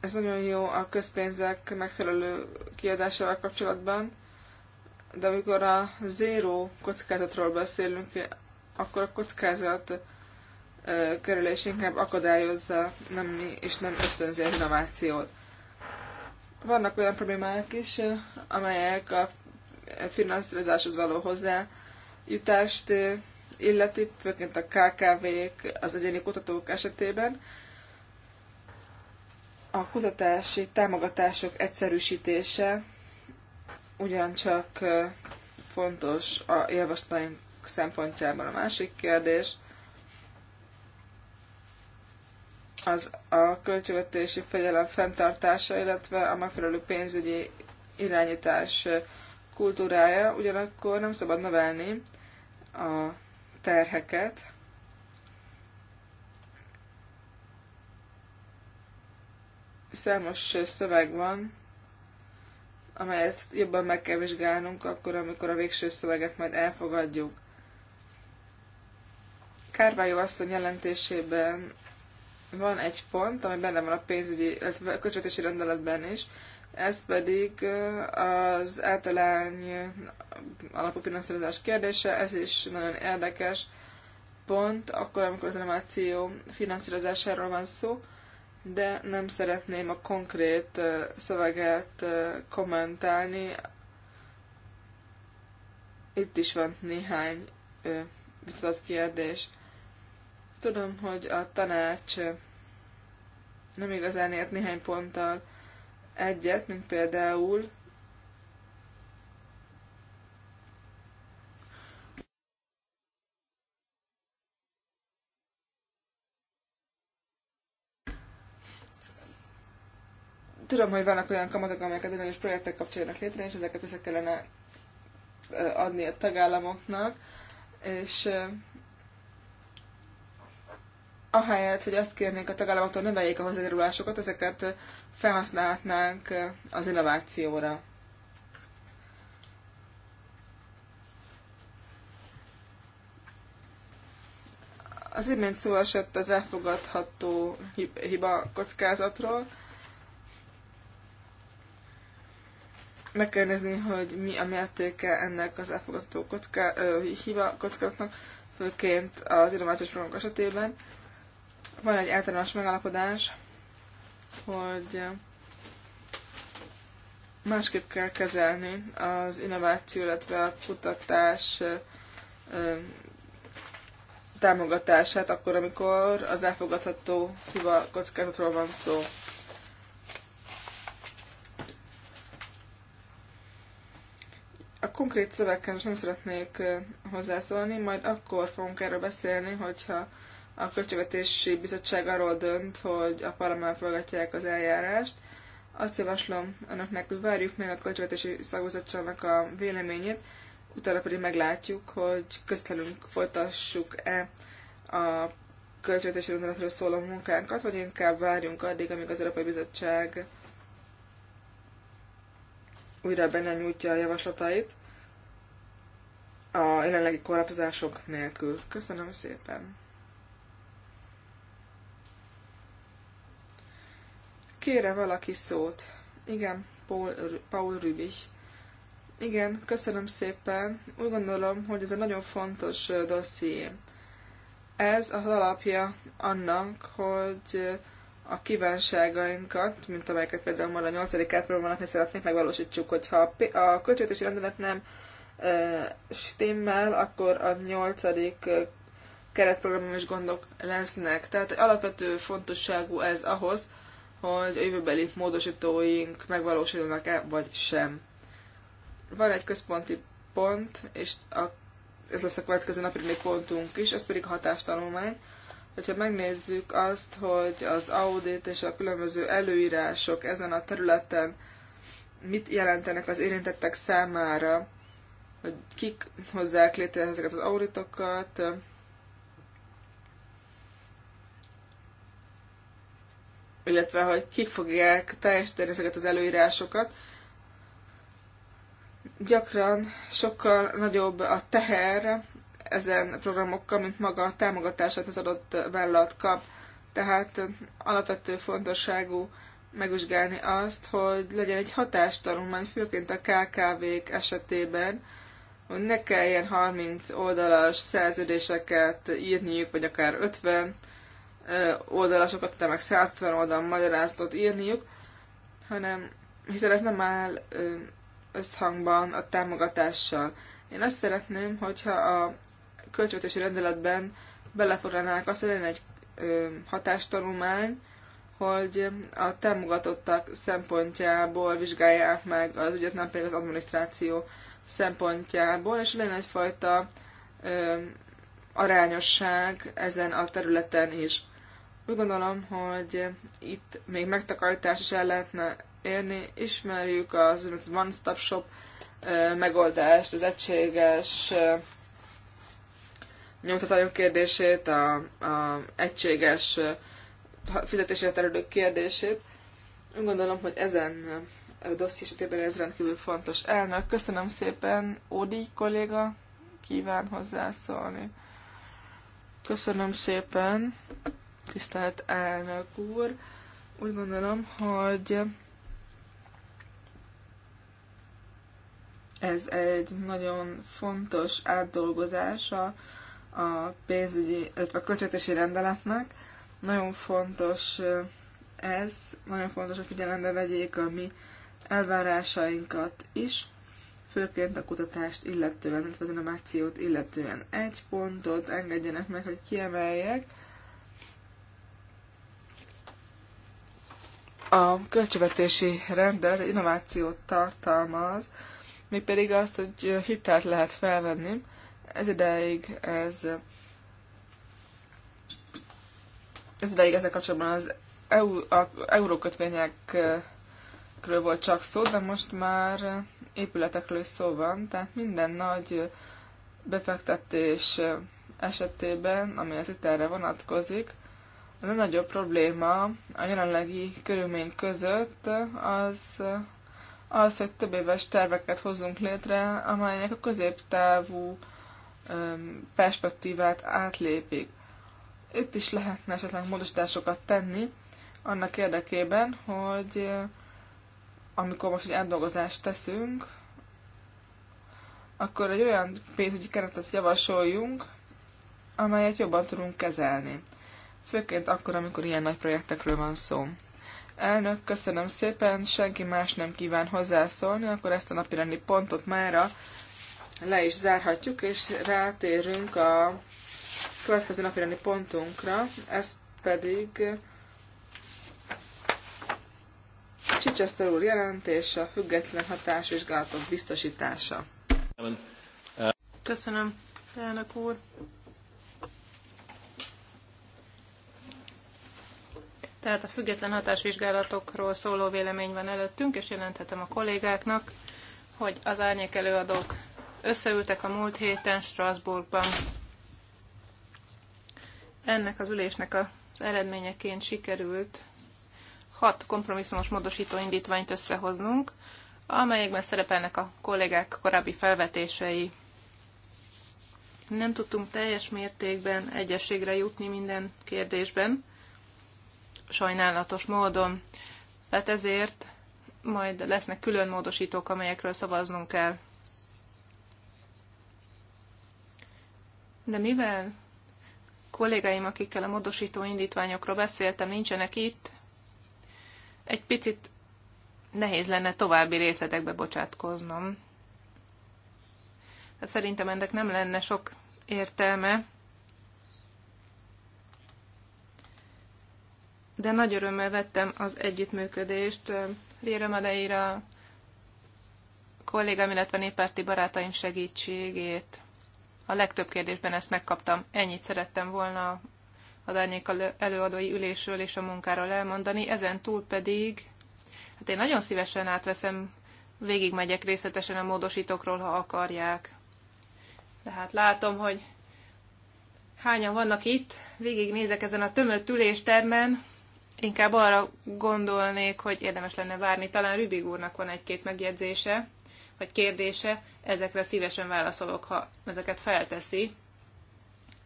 Ez nagyon jó a közpénzek megfelelő kiadásával kapcsolatban, de amikor a zéró kockázatról beszélünk, akkor a kockázat kerülés inkább akadályozza, nem, és nem ösztönzi az innovációt. Vannak olyan problémák is, amelyek a finanszírozáshoz való hozzájutást illeti, főként a KKV-k, az egyéni kutatók esetében. A kutatási támogatások egyszerűsítése ugyancsak fontos a javaslataink szempontjában a másik kérdés, az a költségvetési fegyelem fenntartása, illetve a megfelelő pénzügyi irányítás kultúrája, ugyanakkor nem szabad növelni a terheket. Számos szöveg van, amelyet jobban meg kell vizsgálnunk akkor, amikor a végső szöveget majd elfogadjuk. Kárvályó asszony jelentésében van egy pont, ami benne van a pénzügyi, illetve költségvetési rendeletben is, ez pedig az általány alapú finanszírozás kérdése, ez is nagyon érdekes pont, akkor, amikor az animáció finanszírozásáról van szó, de nem szeretném a konkrét szöveget kommentálni. Itt is van néhány vitatott kérdés. Tudom, hogy a tanács nem igazán ért néhány ponttal egyet, mint például Tudom, hogy vannak olyan kamatok, amelyeket bizonyos projektek kapcsolnak létre, és ezeket vissza kellene adni a tagállamoknak, és ahelyett, hogy azt kérnénk a tagállamoktól, növeljék a hozzájárulásokat, ezeket felhasználhatnánk az innovációra. Az imént szó esett az elfogadható hiba kockázatról. Meg kell nézni, hogy mi a mértéke ennek az elfogadható kocká, hiba kockázatnak, főként az innovációs programok esetében van egy általános megállapodás, hogy másképp kell kezelni az innováció, illetve a kutatás támogatását akkor, amikor az elfogadható hiba kockázatról van szó. A konkrét most nem szeretnék hozzászólni, majd akkor fogunk erről beszélni, hogyha a Költségvetési Bizottság arról dönt, hogy a parlament fogadják az eljárást. Azt javaslom önöknek, hogy várjuk meg a Költségvetési Szakbizottságnak a véleményét, utána pedig meglátjuk, hogy köztelünk folytassuk-e a költségvetési rendeletről szóló munkánkat, vagy inkább várjunk addig, amíg az Európai Bizottság újra benne nyújtja a javaslatait a jelenlegi korlátozások nélkül. Köszönöm szépen! Kére valaki szót? Igen, Paul, Paul Rübich. Igen, köszönöm szépen. Úgy gondolom, hogy ez egy nagyon fontos dosszié. Ez az alapja annak, hogy a kívánságainkat, mint amelyeket például már a 8. átprogramnak szeretnék, megvalósítsuk, hogyha a költségvetési rendelet nem stimmel, akkor a 8. keretprogramon is gondok lesznek. Tehát alapvető fontosságú ez ahhoz, hogy a jövőbeli módosítóink megvalósulnak-e, vagy sem. Van egy központi pont, és a, ez lesz a következő napi pontunk is, ez pedig a hatástanulmány. Hogyha megnézzük azt, hogy az audit és a különböző előírások ezen a területen mit jelentenek az érintettek számára, hogy kik hozzák létre ezeket az auditokat, illetve hogy kik fogják teljesíteni ezeket az előírásokat, gyakran sokkal nagyobb a teher ezen programokkal, mint maga a támogatását az adott vállalat kap. Tehát alapvető fontosságú megvizsgálni azt, hogy legyen egy hatástanulmány, főként a KKV-k esetében, hogy ne kelljen 30 oldalas szerződéseket írniuk, vagy akár 50, oldalasokat, te meg 150 oldal magyarázatot írniuk, hanem hiszen ez nem áll összhangban a támogatással. Én azt szeretném, hogyha a költségvetési rendeletben belefoglalnák azt, hogy lenne egy hatástanulmány, hogy a támogatottak szempontjából vizsgálják meg az ügyet, nem például az adminisztráció szempontjából, és lenne egyfajta ö, arányosság ezen a területen is. Úgy gondolom, hogy itt még megtakarítás is el lehetne érni. Ismerjük az One Stop Shop megoldást, az egységes nyomtatványok kérdését, a, a egységes fizetésre terülő kérdését. Úgy gondolom, hogy ezen a dosszi esetében ez rendkívül fontos. Elnök, köszönöm szépen, Ódi kolléga kíván hozzászólni. Köszönöm szépen. Tisztelt elnök úr, úgy gondolom, hogy ez egy nagyon fontos átdolgozása a pénzügyi, illetve a költségvetési rendeletnek. Nagyon fontos ez, nagyon fontos, hogy figyelembe vegyék a mi elvárásainkat is, főként a kutatást illetően, illetve az innovációt illetően. Egy pontot engedjenek meg, hogy kiemeljek, A költségvetési rendelet egy innovációt tartalmaz, pedig azt, hogy hitelt lehet felvenni. Ez ideig ez ez ideig ezzel kapcsolatban az EU, a eurókötvényekről volt csak szó, de most már épületekről is szó van, tehát minden nagy befektetés esetében, ami az hitelre vonatkozik, a nagyobb probléma a jelenlegi körülmény között az, az, hogy több éves terveket hozzunk létre, amelyek a középtávú perspektívát átlépik. Itt is lehetne esetleg módosításokat tenni, annak érdekében, hogy amikor most egy átdolgozást teszünk, akkor egy olyan pénzügyi keretet javasoljunk, amelyet jobban tudunk kezelni főként akkor, amikor ilyen nagy projektekről van szó. Elnök, köszönöm szépen, senki más nem kíván hozzászólni, akkor ezt a napirendi pontot mára le is zárhatjuk, és rátérünk a következő napirendi pontunkra, ez pedig Csicseszter úr jelentése, a független hatásvizsgálatok biztosítása. Köszönöm, elnök úr. Tehát a független hatásvizsgálatokról szóló vélemény van előttünk, és jelenthetem a kollégáknak, hogy az árnyék előadók összeültek a múlt héten Strasbourgban. Ennek az ülésnek az eredményeként sikerült hat kompromisszumos módosító indítványt összehoznunk, amelyekben szerepelnek a kollégák korábbi felvetései. Nem tudtunk teljes mértékben egyességre jutni minden kérdésben, sajnálatos módon. Tehát ezért majd lesznek külön módosítók, amelyekről szavaznunk kell. De mivel kollégáim, akikkel a módosító indítványokról beszéltem, nincsenek itt, egy picit nehéz lenne további részletekbe bocsátkoznom. De hát szerintem ennek nem lenne sok értelme, de nagy örömmel vettem az együttműködést Riera Madeira kollégám, illetve néppárti barátaim segítségét. A legtöbb kérdésben ezt megkaptam. Ennyit szerettem volna az árnyék előadói ülésről és a munkáról elmondani. Ezen túl pedig, hát én nagyon szívesen átveszem, végigmegyek részletesen a módosítókról, ha akarják. De hát látom, hogy hányan vannak itt, végignézek ezen a tömött üléstermen, inkább arra gondolnék, hogy érdemes lenne várni. Talán Rübig úrnak van egy-két megjegyzése, vagy kérdése, ezekre szívesen válaszolok, ha ezeket felteszi.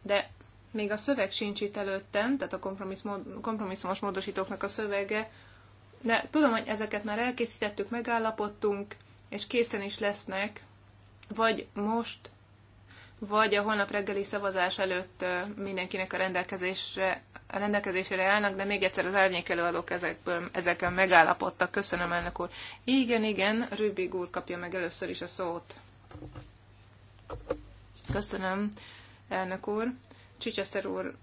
De még a szöveg sincs itt előttem, tehát a kompromisszumos módosítóknak a szövege, de tudom, hogy ezeket már elkészítettük, megállapodtunk, és készen is lesznek, vagy most, vagy a holnap reggeli szavazás előtt mindenkinek a rendelkezésre a rendelkezésére állnak, de még egyszer az árnyék ezekből, ezekkel megállapodtak. Köszönöm, elnök úr. Igen, igen, Rübig úr kapja meg először is a szót. Köszönöm, elnök úr. Csicseszter úr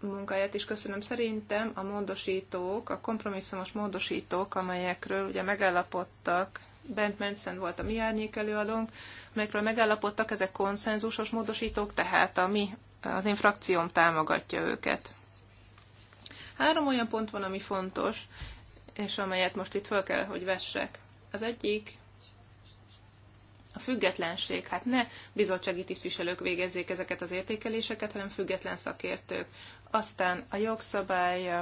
munkáját is köszönöm. Szerintem a módosítók, a kompromisszumos módosítók, amelyekről ugye megállapodtak, Bent Mensen volt a mi árnyékelőadónk, amelyekről megállapodtak, ezek konszenzusos módosítók, tehát a mi, az én frakcióm támogatja őket. Három olyan pont van, ami fontos, és amelyet most itt fel kell, hogy vessek. Az egyik a függetlenség. Hát ne bizottsági tisztviselők végezzék ezeket az értékeléseket, hanem független szakértők. Aztán a jogszabály,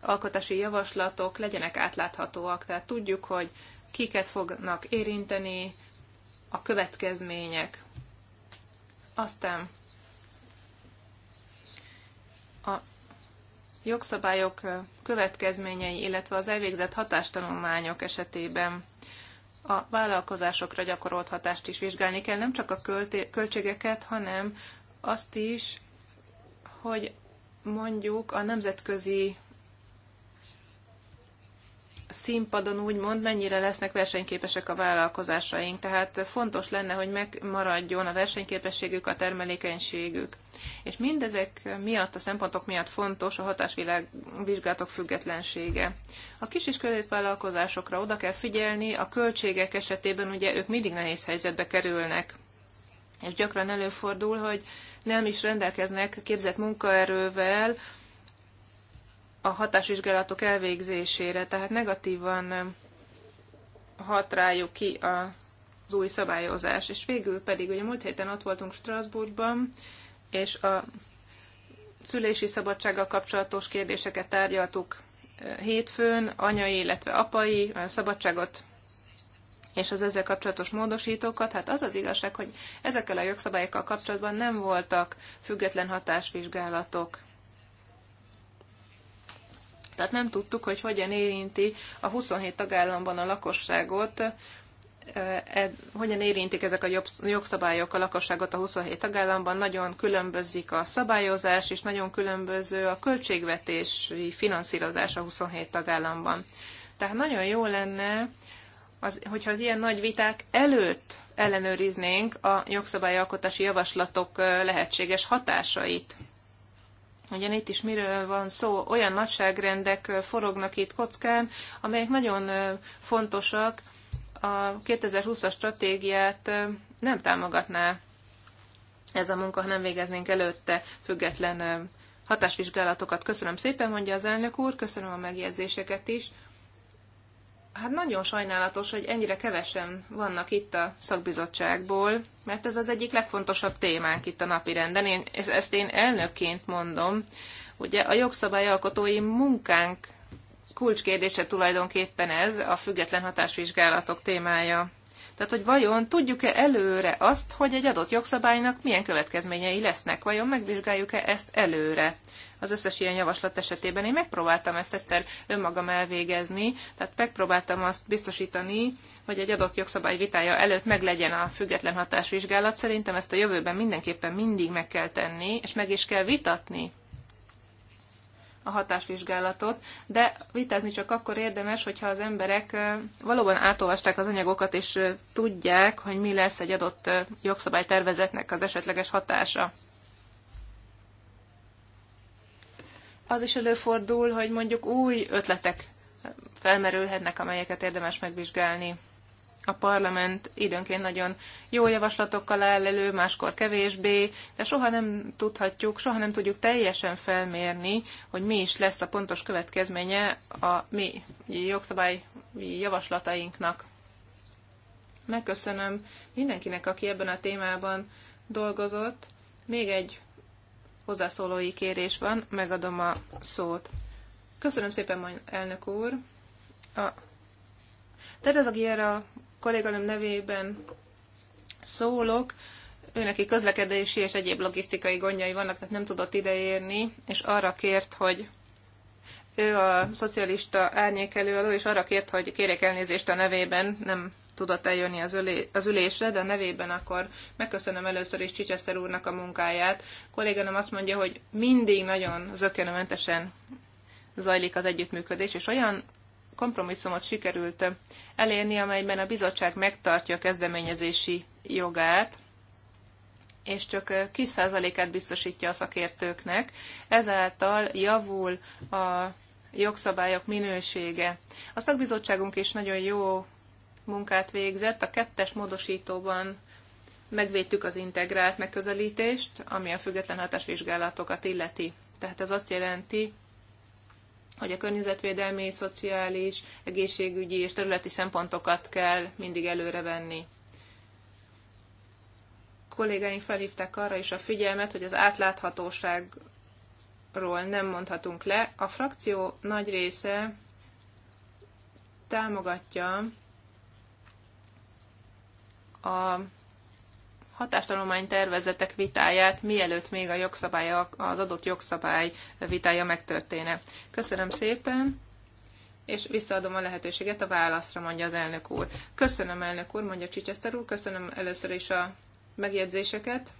alkotási javaslatok legyenek átláthatóak, tehát tudjuk, hogy kiket fognak érinteni, a következmények. Aztán a jogszabályok következményei, illetve az elvégzett hatástanulmányok esetében a vállalkozásokra gyakorolt hatást is vizsgálni kell, nem csak a költségeket, hanem azt is, hogy mondjuk a nemzetközi színpadon úgymond mennyire lesznek versenyképesek a vállalkozásaink. Tehát fontos lenne, hogy megmaradjon a versenyképességük, a termelékenységük. És mindezek miatt, a szempontok miatt fontos a hatásvilág vizsgálatok függetlensége. A kis és középvállalkozásokra oda kell figyelni, a költségek esetében ugye ők mindig nehéz helyzetbe kerülnek. És gyakran előfordul, hogy nem is rendelkeznek képzett munkaerővel, a hatásvizsgálatok elvégzésére, tehát negatívan hat rájuk ki a, az új szabályozás. És végül pedig, ugye múlt héten ott voltunk Strasbourgban, és a szülési szabadsággal kapcsolatos kérdéseket tárgyaltuk hétfőn, anyai, illetve apai szabadságot és az ezzel kapcsolatos módosítókat. Hát az az igazság, hogy ezekkel a jogszabályokkal kapcsolatban nem voltak független hatásvizsgálatok. Tehát nem tudtuk, hogy hogyan érinti a 27 tagállamban a lakosságot, e, hogyan érintik ezek a jogszabályok a lakosságot a 27 tagállamban. Nagyon különbözik a szabályozás, és nagyon különböző a költségvetési finanszírozás a 27 tagállamban. Tehát nagyon jó lenne, az, hogyha az ilyen nagy viták előtt ellenőriznénk a jogszabályalkotási javaslatok lehetséges hatásait. Ugyan itt is miről van szó, olyan nagyságrendek forognak itt kockán, amelyek nagyon fontosak, a 2020-as stratégiát nem támogatná ez a munka, ha nem végeznénk előtte független hatásvizsgálatokat. Köszönöm szépen, mondja az elnök úr, köszönöm a megjegyzéseket is. Hát nagyon sajnálatos, hogy ennyire kevesen vannak itt a szakbizottságból, mert ez az egyik legfontosabb témánk itt a napi renden. Én, ezt én elnökként mondom. Ugye a jogszabályalkotói munkánk kulcskérdése tulajdonképpen ez, a független hatásvizsgálatok témája. Tehát, hogy vajon tudjuk-e előre azt, hogy egy adott jogszabálynak milyen következményei lesznek, vajon megvizsgáljuk-e ezt előre? Az összes ilyen javaslat esetében én megpróbáltam ezt egyszer önmagam elvégezni, tehát megpróbáltam azt biztosítani, hogy egy adott jogszabály vitája előtt meglegyen a független hatásvizsgálat. Szerintem ezt a jövőben mindenképpen mindig meg kell tenni, és meg is kell vitatni a hatásvizsgálatot, de vitázni csak akkor érdemes, hogyha az emberek valóban átolvasták az anyagokat, és tudják, hogy mi lesz egy adott jogszabálytervezetnek az esetleges hatása. Az is előfordul, hogy mondjuk új ötletek felmerülhetnek, amelyeket érdemes megvizsgálni a parlament időnként nagyon jó javaslatokkal áll elő, máskor kevésbé, de soha nem tudhatjuk, soha nem tudjuk teljesen felmérni, hogy mi is lesz a pontos következménye a mi jogszabályi javaslatainknak. Megköszönöm mindenkinek, aki ebben a témában dolgozott. Még egy hozzászólói kérés van, megadom a szót. Köszönöm szépen, elnök úr. A Tereza Giera kolléganőm nevében szólok. Őneki közlekedési és egyéb logisztikai gondjai vannak, tehát nem tudott ideérni, és arra kért, hogy ő a szocialista árnyék előadó, és arra kért, hogy kérek elnézést a nevében, nem tudott eljönni az, ölé, az ülésre, de a nevében akkor megköszönöm először is Csicseszter úrnak a munkáját. A kolléganom azt mondja, hogy mindig nagyon zökkenőmentesen zajlik az együttműködés, és olyan kompromisszumot sikerült elérni, amelyben a bizottság megtartja a kezdeményezési jogát, és csak kis százalékát biztosítja a szakértőknek. Ezáltal javul a jogszabályok minősége. A szakbizottságunk is nagyon jó munkát végzett. A kettes módosítóban megvédtük az integrált megközelítést, ami a független hatásvizsgálatokat illeti. Tehát ez azt jelenti, hogy a környezetvédelmi, szociális, egészségügyi és területi szempontokat kell mindig előre venni. A kollégáink felhívták arra is a figyelmet, hogy az átláthatóságról nem mondhatunk le. A frakció nagy része támogatja a hatástanulmány tervezetek vitáját, mielőtt még a jogszabály, az adott jogszabály vitája megtörténe. Köszönöm szépen, és visszaadom a lehetőséget a válaszra, mondja az elnök úr. Köszönöm, elnök úr, mondja Csicseszter úr, köszönöm először is a megjegyzéseket,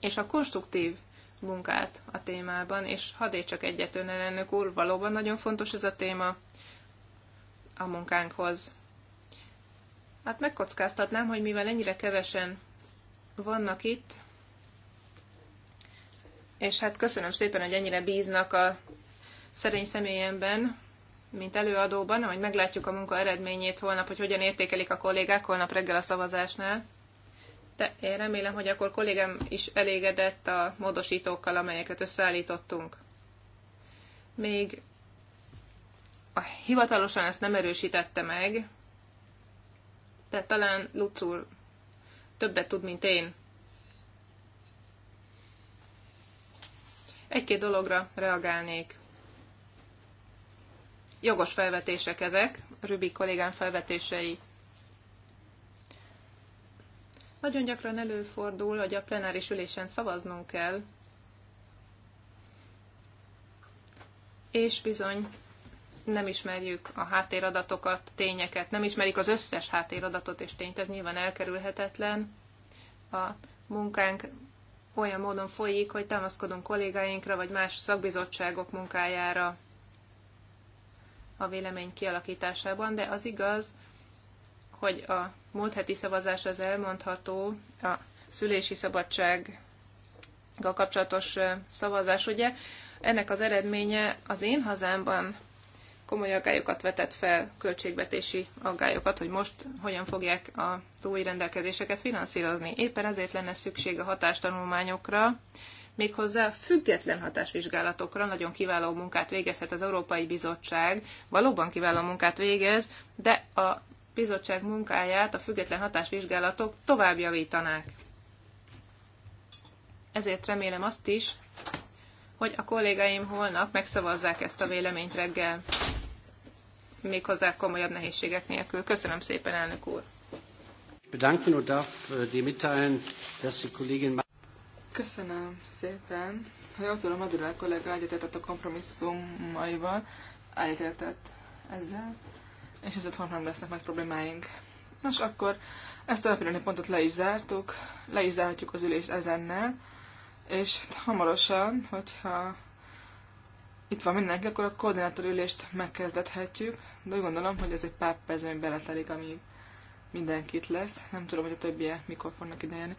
és a konstruktív munkát a témában, és hadd csak egyet önnel, elnök úr, valóban nagyon fontos ez a téma a munkánkhoz. Hát megkockáztatnám, hogy mivel ennyire kevesen vannak itt, és hát köszönöm szépen, hogy ennyire bíznak a szerény személyemben, mint előadóban, hogy meglátjuk a munka eredményét holnap, hogy hogyan értékelik a kollégák holnap reggel a szavazásnál. De én remélem, hogy akkor kollégám is elégedett a módosítókkal, amelyeket összeállítottunk. Még a hivatalosan ezt nem erősítette meg, de talán Lucul többet tud, mint én. Egy-két dologra reagálnék. Jogos felvetések ezek, Rübi kollégám felvetései. Nagyon gyakran előfordul, hogy a plenáris ülésen szavaznunk kell, és bizony nem ismerjük a háttéradatokat, tényeket, nem ismerik az összes háttéradatot és tényt, ez nyilván elkerülhetetlen. A munkánk olyan módon folyik, hogy támaszkodunk kollégáinkra vagy más szakbizottságok munkájára a vélemény kialakításában, de az igaz, hogy a múlt heti szavazás az elmondható, a szülési szabadság kapcsolatos szavazás, ugye, ennek az eredménye az én hazámban komoly aggályokat vetett fel, költségvetési aggályokat, hogy most hogyan fogják a új rendelkezéseket finanszírozni. Éppen ezért lenne szükség a hatástanulmányokra, méghozzá független hatásvizsgálatokra nagyon kiváló munkát végezhet az Európai Bizottság, valóban kiváló munkát végez, de a bizottság munkáját a független hatásvizsgálatok tovább javítanák. Ezért remélem azt is, hogy a kollégáim holnap megszavazzák ezt a véleményt reggel méghozzá komolyabb nehézségek nélkül. Köszönöm szépen, elnök úr! Äh, Köszönöm szépen. Ha jól tudom, Madura kollega egyetetett a kompromisszumaival, egyetetett ezzel, és ezért holnap nem lesznek meg problémáink. Nos, akkor ezt a napirányi pontot le is zártuk, le is zárhatjuk az ülést ezennel, és hamarosan, hogyha itt van mindenki, akkor a ülést megkezdethetjük, de úgy gondolom, hogy ez egy pár ami beletelik, ami mindenkit lesz. Nem tudom, hogy a többiek mikor fognak idejönni.